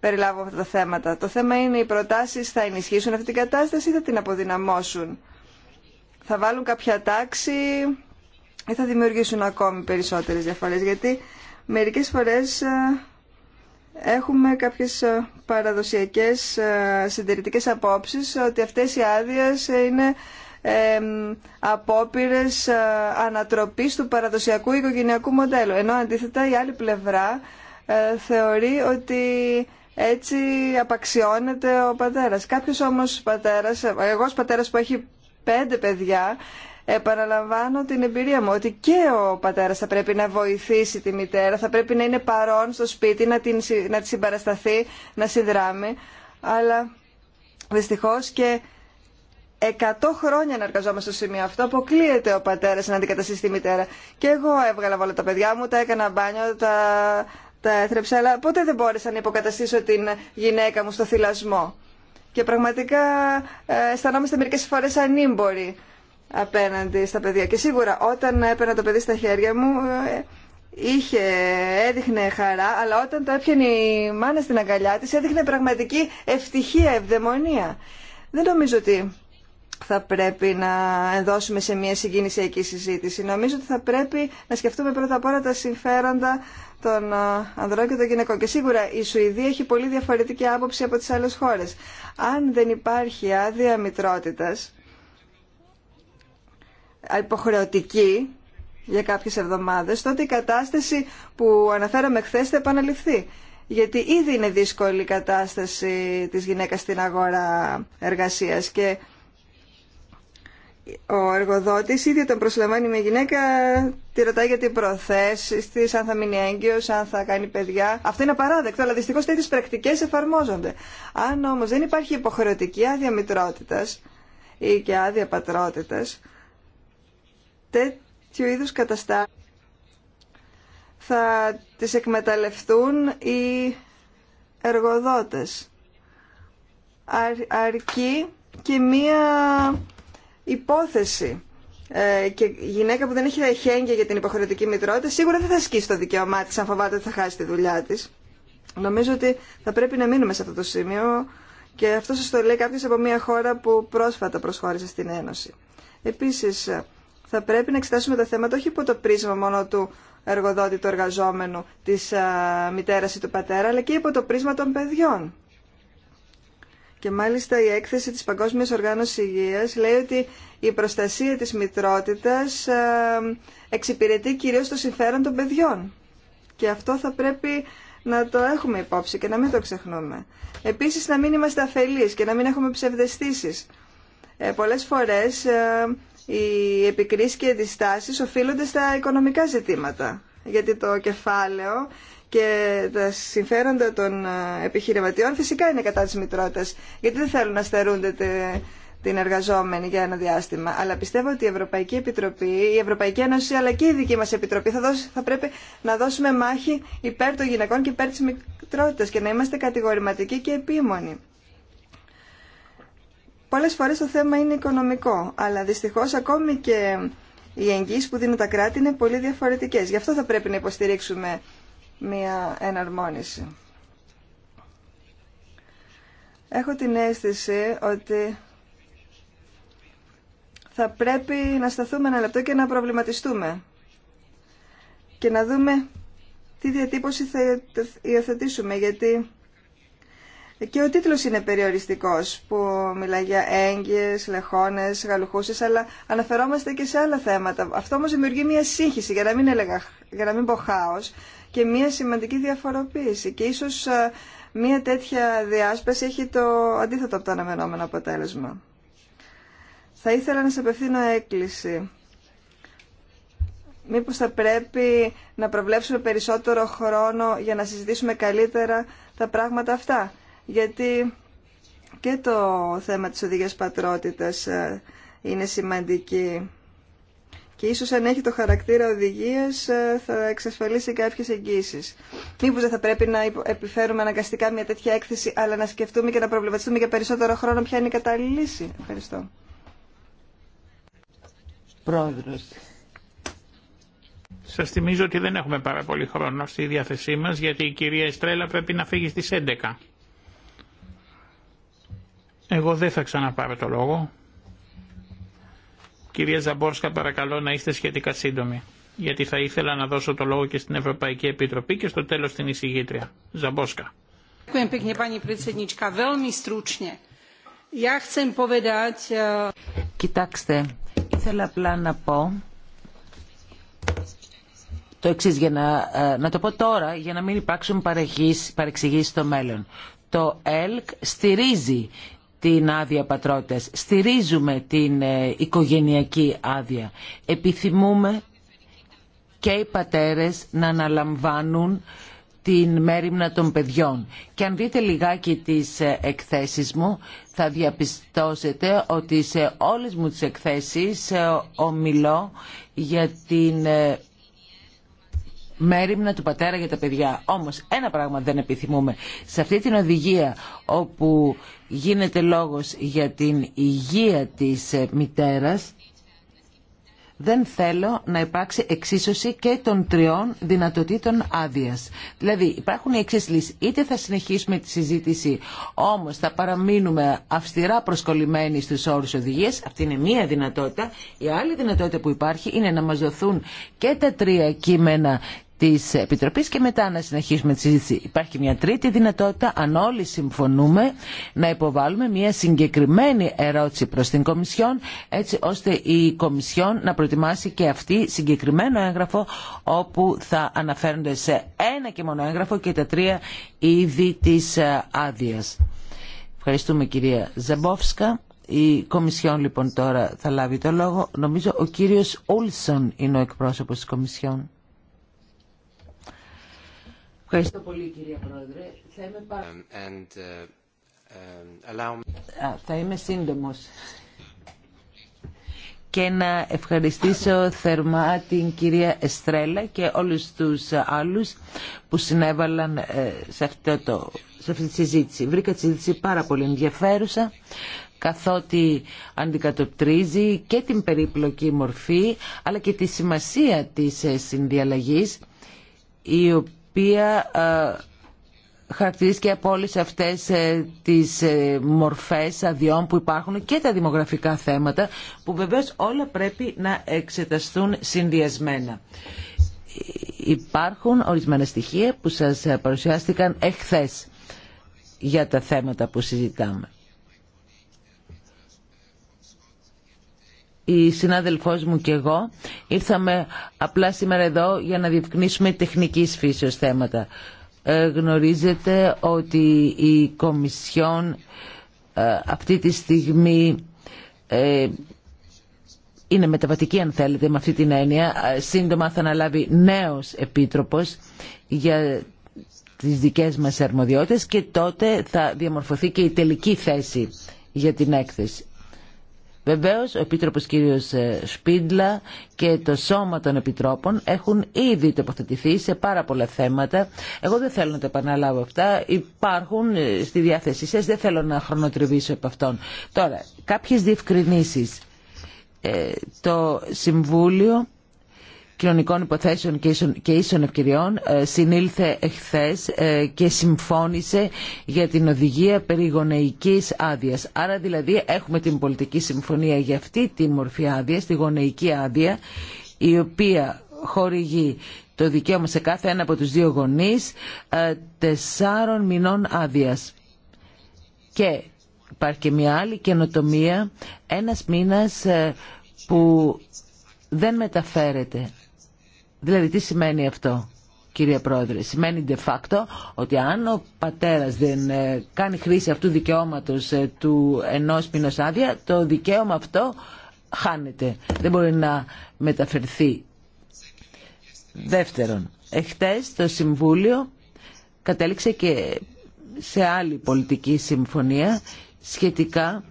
περιλάβω αυτά τα θέματα. Το θέμα είναι οι προτάσεις θα ενισχύσουν αυτή την κατάσταση ή θα την αποδυναμώσουν. Θα βάλουν κάποια τάξη ή θα δημιουργήσουν ακόμη περισσότερες διαφορές. Γιατί μερικές φορές ε, έχουμε κάποιες ε, παραδοσιακές ε, συντηρητικές απόψεις ότι αυτές οι άδειες είναι Απόπειρε ανατροπή του παραδοσιακού οικογενειακού μοντέλου. Ενώ αντίθετα η άλλη πλευρά ε, θεωρεί ότι έτσι απαξιώνεται ο πατέρας. Κάποιος όμως πατέρας, ε, εγώ ως πατέρας που έχει πέντε παιδιά, επαναλαμβάνω την εμπειρία μου ότι και ο πατέρας θα πρέπει να βοηθήσει τη μητέρα, θα πρέπει να είναι παρόν στο σπίτι, να, την, να τη συμπαρασταθεί, να συνδράμει. Αλλά δυστυχώς και Εκατό χρόνια να εργαζόμαστε στο σημείο αυτό. Αποκλείεται ο πατέρα να αντικαταστήσει τη μητέρα. Και εγώ έβγαλα όλα τα παιδιά μου, τα έκανα μπάνιο, τα, τα έθρεψα, αλλά ποτέ δεν μπόρεσα να υποκαταστήσω την γυναίκα μου στο θυλασμό. Και πραγματικά ε, αισθανόμαστε μερικέ φορέ ανήμποροι απέναντι στα παιδιά. Και σίγουρα όταν έπαιρνα το παιδί στα χέρια μου ε, είχε, έδειχνε χαρά, αλλά όταν το έπιανε η μάνα στην αγκαλιά της έδειχνε πραγματική ευτυχία, ευδαιμονία. Δεν νομίζω ότι θα πρέπει να ενδώσουμε σε μια συγκινησιακή συζήτηση. Νομίζω ότι θα πρέπει να σκεφτούμε πρώτα απ' όλα τα συμφέροντα των ανδρών και των γυναικών. Και σίγουρα η Σουηδία έχει πολύ διαφορετική άποψη από τις άλλες χώρες. Αν δεν υπάρχει άδεια μητρότητας, υποχρεωτική για κάποιες εβδομάδες, τότε η κατάσταση που αναφέραμε χθε θα επαναληφθεί. Γιατί ήδη είναι δύσκολη η κατάσταση της γυναίκας στην αγορά εργασίας και ο εργοδότης ήδη τον προσλαμβάνει μια γυναίκα, τη ρωτάει για την προθέση της, αν θα μείνει έγκυος, αν θα κάνει παιδιά. Αυτό είναι απαράδεκτο, αλλά δυστυχώς τέτοιες πρακτικές εφαρμόζονται. Αν όμως δεν υπάρχει υποχρεωτική άδεια μητρότητα ή και άδεια πατρότητα, τέτοιου είδους καταστάσεις θα τις εκμεταλλευτούν οι εργοδότες. αρκεί και μία υπόθεση ε, και γυναίκα που δεν έχει χέγγια για την υποχρεωτική μητρότητα σίγουρα δεν θα ασκήσει το δικαίωμά τη αν φοβάται ότι θα χάσει τη δουλειά τη. Νομίζω ότι θα πρέπει να μείνουμε σε αυτό το σημείο και αυτό σα το λέει κάποιο από μια χώρα που πρόσφατα προσχώρησε στην Ένωση. Επίση, θα πρέπει να εξετάσουμε τα θέματα όχι υπό το πρίσμα μόνο του εργοδότη, του εργαζόμενου, τη ε, μητέρα ή του πατέρα, αλλά και από το πρίσμα των παιδιών. Και μάλιστα η έκθεση της Παγκόσμιας Οργάνωσης Υγείας λέει ότι η προστασία της μητρότητας ε, εξυπηρετεί κυρίως το συμφέρον των παιδιών. Και αυτό θα πρέπει να το έχουμε υπόψη και να μην το ξεχνούμε. Επίσης να μην είμαστε αφελείς και να μην έχουμε ψευδεστήσεις. Ε, πολλές φορές ε, οι επικρίσεις και οι οφείλονται στα οικονομικά ζητήματα. Γιατί το κεφάλαιο και τα συμφέροντα των ε, επιχειρηματιών φυσικά είναι κατά της μητρότητας, γιατί δεν θέλουν να στερούνται την εργαζόμενη για ένα διάστημα. Αλλά πιστεύω ότι η Ευρωπαϊκή Επιτροπή, η Ευρωπαϊκή Ένωση, αλλά και η δική μας Επιτροπή θα, δώσει, θα πρέπει να δώσουμε μάχη υπέρ των γυναικών και υπέρ της μητρότητας και να είμαστε κατηγορηματικοί και επίμονοι. Πολλές φορές το θέμα είναι οικονομικό, αλλά δυστυχώς ακόμη και οι εγγύσεις που δίνουν τα κράτη είναι πολύ διαφορετικέ. Γι' αυτό θα πρέπει να υποστηρίξουμε μια εναρμόνιση. Έχω την αίσθηση ότι θα πρέπει να σταθούμε ένα λεπτό και να προβληματιστούμε και να δούμε τι διατύπωση θα υιοθετήσουμε, γιατί και ο τίτλος είναι περιοριστικός που μιλά για έγκυες, λεχόνες, γαλουχούσες, αλλά αναφερόμαστε και σε άλλα θέματα. Αυτό όμως δημιουργεί μια σύγχυση, για να μην, έλεγα, για να μην πω χάος, και μια σημαντική διαφοροποίηση. Και ίσως μια τέτοια διάσπαση έχει το αντίθετο από το αναμενόμενο αποτέλεσμα. Θα ήθελα να σε απευθύνω έκκληση. Μήπως θα πρέπει να προβλέψουμε περισσότερο χρόνο για να συζητήσουμε καλύτερα τα πράγματα αυτά. Γιατί και το θέμα της οδηγίας πατρότητας ε, είναι σημαντική και ίσως αν έχει το χαρακτήρα οδηγίας ε, θα εξασφαλίσει κάποιες εγγύσεις. Μήπως δεν θα πρέπει να επιφέρουμε αναγκαστικά μια τέτοια έκθεση, αλλά να σκεφτούμε και να προβληματιστούμε για περισσότερο χρόνο ποια είναι η κατάλληλη λύση. Ευχαριστώ. Πρόεδρος. Σας θυμίζω ότι δεν έχουμε πάρα πολύ χρόνο στη διάθεσή μας, γιατί η κυρία Εστρέλα πρέπει να φύγει στις 11. Εγώ δεν θα ξαναπάρω το λόγο. Κυρία Ζαμπόρσκα παρακαλώ να είστε σχετικά σύντομοι γιατί θα ήθελα να δώσω το λόγο και στην Ευρωπαϊκή Επιτροπή και στο τέλος στην εισηγήτρια. Ζαμπόρσκα. E, Κοιτάξτε, ήθελα απλά να πω το εξή για να, ε, να το πω τώρα για να μην υπάρξουν παρεξηγήσει στο μέλλον. Το ΕΛΚ στηρίζει την άδεια πατρότητας. Στηρίζουμε την ε, οικογενειακή άδεια. Επιθυμούμε και οι πατέρες να αναλαμβάνουν την μέρημνα των παιδιών. Και αν δείτε λιγάκι τις ε, εκθέσεις μου, θα διαπιστώσετε ότι σε όλες μου τις εκθέσεις ε, ομιλώ για την μέρημνα του πατέρα για τα παιδιά. Όμως ένα πράγμα δεν επιθυμούμε. Σε αυτή την οδηγία όπου γίνεται λόγος για την υγεία της ε, μητέρας δεν θέλω να υπάρξει εξίσωση και των τριών δυνατοτήτων άδεια. Δηλαδή υπάρχουν οι εξή λύσει. Είτε θα συνεχίσουμε τη συζήτηση, όμω θα παραμείνουμε αυστηρά προσκολλημένοι στου όρου οδηγίε. Αυτή είναι μία δυνατότητα. Η άλλη δυνατότητα που υπάρχει είναι να μα δοθούν και τα τρία κείμενα της Επιτροπής και μετά να συνεχίσουμε τη συζήτηση. Υπάρχει μια τρίτη δυνατότητα, αν όλοι συμφωνούμε, να υποβάλουμε μια συγκεκριμένη ερώτηση προς την Κομισιόν, έτσι ώστε η Κομισιόν να προετοιμάσει και αυτή συγκεκριμένο έγγραφο, όπου θα αναφέρονται σε ένα και μόνο έγγραφο και τα τρία είδη της ε, άδεια. Ευχαριστούμε κυρία Ζεμπόφσκα. Η Κομισιόν λοιπόν τώρα θα λάβει το λόγο. Νομίζω ο κύριος Ούλσον είναι ο εκπρόσωπος της Κομισιόν. Ευχαριστώ πολύ κυρία Πρόεδρε. Θα είμαι, σύντομος. Και να ευχαριστήσω θερμά την κυρία Εστρέλα και όλους τους άλλους που συνέβαλαν ε, σε, αυτό το, σε αυτή τη συζήτηση. Βρήκα τη συζήτηση πάρα πολύ ενδιαφέρουσα καθότι αντικατοπτρίζει και την περίπλοκη μορφή αλλά και τη σημασία της ε, συνδιαλλαγής η οποία οποία ε, χαρακτηρίστηκε από όλε αυτές ε, τις ε, μορφές αδειών που υπάρχουν και τα δημογραφικά θέματα που βεβαίω όλα πρέπει να εξεταστούν συνδυασμένα. Υπάρχουν ορισμένα στοιχεία που σας παρουσιάστηκαν εχθές για τα θέματα που συζητάμε. η συνάδελφός μου και εγώ ήρθαμε απλά σήμερα εδώ για να διευκνήσουμε τεχνικής φύσεως θέματα. Ε, γνωρίζετε ότι η Κομισιόν ε, αυτή τη στιγμή ε, είναι μεταβατική αν θέλετε με αυτή την έννοια. Σύντομα θα αναλάβει νέος επίτροπος για τις δικές μας αρμοδιότητες και τότε θα διαμορφωθεί και η τελική θέση για την έκθεση. Βεβαίως ο Επίτροπος κύριος ε, Σπίντλα και το Σώμα των Επιτρόπων έχουν ήδη τοποθετηθεί σε πάρα πολλά θέματα. Εγώ δεν θέλω να τα επαναλάβω αυτά. Υπάρχουν ε, στη διάθεσή σας, δεν θέλω να χρονοτριβήσω από αυτόν. Τώρα, κάποιες διευκρινήσεις. Ε, το Συμβούλιο κοινωνικών υποθέσεων και ίσων ευκαιριών ε, συνήλθε εχθές ε, και συμφώνησε για την οδηγία περί γονεϊκής άδειας. Άρα δηλαδή έχουμε την πολιτική συμφωνία για αυτή τη μορφή άδεια, τη γονεϊκή άδεια, η οποία χορηγεί το δικαίωμα σε κάθε ένα από τους δύο γονείς ε, τεσσάρων μηνών άδειας. Και υπάρχει και μια άλλη καινοτομία, ένας μήνας που δεν μεταφέρεται Δηλαδή τι σημαίνει αυτό κύριε Πρόεδρε. Σημαίνει de facto ότι αν ο πατέρας δεν ε, κάνει χρήση αυτού δικαιώματος ε, του ενός μήνος άδεια, το δικαίωμα αυτό χάνεται. Δεν μπορεί να μεταφερθεί. Δεύτερον, εχθές το Συμβούλιο κατέληξε και σε άλλη πολιτική συμφωνία σχετικά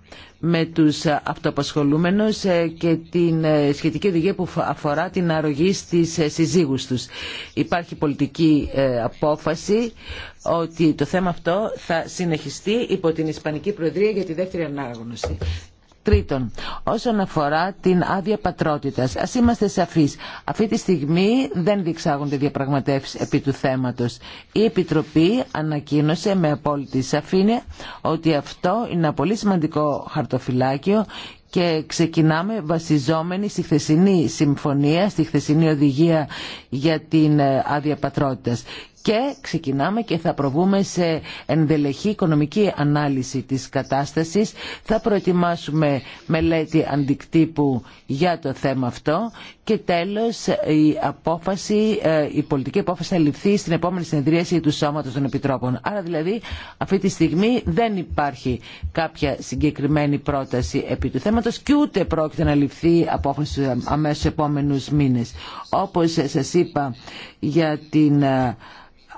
με τους αυτοπασχολούμενους ε, και την ε, σχετική οδηγία που αφορά την αρρωγή στις ε, συζύγους τους. Υπάρχει πολιτική απόφαση ότι το θέμα αυτό θα συνεχιστεί υπό την Ισπανική Προεδρία για τη δεύτερη ανάγνωση. Τρίτον, όσον αφορά την άδεια πατρότητα, α είμαστε σαφεί. Αυτή τη στιγμή δεν διεξάγονται διαπραγματεύσει επί του θέματο. Η Επιτροπή ανακοίνωσε με απόλυτη σαφήνεια ότι αυτό είναι ένα πολύ σημαντικό χαρτοφυλάκιο και ξεκινάμε βασιζόμενοι στη χθεσινή συμφωνία, στη χθεσινή οδηγία για την ε, άδεια πατρότητας και ξεκινάμε και θα προβούμε σε ενδελεχή οικονομική ανάλυση της κατάστασης. Θα προετοιμάσουμε μελέτη αντικτύπου για το θέμα αυτό και τέλος η, απόφαση, ε, η πολιτική απόφαση θα ληφθεί στην επόμενη συνεδρίαση του Σώματος των Επιτρόπων. Άρα δηλαδή αυτή τη στιγμή δεν υπάρχει κάποια συγκεκριμένη πρόταση επί του θέματος και ούτε πρόκειται να ληφθεί απόφαση αμέσως επόμενους μήνες. Όπως σας είπα για την ε,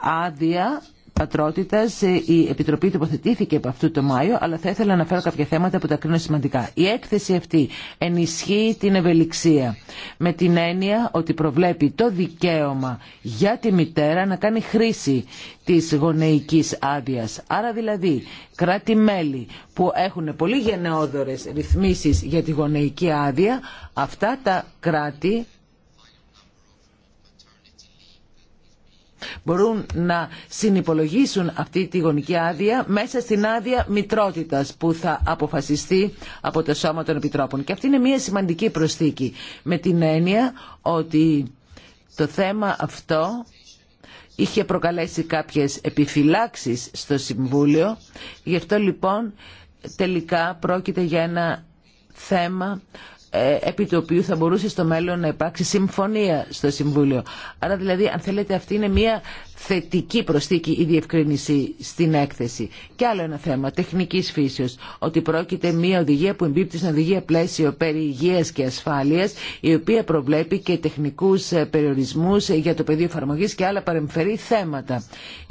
άδεια πατρότητα. Ε, η Επιτροπή τοποθετήθηκε από αυτού το Μάιο, αλλά θα ήθελα να αναφέρω κάποια θέματα που τα κρίνω σημαντικά. Η έκθεση αυτή ενισχύει την ευελιξία με την έννοια ότι προβλέπει το δικαίωμα για τη μητέρα να κάνει χρήση της γονεϊκής άδεια. Άρα δηλαδή κράτη-μέλη που έχουν πολύ γενναιόδορες ρυθμίσεις για τη γονεϊκή άδεια, αυτά τα κράτη μπορούν να συνυπολογίσουν αυτή τη γονική άδεια μέσα στην άδεια μητρότητας που θα αποφασιστεί από το Σώμα των Επιτρόπων. Και αυτή είναι μια σημαντική προσθήκη με την έννοια ότι το θέμα αυτό είχε προκαλέσει κάποιες επιφυλάξεις στο Συμβούλιο. Γι' αυτό λοιπόν τελικά πρόκειται για ένα θέμα ε, επί του οποίου θα μπορούσε στο μέλλον να υπάρξει συμφωνία στο Συμβούλιο. Άρα δηλαδή αν θέλετε αυτή είναι μια θετική προσθήκη ή διευκρίνηση στην έκθεση. Και άλλο ένα θέμα τεχνικής φύσεως, ότι πρόκειται μια οδηγία που εμπίπτει στην οδηγία πλαίσιο περί υγείας και ασφάλειας, η οποία προβλέπει και αλλο ενα θεμα τεχνικη φύσεω, οτι προκειται μια οδηγια που εμπιπτει στην οδηγια πλαισιο περι υγειας και ασφαλεια η οποια προβλεπει και τεχνικου ε, περιορισμου ε, για το πεδίο εφαρμογή και άλλα παρεμφερή θέματα.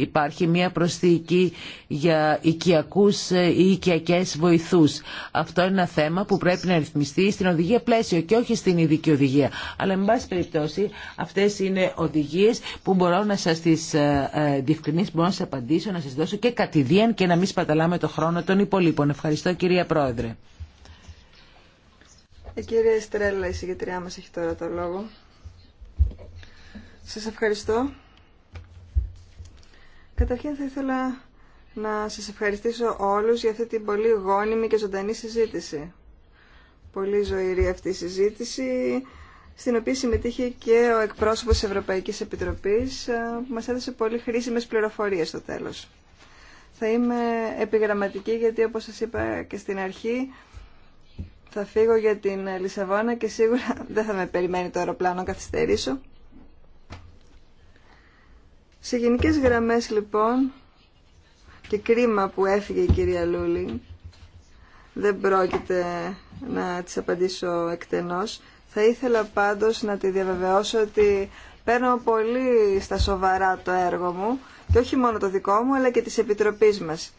Υπάρχει μια προσθήκη για οικιακού ε, ή οικιακέ βοηθούς. Αυτό είναι ένα θέμα που πρέπει να ρυθμιστεί στην οδηγία πλαίσιο και όχι στην ειδική οδηγία. Αλλά, εν πάση περιπτώσει, αυτέ είναι οδηγίε που μπορώ να σας τι ε, ε, διευκρινήσει μπορώ να σας απαντήσω, να σας δώσω και κατηδίαν και να μην σπαταλάμε το χρόνο των υπολείπων. Ευχαριστώ κυρία Πρόεδρε. Η ε, κυρία Στρέλλα, η συγκεκριά μας, έχει τώρα το λόγο. Σας ευχαριστώ. Καταρχήν θα ήθελα να σας ευχαριστήσω όλους για αυτή την πολύ γόνιμη και ζωντανή συζήτηση. Πολύ ζωηρή αυτή η συζήτηση στην οποία συμμετείχε και ο εκπρόσωπος της Ευρωπαϊκής Επιτροπής ε, που μας έδωσε πολύ χρήσιμες πληροφορίες στο τέλος. Θα είμαι επιγραμματική γιατί όπως σας είπα και στην αρχή θα φύγω για την Λισαβόνα και σίγουρα δεν θα με περιμένει το αεροπλάνο να καθυστερήσω. Σε γενικές γραμμές λοιπόν και κρίμα που έφυγε η κυρία Λούλη δεν πρόκειται να της απαντήσω εκτενώς. Θα ήθελα πάντως να τη διαβεβαιώσω ότι παίρνω πολύ στα σοβαρά το έργο μου και όχι μόνο το δικό μου αλλά και της Επιτροπής μας.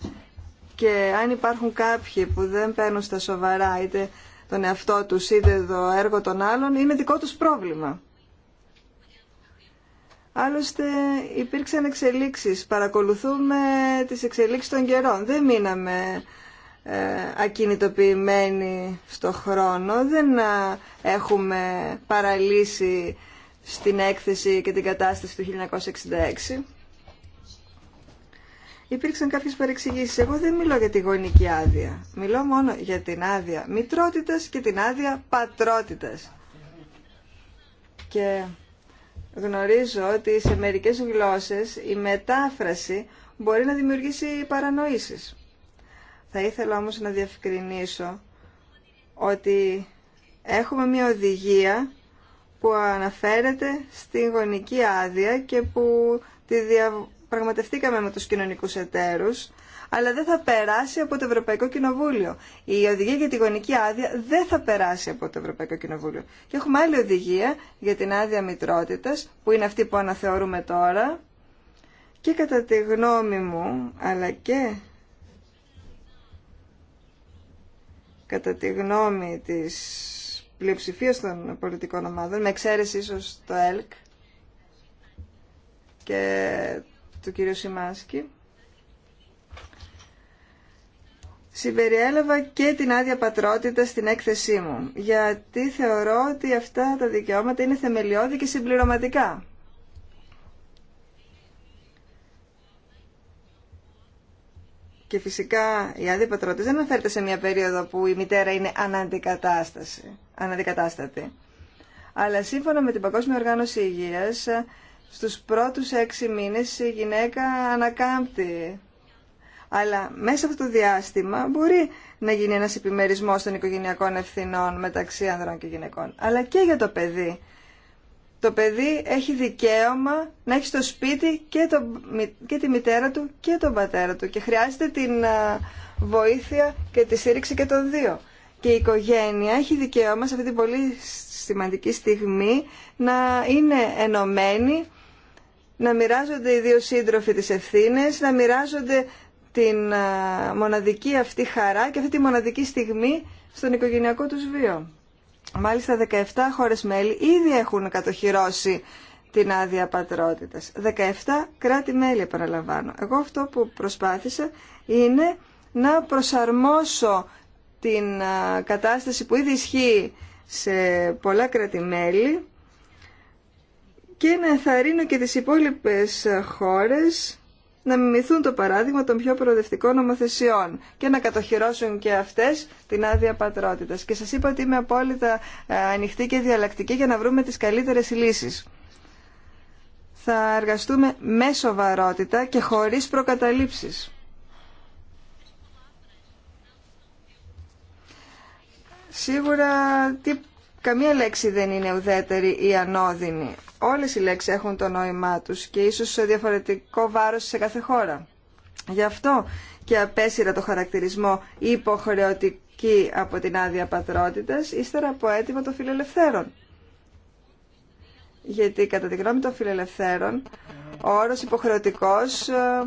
Και αν υπάρχουν κάποιοι που δεν παίρνουν στα σοβαρά είτε τον εαυτό τους είτε το έργο των άλλων είναι δικό τους πρόβλημα. Άλλωστε υπήρξαν εξελίξεις, παρακολουθούμε τις εξελίξεις των καιρών. Δεν μείναμε ε, ακινητοποιημένοι στο χρόνο, δεν ε, έχουμε παραλύσει στην έκθεση και την κατάσταση του 1966. Υπήρξαν κάποιε παρεξηγήσεις Εγώ δεν μιλώ για τη γονική άδεια. Μιλώ μόνο για την άδεια μητρότητας και την άδεια πατρότητας Και γνωρίζω ότι σε μερικές γλώσσες η μετάφραση μπορεί να δημιουργήσει παρανοήσει. Θα ήθελα όμως να διευκρινίσω ότι έχουμε μια οδηγία που αναφέρεται στη γονική άδεια και που τη διαπραγματευτήκαμε με τους κοινωνικούς εταίρους, αλλά δεν θα περάσει από το Ευρωπαϊκό Κοινοβούλιο. Η οδηγία για τη γονική άδεια δεν θα περάσει από το Ευρωπαϊκό Κοινοβούλιο. Και έχουμε άλλη οδηγία για την άδεια μητρότητας, που είναι αυτή που αναθεωρούμε τώρα. Και κατά τη γνώμη μου, αλλά και κατά τη γνώμη της πλειοψηφίας των πολιτικών ομάδων, με εξαίρεση ίσως το ΕΛΚ και του κ. Σιμάσκη, συμπεριέλαβα και την άδεια πατρότητα στην έκθεσή μου, γιατί θεωρώ ότι αυτά τα δικαιώματα είναι θεμελιώδη και συμπληρωματικά. Και φυσικά η αντιπατρότητα δεν αναφέρεται σε μια περίοδο που η μητέρα είναι αναντικατάσταση, αναντικατάστατη. Αλλά σύμφωνα με την Παγκόσμια Οργάνωση Υγείας, στους πρώτους έξι μήνες η γυναίκα ανακάμπτει. Αλλά μέσα αυτό το διάστημα μπορεί να γίνει ένας επιμερισμό των οικογενειακών ευθυνών μεταξύ ανδρών και γυναικών. Αλλά και για το παιδί το παιδί έχει δικαίωμα να έχει στο σπίτι και, το, και τη μητέρα του και τον πατέρα του και χρειάζεται την βοήθεια και τη στήριξη και των δύο. Και η οικογένεια έχει δικαίωμα σε αυτή την πολύ σημαντική στιγμή να είναι ενωμένη, να μοιράζονται οι δύο σύντροφοι τις ευθύνες, να μοιράζονται την μοναδική αυτή χαρά και αυτή τη μοναδική στιγμή στον οικογενειακό τους βίο. Μάλιστα 17 χώρες μέλη ήδη έχουν κατοχυρώσει την άδεια πατρότητας. 17 κράτη-μέλη επαναλαμβάνω. Εγώ αυτό που προσπάθησα είναι να προσαρμόσω την κατάσταση που ήδη ισχύει σε πολλά κράτη-μέλη και να ενθαρρύνω και τις υπόλοιπες χώρες να μιμηθούν το παράδειγμα των πιο προοδευτικών νομοθεσιών και να κατοχυρώσουν και αυτές την άδεια πατρότητας. Και σας είπα ότι είμαι απόλυτα ε, ανοιχτή και διαλλακτική για να βρούμε τις καλύτερες λύσεις. Θα εργαστούμε με σοβαρότητα και χωρίς προκαταλήψεις. Σίγουρα καμία λέξη δεν είναι ουδέτερη ή ανώδυνη όλες οι λέξεις έχουν το νόημά τους και ίσως διαφορετικό βάρος σε κάθε χώρα. Γι' αυτό και απέσυρα το χαρακτηρισμό υποχρεωτική από την άδεια πατρότητας, ύστερα από αίτημα των φιλελευθέρων. Γιατί κατά τη γνώμη των φιλελευθέρων, ο όρος υποχρεωτικός ε,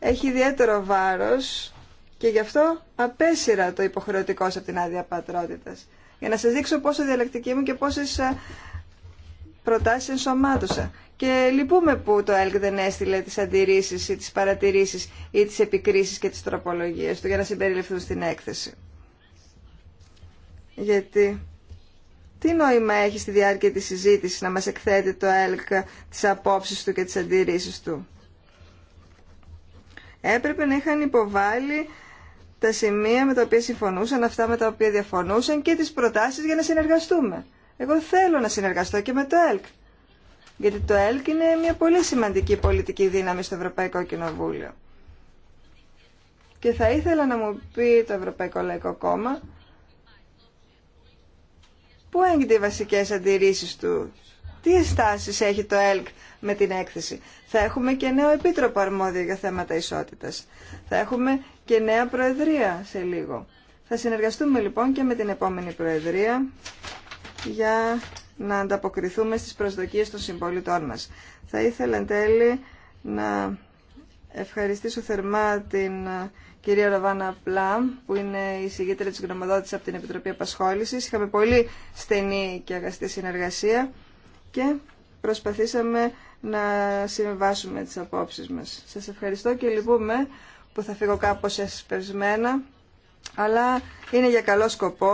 έχει ιδιαίτερο βάρος και γι' αυτό απέσυρα το υποχρεωτικό από την άδεια πατρότητας. Για να σας δείξω πόσο διαλεκτική μου και πόσες ε, προτάσεις ενσωμάτωσα. Και λυπούμε που το ΕΛΚ δεν έστειλε τις αντιρρήσεις ή τις παρατηρήσεις ή τις επικρίσεις και τις τροπολογίες του για να συμπεριληφθούν στην έκθεση. Γιατί τι νόημα έχει στη διάρκεια της συζήτησης να μας εκθέτει το ΕΛΚ τις απόψεις του και τις αντιρρήσεις του. Έπρεπε να είχαν υποβάλει τα σημεία με τα οποία συμφωνούσαν, αυτά με τα οποία διαφωνούσαν και τις προτάσεις για να συνεργαστούμε. Εγώ θέλω να συνεργαστώ και με το ΕΛΚ. Γιατί το ΕΛΚ είναι μια πολύ σημαντική πολιτική δύναμη στο Ευρωπαϊκό Κοινοβούλιο. Και θα ήθελα να μου πει το Ευρωπαϊκό Λαϊκό Κόμμα πού έγινε οι βασικές αντιρρήσεις του. Τι αισθάσεις έχει το ΕΛΚ με την έκθεση. Θα έχουμε και νέο επίτροπο αρμόδιο για θέματα ισότητας. Θα έχουμε και νέα προεδρία σε λίγο. Θα συνεργαστούμε λοιπόν και με την επόμενη προεδρία για να ανταποκριθούμε στις προσδοκίες των συμπολιτών μας. Θα ήθελα εν τέλει να ευχαριστήσω θερμά την ε, κυρία Ροβάνα Πλάμ, που είναι η συγγήτρια της γνωμοδότησης από την Επιτροπή Απασχόλησης. Είχαμε πολύ στενή και αγαστή συνεργασία και προσπαθήσαμε να συμβάσουμε τις απόψεις μας. Σας ευχαριστώ και λυπούμε που θα φύγω κάπως εσπευσμένα, αλλά είναι για καλό σκοπό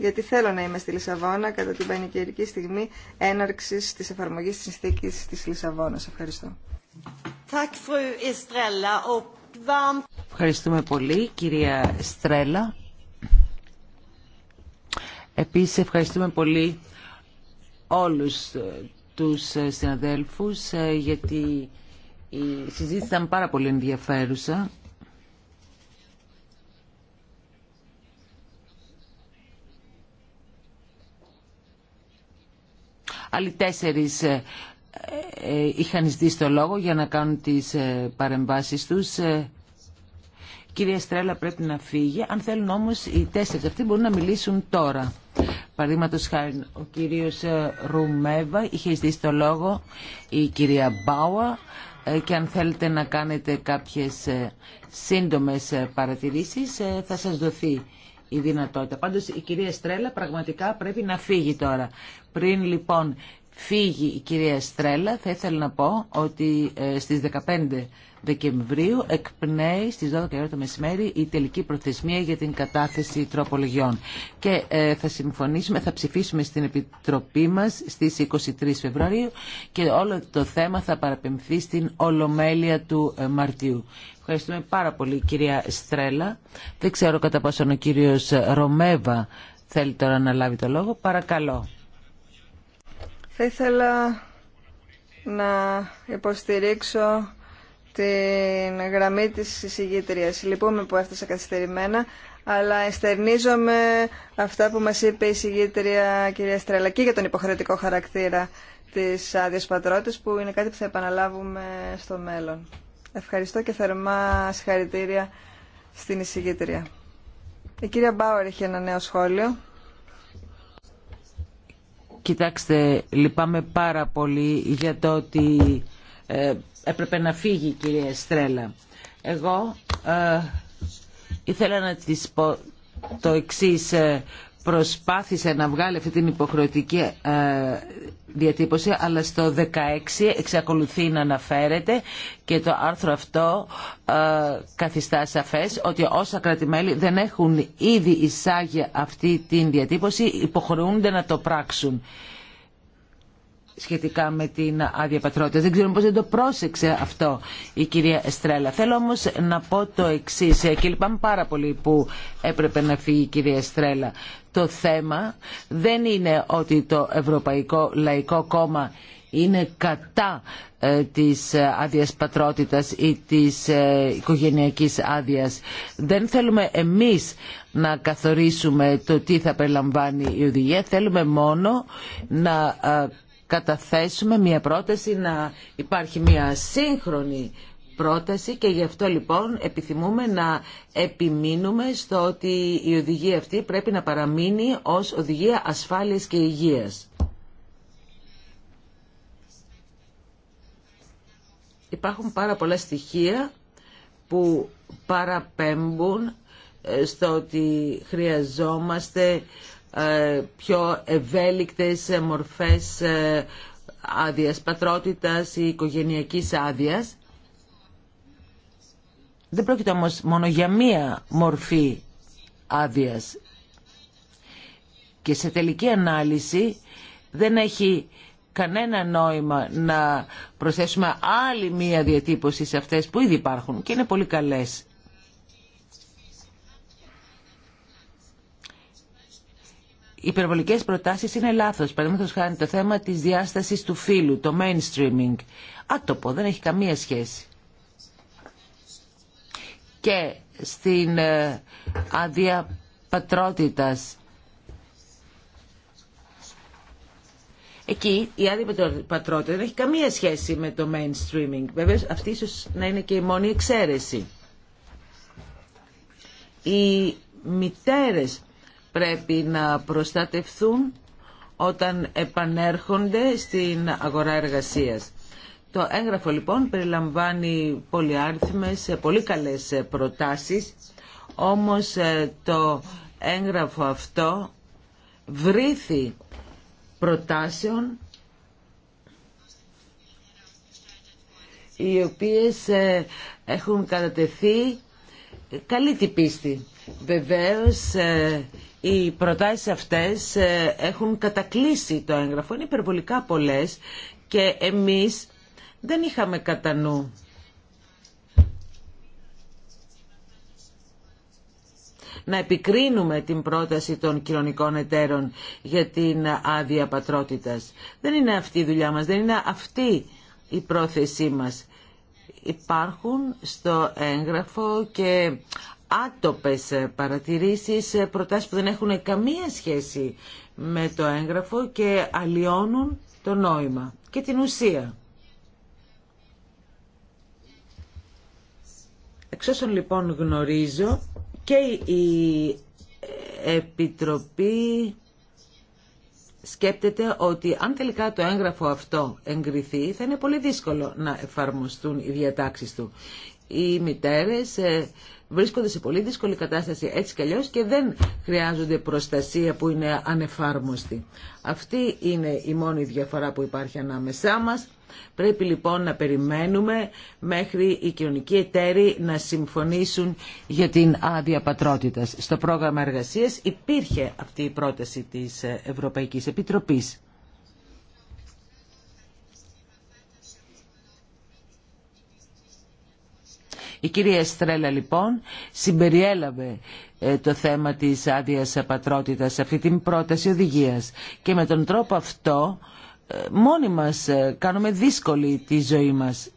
γιατί θέλω να είμαι στη Λισαβόνα κατά την πανηγυρική στιγμή έναρξης της εφαρμογής της συνθήκη της Λισαβόνας. Ευχαριστώ. Ευχαριστούμε πολύ, κυρία Στρέλα. Επίσης, ευχαριστούμε πολύ όλους ε, τους ε, συναδέλφους, ε, γιατί η συζήτηση ήταν πάρα πολύ ενδιαφέρουσα. Άλλοι τέσσερις ε, ε, είχαν ζητήσει το λόγο για να κάνουν τις ε, παρεμβάσεις τους. Κυρία Στρέλα πρέπει να φύγει. Αν θέλουν όμως οι τέσσερις αυτοί μπορούν να μιλήσουν τώρα. Παραδείγματο χάρη ο κύριος Ρουμέβα είχε ζητήσει το λόγο, η κυρία Μπάουα και αν θέλετε να κάνετε κάποιες σύντομες παρατηρήσεις θα σας δοθεί η δυνατότητα. Πάντως η κυρία Στρέλα πραγματικά πρέπει να φύγει τώρα. Πριν λοιπόν φύγει η κυρία Στρέλα, θα ήθελα να πω ότι ε, στις 15 Δεκεμβρίου εκπνέει στις 12 το μεσημέρι η τελική προθεσμία για την κατάθεση τροπολογιών. Και ε, θα συμφωνήσουμε, θα ψηφίσουμε στην Επιτροπή μας στις 23 Φεβρουαρίου και όλο το θέμα θα παραπεμφθεί στην Ολομέλεια του ε, Μαρτίου. Ευχαριστούμε πάρα πολύ κυρία Στρέλα. Δεν ξέρω κατά πόσο ο κύριος Ρωμέβα θέλει τώρα να λάβει το λόγο. Παρακαλώ. Θα ήθελα να υποστηρίξω την γραμμή της εισηγήτριας. Λυπούμε που έφτασα καθυστερημένα, αλλά εστερνίζομαι αυτά που μας είπε η εισηγήτρια κυρία Στρελακή για τον υποχρεωτικό χαρακτήρα της άδειας πατρότης, που είναι κάτι που θα επαναλάβουμε στο μέλλον. Ευχαριστώ και θερμά συγχαρητήρια στην εισηγήτρια. Η κυρία Μπάουερ είχε ένα νέο σχόλιο. Κοιτάξτε, λυπάμαι πάρα πολύ για το ότι ε, έπρεπε να φύγει η κυρία Στρέλα. Εγώ ε, ήθελα να της πω το εξής ε, προσπάθησε να βγάλει αυτή την υποχρεωτική ε, διατύπωση αλλά στο 16 εξακολουθεί να αναφέρεται και το άρθρο αυτό ε, καθιστά σαφές ότι όσα κρατημέλη δεν έχουν ήδη εισάγει αυτή την διατύπωση υποχρεούνται να το πράξουν σχετικά με την άδεια πατρότητα. Δεν ξέρω πώς δεν το πρόσεξε αυτό η κυρία Εστρέλα. Θέλω όμως να πω το εξή ε, και λυπάμαι πάρα πολύ που έπρεπε να φύγει η κυρία Εστρέλα. Το θέμα δεν είναι ότι το Ευρωπαϊκό Λαϊκό Κόμμα είναι κατά ε, της ε, άδειας πατρότητας ή της ε, οικογενειακής άδειας. Δεν θέλουμε εμείς να καθορίσουμε το τι θα περιλαμβάνει η οδηγία. Θέλουμε μόνο να καταθέσουμε μια πρόταση να υπάρχει μια σύγχρονη πρόταση και γι' αυτό λοιπόν επιθυμούμε να επιμείνουμε στο ότι η οδηγία αυτή πρέπει να παραμείνει ως οδηγία ασφάλειας και υγείας. Υπάρχουν πάρα πολλά στοιχεία που παραπέμπουν ε, στο ότι χρειαζόμαστε ε, πιο ευέλικτες ε, μορφές άδειας πατρότητας ή οικογενειακής άδειας δεν πρόκειται όμως μόνο για μία μορφή άδεια. Και σε τελική ανάλυση δεν έχει κανένα νόημα να προσθέσουμε άλλη μία διατύπωση σε αυτές που ήδη υπάρχουν και είναι πολύ καλές. Οι υπερβολικές προτάσεις είναι λάθος. Παραδείγματο χάνει το θέμα της διάστασης του φύλου, το mainstreaming. Άτοπο, δεν έχει καμία σχέση και στην ε, άδεια πατρότητας. Εκεί η άδεια πατρότητα δεν έχει καμία σχέση με το mainstreaming. Βέβαια αυτή ίσως να είναι και η μόνη εξαίρεση. Οι μητέρες πρέπει να προστατευθούν όταν επανέρχονται στην αγορά εργασίας. Το έγγραφο λοιπόν περιλαμβάνει πολυάριθμες, ε, πολύ καλές ε, προτάσεις, όμως ε, το έγγραφο αυτό βρήθη προτάσεων οι οποίες έχουν κατατεθεί καλή την πίστη. Βεβαίως οι προτάσεις αυτές έχουν κατακλείσει το έγγραφο, είναι υπερβολικά πολλές και εμείς δεν είχαμε κατά νου να επικρίνουμε την πρόταση των κοινωνικών εταίρων για την άδεια πατρότητας. Δεν είναι αυτή η δουλειά μας, δεν είναι αυτή η πρόθεσή μας. Υπάρχουν στο έγγραφο και άτοπες παρατηρήσεις, προτάσεις που δεν έχουν καμία σχέση με το έγγραφο και αλλοιώνουν το νόημα και την ουσία. Εξ όσων λοιπόν γνωρίζω και η ε, Επιτροπή σκέπτεται ότι αν τελικά το έγγραφο αυτό εγκριθεί θα είναι πολύ δύσκολο να εφαρμοστούν οι διατάξεις του. Οι μητέρες ε, βρίσκονται σε πολύ δύσκολη κατάσταση έτσι κι αλλιώς και δεν χρειάζονται προστασία που είναι ανεφάρμοστη. Αυτή είναι η μόνη διαφορά που υπάρχει ανάμεσά μας. Πρέπει λοιπόν να περιμένουμε μέχρι οι κοινωνικοί εταίροι να συμφωνήσουν για την άδεια πατρότητας. Στο πρόγραμμα εργασίας υπήρχε αυτή η πρόταση της Ευρωπαϊκής Επιτροπής. Η κυρία Στρέλα λοιπόν συμπεριέλαβε ε, το θέμα της άδεια απατρότητας σε αυτή την πρόταση οδηγίας και με τον τρόπο αυτό ε, μόνοι μας ε, κάνουμε δύσκολη τη ζωή μας.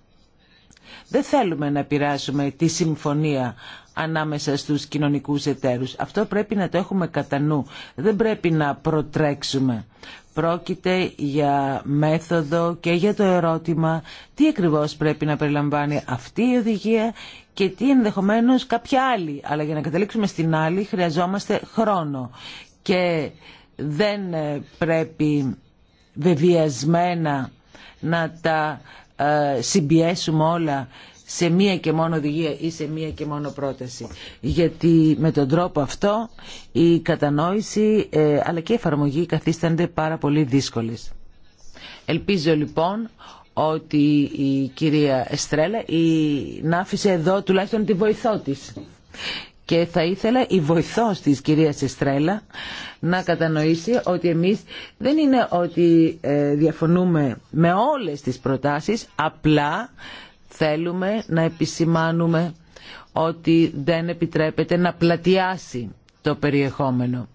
Δεν θέλουμε να πειράσουμε τη συμφωνία ανάμεσα στους κοινωνικούς εταίρους. Αυτό πρέπει να το έχουμε κατά νου. Δεν πρέπει να προτρέξουμε. Πρόκειται για μέθοδο και για το ερώτημα τι ακριβώς πρέπει να περιλαμβάνει αυτή η οδηγία και τι ενδεχομένως κάποια άλλη. Αλλά για να καταλήξουμε στην άλλη χρειαζόμαστε χρόνο. Και δεν πρέπει βεβαιασμένα να τα ε, συμπιέσουμε όλα σε μία και μόνο οδηγία ή σε μία και μόνο πρόταση. Γιατί με τον τρόπο αυτό η κατανόηση ε, αλλά και η εφαρμογή καθίστανται πάρα πολύ δύσκολες. Ελπίζω λοιπόν ότι η κυρία Εστρέλα η... να άφησε εδώ τουλάχιστον τη βοηθό της και θα ήθελα η βοηθός της κυρίας Εστρέλα να κατανοήσει ότι εμείς δεν είναι ότι ε, διαφωνούμε με όλες τις προτάσεις, απλά θέλουμε να επισημάνουμε ότι δεν επιτρέπεται να πλατιάσει το περιεχόμενο.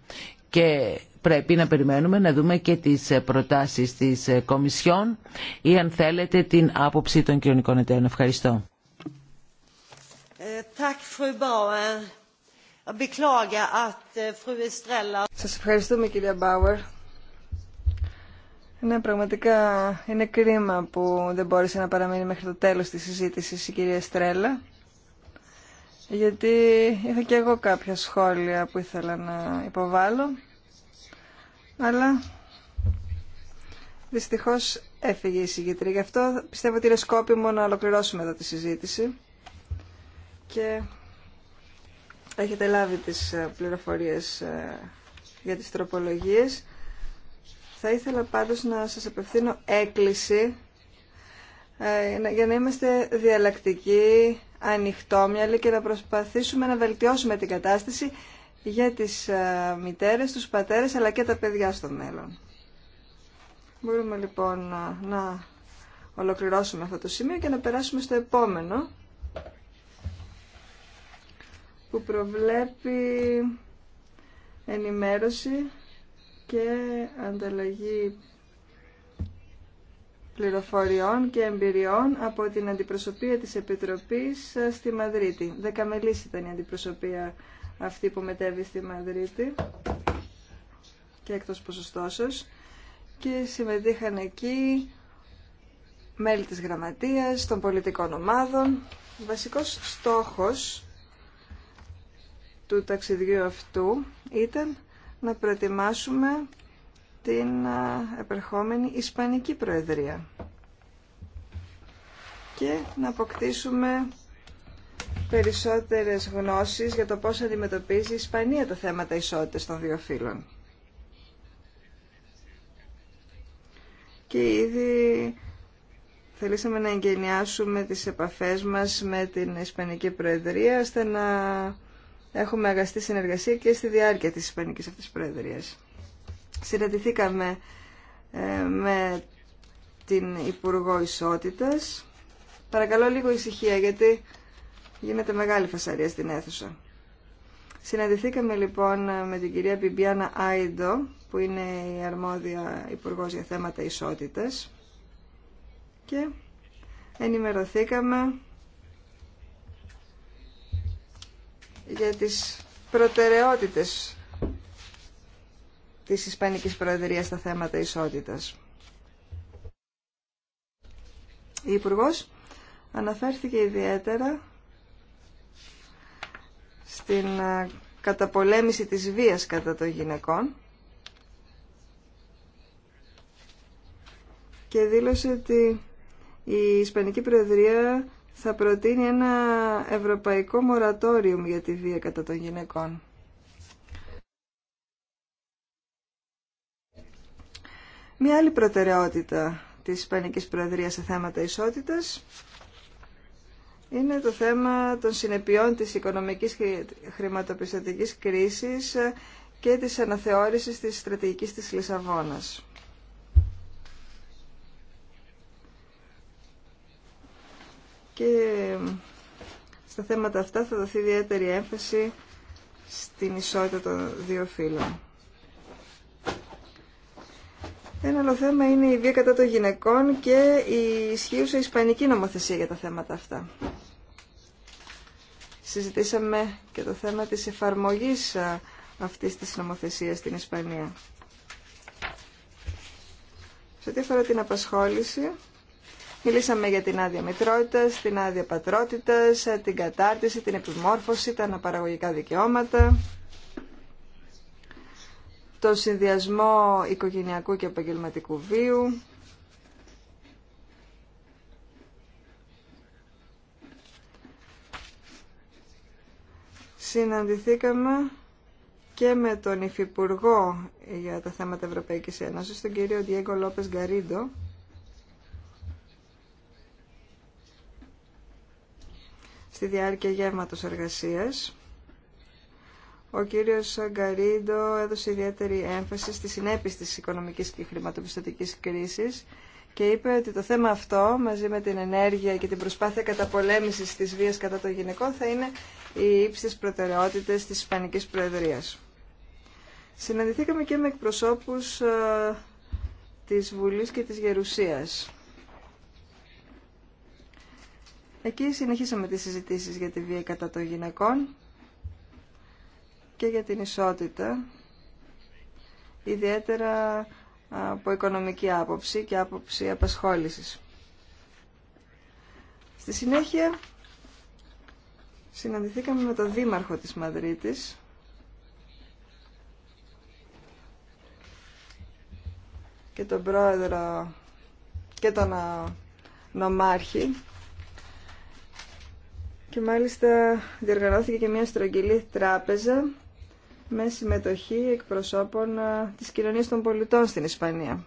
Και πρέπει να περιμένουμε να δούμε και τις προτάσεις της ε, Κομισιόν ή αν θέλετε την άποψη των κοινωνικών εταίρων. Ευχαριστώ. Σας ευχαριστούμε κυρία Μπάουερ. Ναι, πραγματικά είναι κρίμα που δεν μπόρεσε να παραμείνει μέχρι το τέλος της συζήτησης η κυρία Στρέλλα, Γιατί είχα και εγώ κάποια σχόλια που ήθελα να υποβάλω. Αλλά δυστυχώς έφυγε η συγκεκριτή. Γι' αυτό πιστεύω ότι είναι σκόπιμο να ολοκληρώσουμε εδώ τη συζήτηση και έχετε λάβει τις ε, πληροφορίες ε, για τις τροπολογίες. Θα ήθελα πάντως να σας απευθύνω έκκληση ε, για να είμαστε διαλλακτικοί, ανοιχτόμυαλοι και να προσπαθήσουμε να βελτιώσουμε την κατάσταση για τις μητέρες, τους πατέρες αλλά και τα παιδιά στο μέλλον. Μπορούμε λοιπόν να ολοκληρώσουμε αυτό το σημείο και να περάσουμε στο επόμενο που προβλέπει ενημέρωση και ανταλλαγή πληροφοριών και εμπειριών από την αντιπροσωπεία της Επιτροπής ε, στη Μαδρίτη. Δεκαμελής ήταν η αντιπροσωπεία αυτή που μετέβη στη Μαδρίτη και εκτός ποσοστώσεως και συμμετείχαν εκεί μέλη της γραμματείας, των πολιτικών ομάδων. βασικός στόχος του ταξιδιού αυτού ήταν να προετοιμάσουμε την επερχόμενη Ισπανική Προεδρία και να αποκτήσουμε περισσότερες γνώσεις για το πώς αντιμετωπίζει η Ισπανία τα θέματα ισότητας των δύο φύλων. Και ήδη θελήσαμε να εγκαινιάσουμε τις επαφές μας με την Ισπανική Προεδρία ώστε να έχουμε αγαστή συνεργασία και στη διάρκεια της Ισπανικής αυτής Προεδρίας. Συναντηθήκαμε ε, με την Υπουργό Ισότητας. Παρακαλώ λίγο ησυχία γιατί γίνεται μεγάλη φασαρία στην αίθουσα. Συναντηθήκαμε λοιπόν με την κυρία Πιμπιάνα Άιντο που είναι η αρμόδια υπουργό για θέματα ισότητας και ενημερωθήκαμε για τις προτεραιότητες της Ισπανικής Προεδρίας στα θέματα ισότητας. Η υπουργό αναφέρθηκε ιδιαίτερα στην καταπολέμηση της βίας κατά των γυναικών και δήλωσε ότι η Ισπανική Προεδρία θα προτείνει ένα ευρωπαϊκό μορατόριο για τη βία κατά των γυναικών. Μία άλλη προτεραιότητα της Ισπανικής Προεδρίας σε θέματα ισότητας είναι το θέμα των συνεπειών της οικονομικής και χρηματοπιστωτικής κρίσης και της αναθεώρησης της στρατηγικής της Λισαβόνας. και στα θέματα αυτά θα δοθεί ιδιαίτερη έμφαση στην ισότητα των δύο φύλων. Ένα άλλο θέμα είναι η βία κατά των γυναικών και η ισχύουσα ισπανική νομοθεσία για τα θέματα αυτά. Συζητήσαμε και το θέμα της εφαρμογής αυτής της νομοθεσίας στην Ισπανία. Σε ό,τι αφορά την απασχόληση, Μιλήσαμε για την άδεια μητρότητας, την άδεια πατρότητας, την κατάρτιση, την επιμόρφωση, τα αναπαραγωγικά δικαιώματα, το συνδυασμό οικογενειακού και επαγγελματικού βίου, συναντηθήκαμε και με τον Υφυπουργό για τα θέματα Ευρωπαϊκής Ένωσης, τον κύριο Διέγκο Λόπες Γκαρίντο, στη διάρκεια γεύματος εργασίας. Ο κύριος Γκαρίντο έδωσε ιδιαίτερη έμφαση στη συνέπειες της οικονομικής και χρηματοπιστωτικής κρίσης και είπε ότι το θέμα αυτό μαζί με την ενέργεια και την προσπάθεια καταπολέμησης της βίας κατά το γυναικό θα είναι οι ύψιες προτεραιότητες της Ισπανικής Προεδρίας. Συναντηθήκαμε και με εκπροσώπους ε, της Βουλής και της Γερουσίας Εκεί συνεχίσαμε τις συζητήσεις για τη βία κατά των γυναικών και για την ισότητα, ιδιαίτερα από οικονομική άποψη και άποψη απασχόλησης. Στη συνέχεια συναντηθήκαμε με τον Δήμαρχο της Μαδρίτης, και τον πρόεδρο και τον νομάρχη και μάλιστα διοργανώθηκε και μια στρογγυλή τράπεζα με συμμετοχή εκπροσώπων ε, της κοινωνίας των πολιτών στην Ισπανία.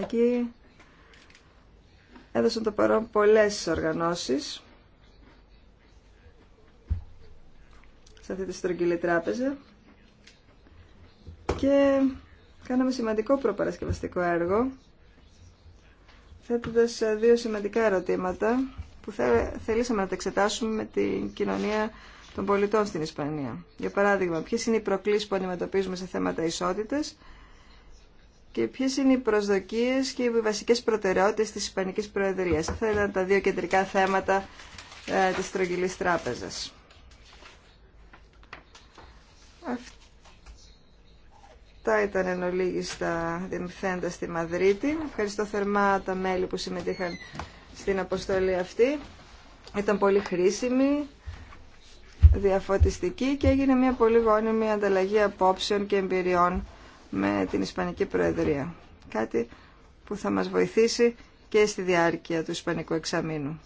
Εκεί έδωσαν το παρόν πολλές οργανώσεις σε αυτή τη στρογγυλή τράπεζα και κάναμε σημαντικό προπαρασκευαστικό έργο θέτοντας ε, δύο σημαντικά ερωτήματα που θελήσαμε να τα εξετάσουμε με την κοινωνία των πολιτών στην Ισπανία. Για παράδειγμα, ποιε είναι οι προκλήσει που αντιμετωπίζουμε σε θέματα ισότητε και ποιε είναι οι προσδοκίε και οι βασικέ προτεραιότητε τη Ισπανική Προεδρία. Αυτά ήταν τα δύο κεντρικά θέματα ε, τη Τρογγυλή Τράπεζα. Αυτά ήταν εν ολίγης τα στη Μαδρίτη. Ευχαριστώ θερμά τα μέλη που συμμετείχαν στην αποστολή αυτή. Ήταν πολύ χρήσιμη, διαφωτιστική και έγινε μια πολύ γόνιμη ανταλλαγή απόψεων και εμπειριών με την Ισπανική Προεδρία. Κάτι που θα μας βοηθήσει και στη διάρκεια του Ισπανικού εξαμήνου.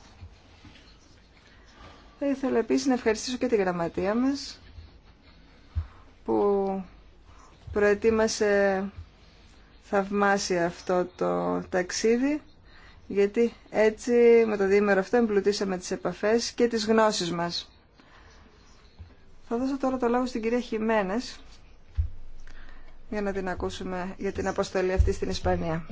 Θα ήθελα επίσης να ευχαριστήσω και τη γραμματεία μας που προετοίμασε θαυμάσια αυτό το ταξίδι γιατί έτσι με το διήμερο αυτό εμπλουτίσαμε τις επαφές και τις γνώσεις μας. Θα δώσω τώρα το λόγο στην κυρία Χιμένες για να την ακούσουμε για την αποστολή αυτή στην Ισπανία.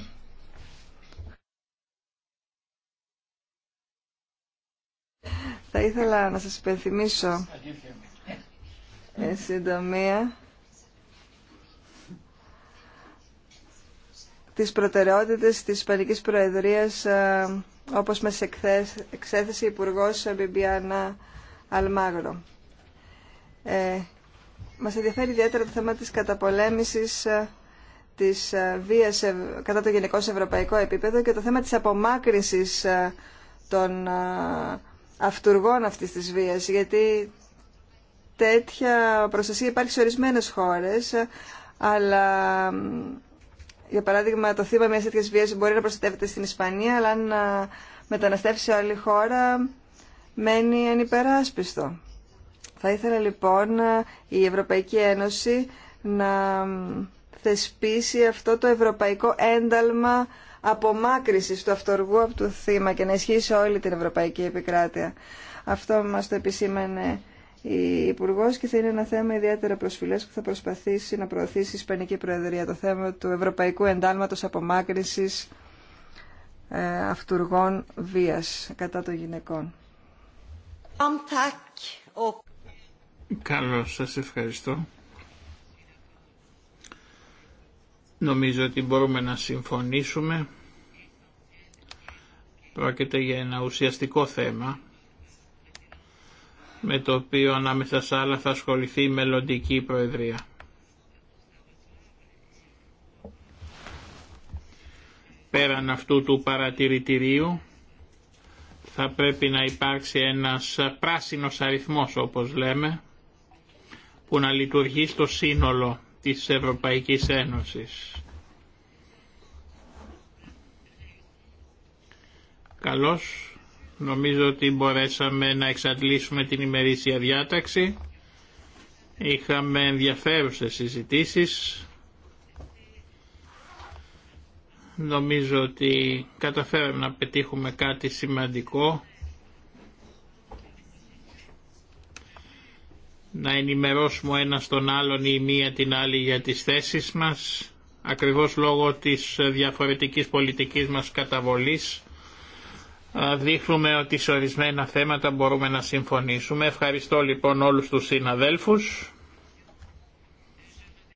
Θα ήθελα να σας υπενθυμίσω εν συντομία τις προτεραιότητες της Ισπανικής Προεδρίας ε, όπως μας εξέθεσε η Υπουργός Μπιμπιάννα Αλμάγρο. Ε, μας ενδιαφέρει ιδιαίτερα το θέμα της καταπολέμησης ε, της ε, βίας κατά το γενικό σε ευρωπαϊκό επίπεδο και το θέμα της απομάκρυνσης των αυτούργων αυτής της βίας, γιατί τέτοια προστασία υπάρχει σε ορισμένες χώρες, αλλά για παράδειγμα, το θύμα μια τέτοια βία μπορεί να προστατεύεται στην Ισπανία, αλλά αν μεταναστεύσει σε άλλη χώρα, μένει ανυπεράσπιστο. Θα ήθελα λοιπόν η Ευρωπαϊκή Ένωση να θεσπίσει αυτό το ευρωπαϊκό ένταλμα απομάκρυσης του αυτοργού από το θύμα και να ισχύσει σε όλη την ευρωπαϊκή επικράτεια. Αυτό μας το επισήμανε η Υπουργό και θα είναι ένα θέμα ιδιαίτερα προσφυλέ που θα προσπαθήσει να προωθήσει η Ισπανική Προεδρία το θέμα του Ευρωπαϊκού Εντάλματο Απομάκρυνση ε, Αυτούργων Βία κατά των γυναικών. Καλώ, σα ευχαριστώ. Νομίζω ότι μπορούμε να συμφωνήσουμε. Πρόκειται για ένα ουσιαστικό θέμα με το οποίο ανάμεσα σ' άλλα θα ασχοληθεί η μελλοντική Προεδρία. Πέραν αυτού του παρατηρητηρίου θα πρέπει να υπάρξει ένας πράσινος αριθμός όπως λέμε που να λειτουργεί στο σύνολο της Ευρωπαϊκής Ένωσης. Καλώς Νομίζω ότι μπορέσαμε να εξαντλήσουμε την ημερήσια διάταξη. Είχαμε ενδιαφέρουσες συζητήσεις. Νομίζω ότι καταφέραμε να πετύχουμε κάτι σημαντικό. Να ενημερώσουμε ένα τον άλλον ή μία την άλλη για τις θέσεις μας, ακριβώς λόγω της διαφορετικής πολιτικής μας καταβολής δείχνουμε ότι σε ορισμένα θέματα μπορούμε να συμφωνήσουμε. Ευχαριστώ λοιπόν όλους τους συναδέλφους.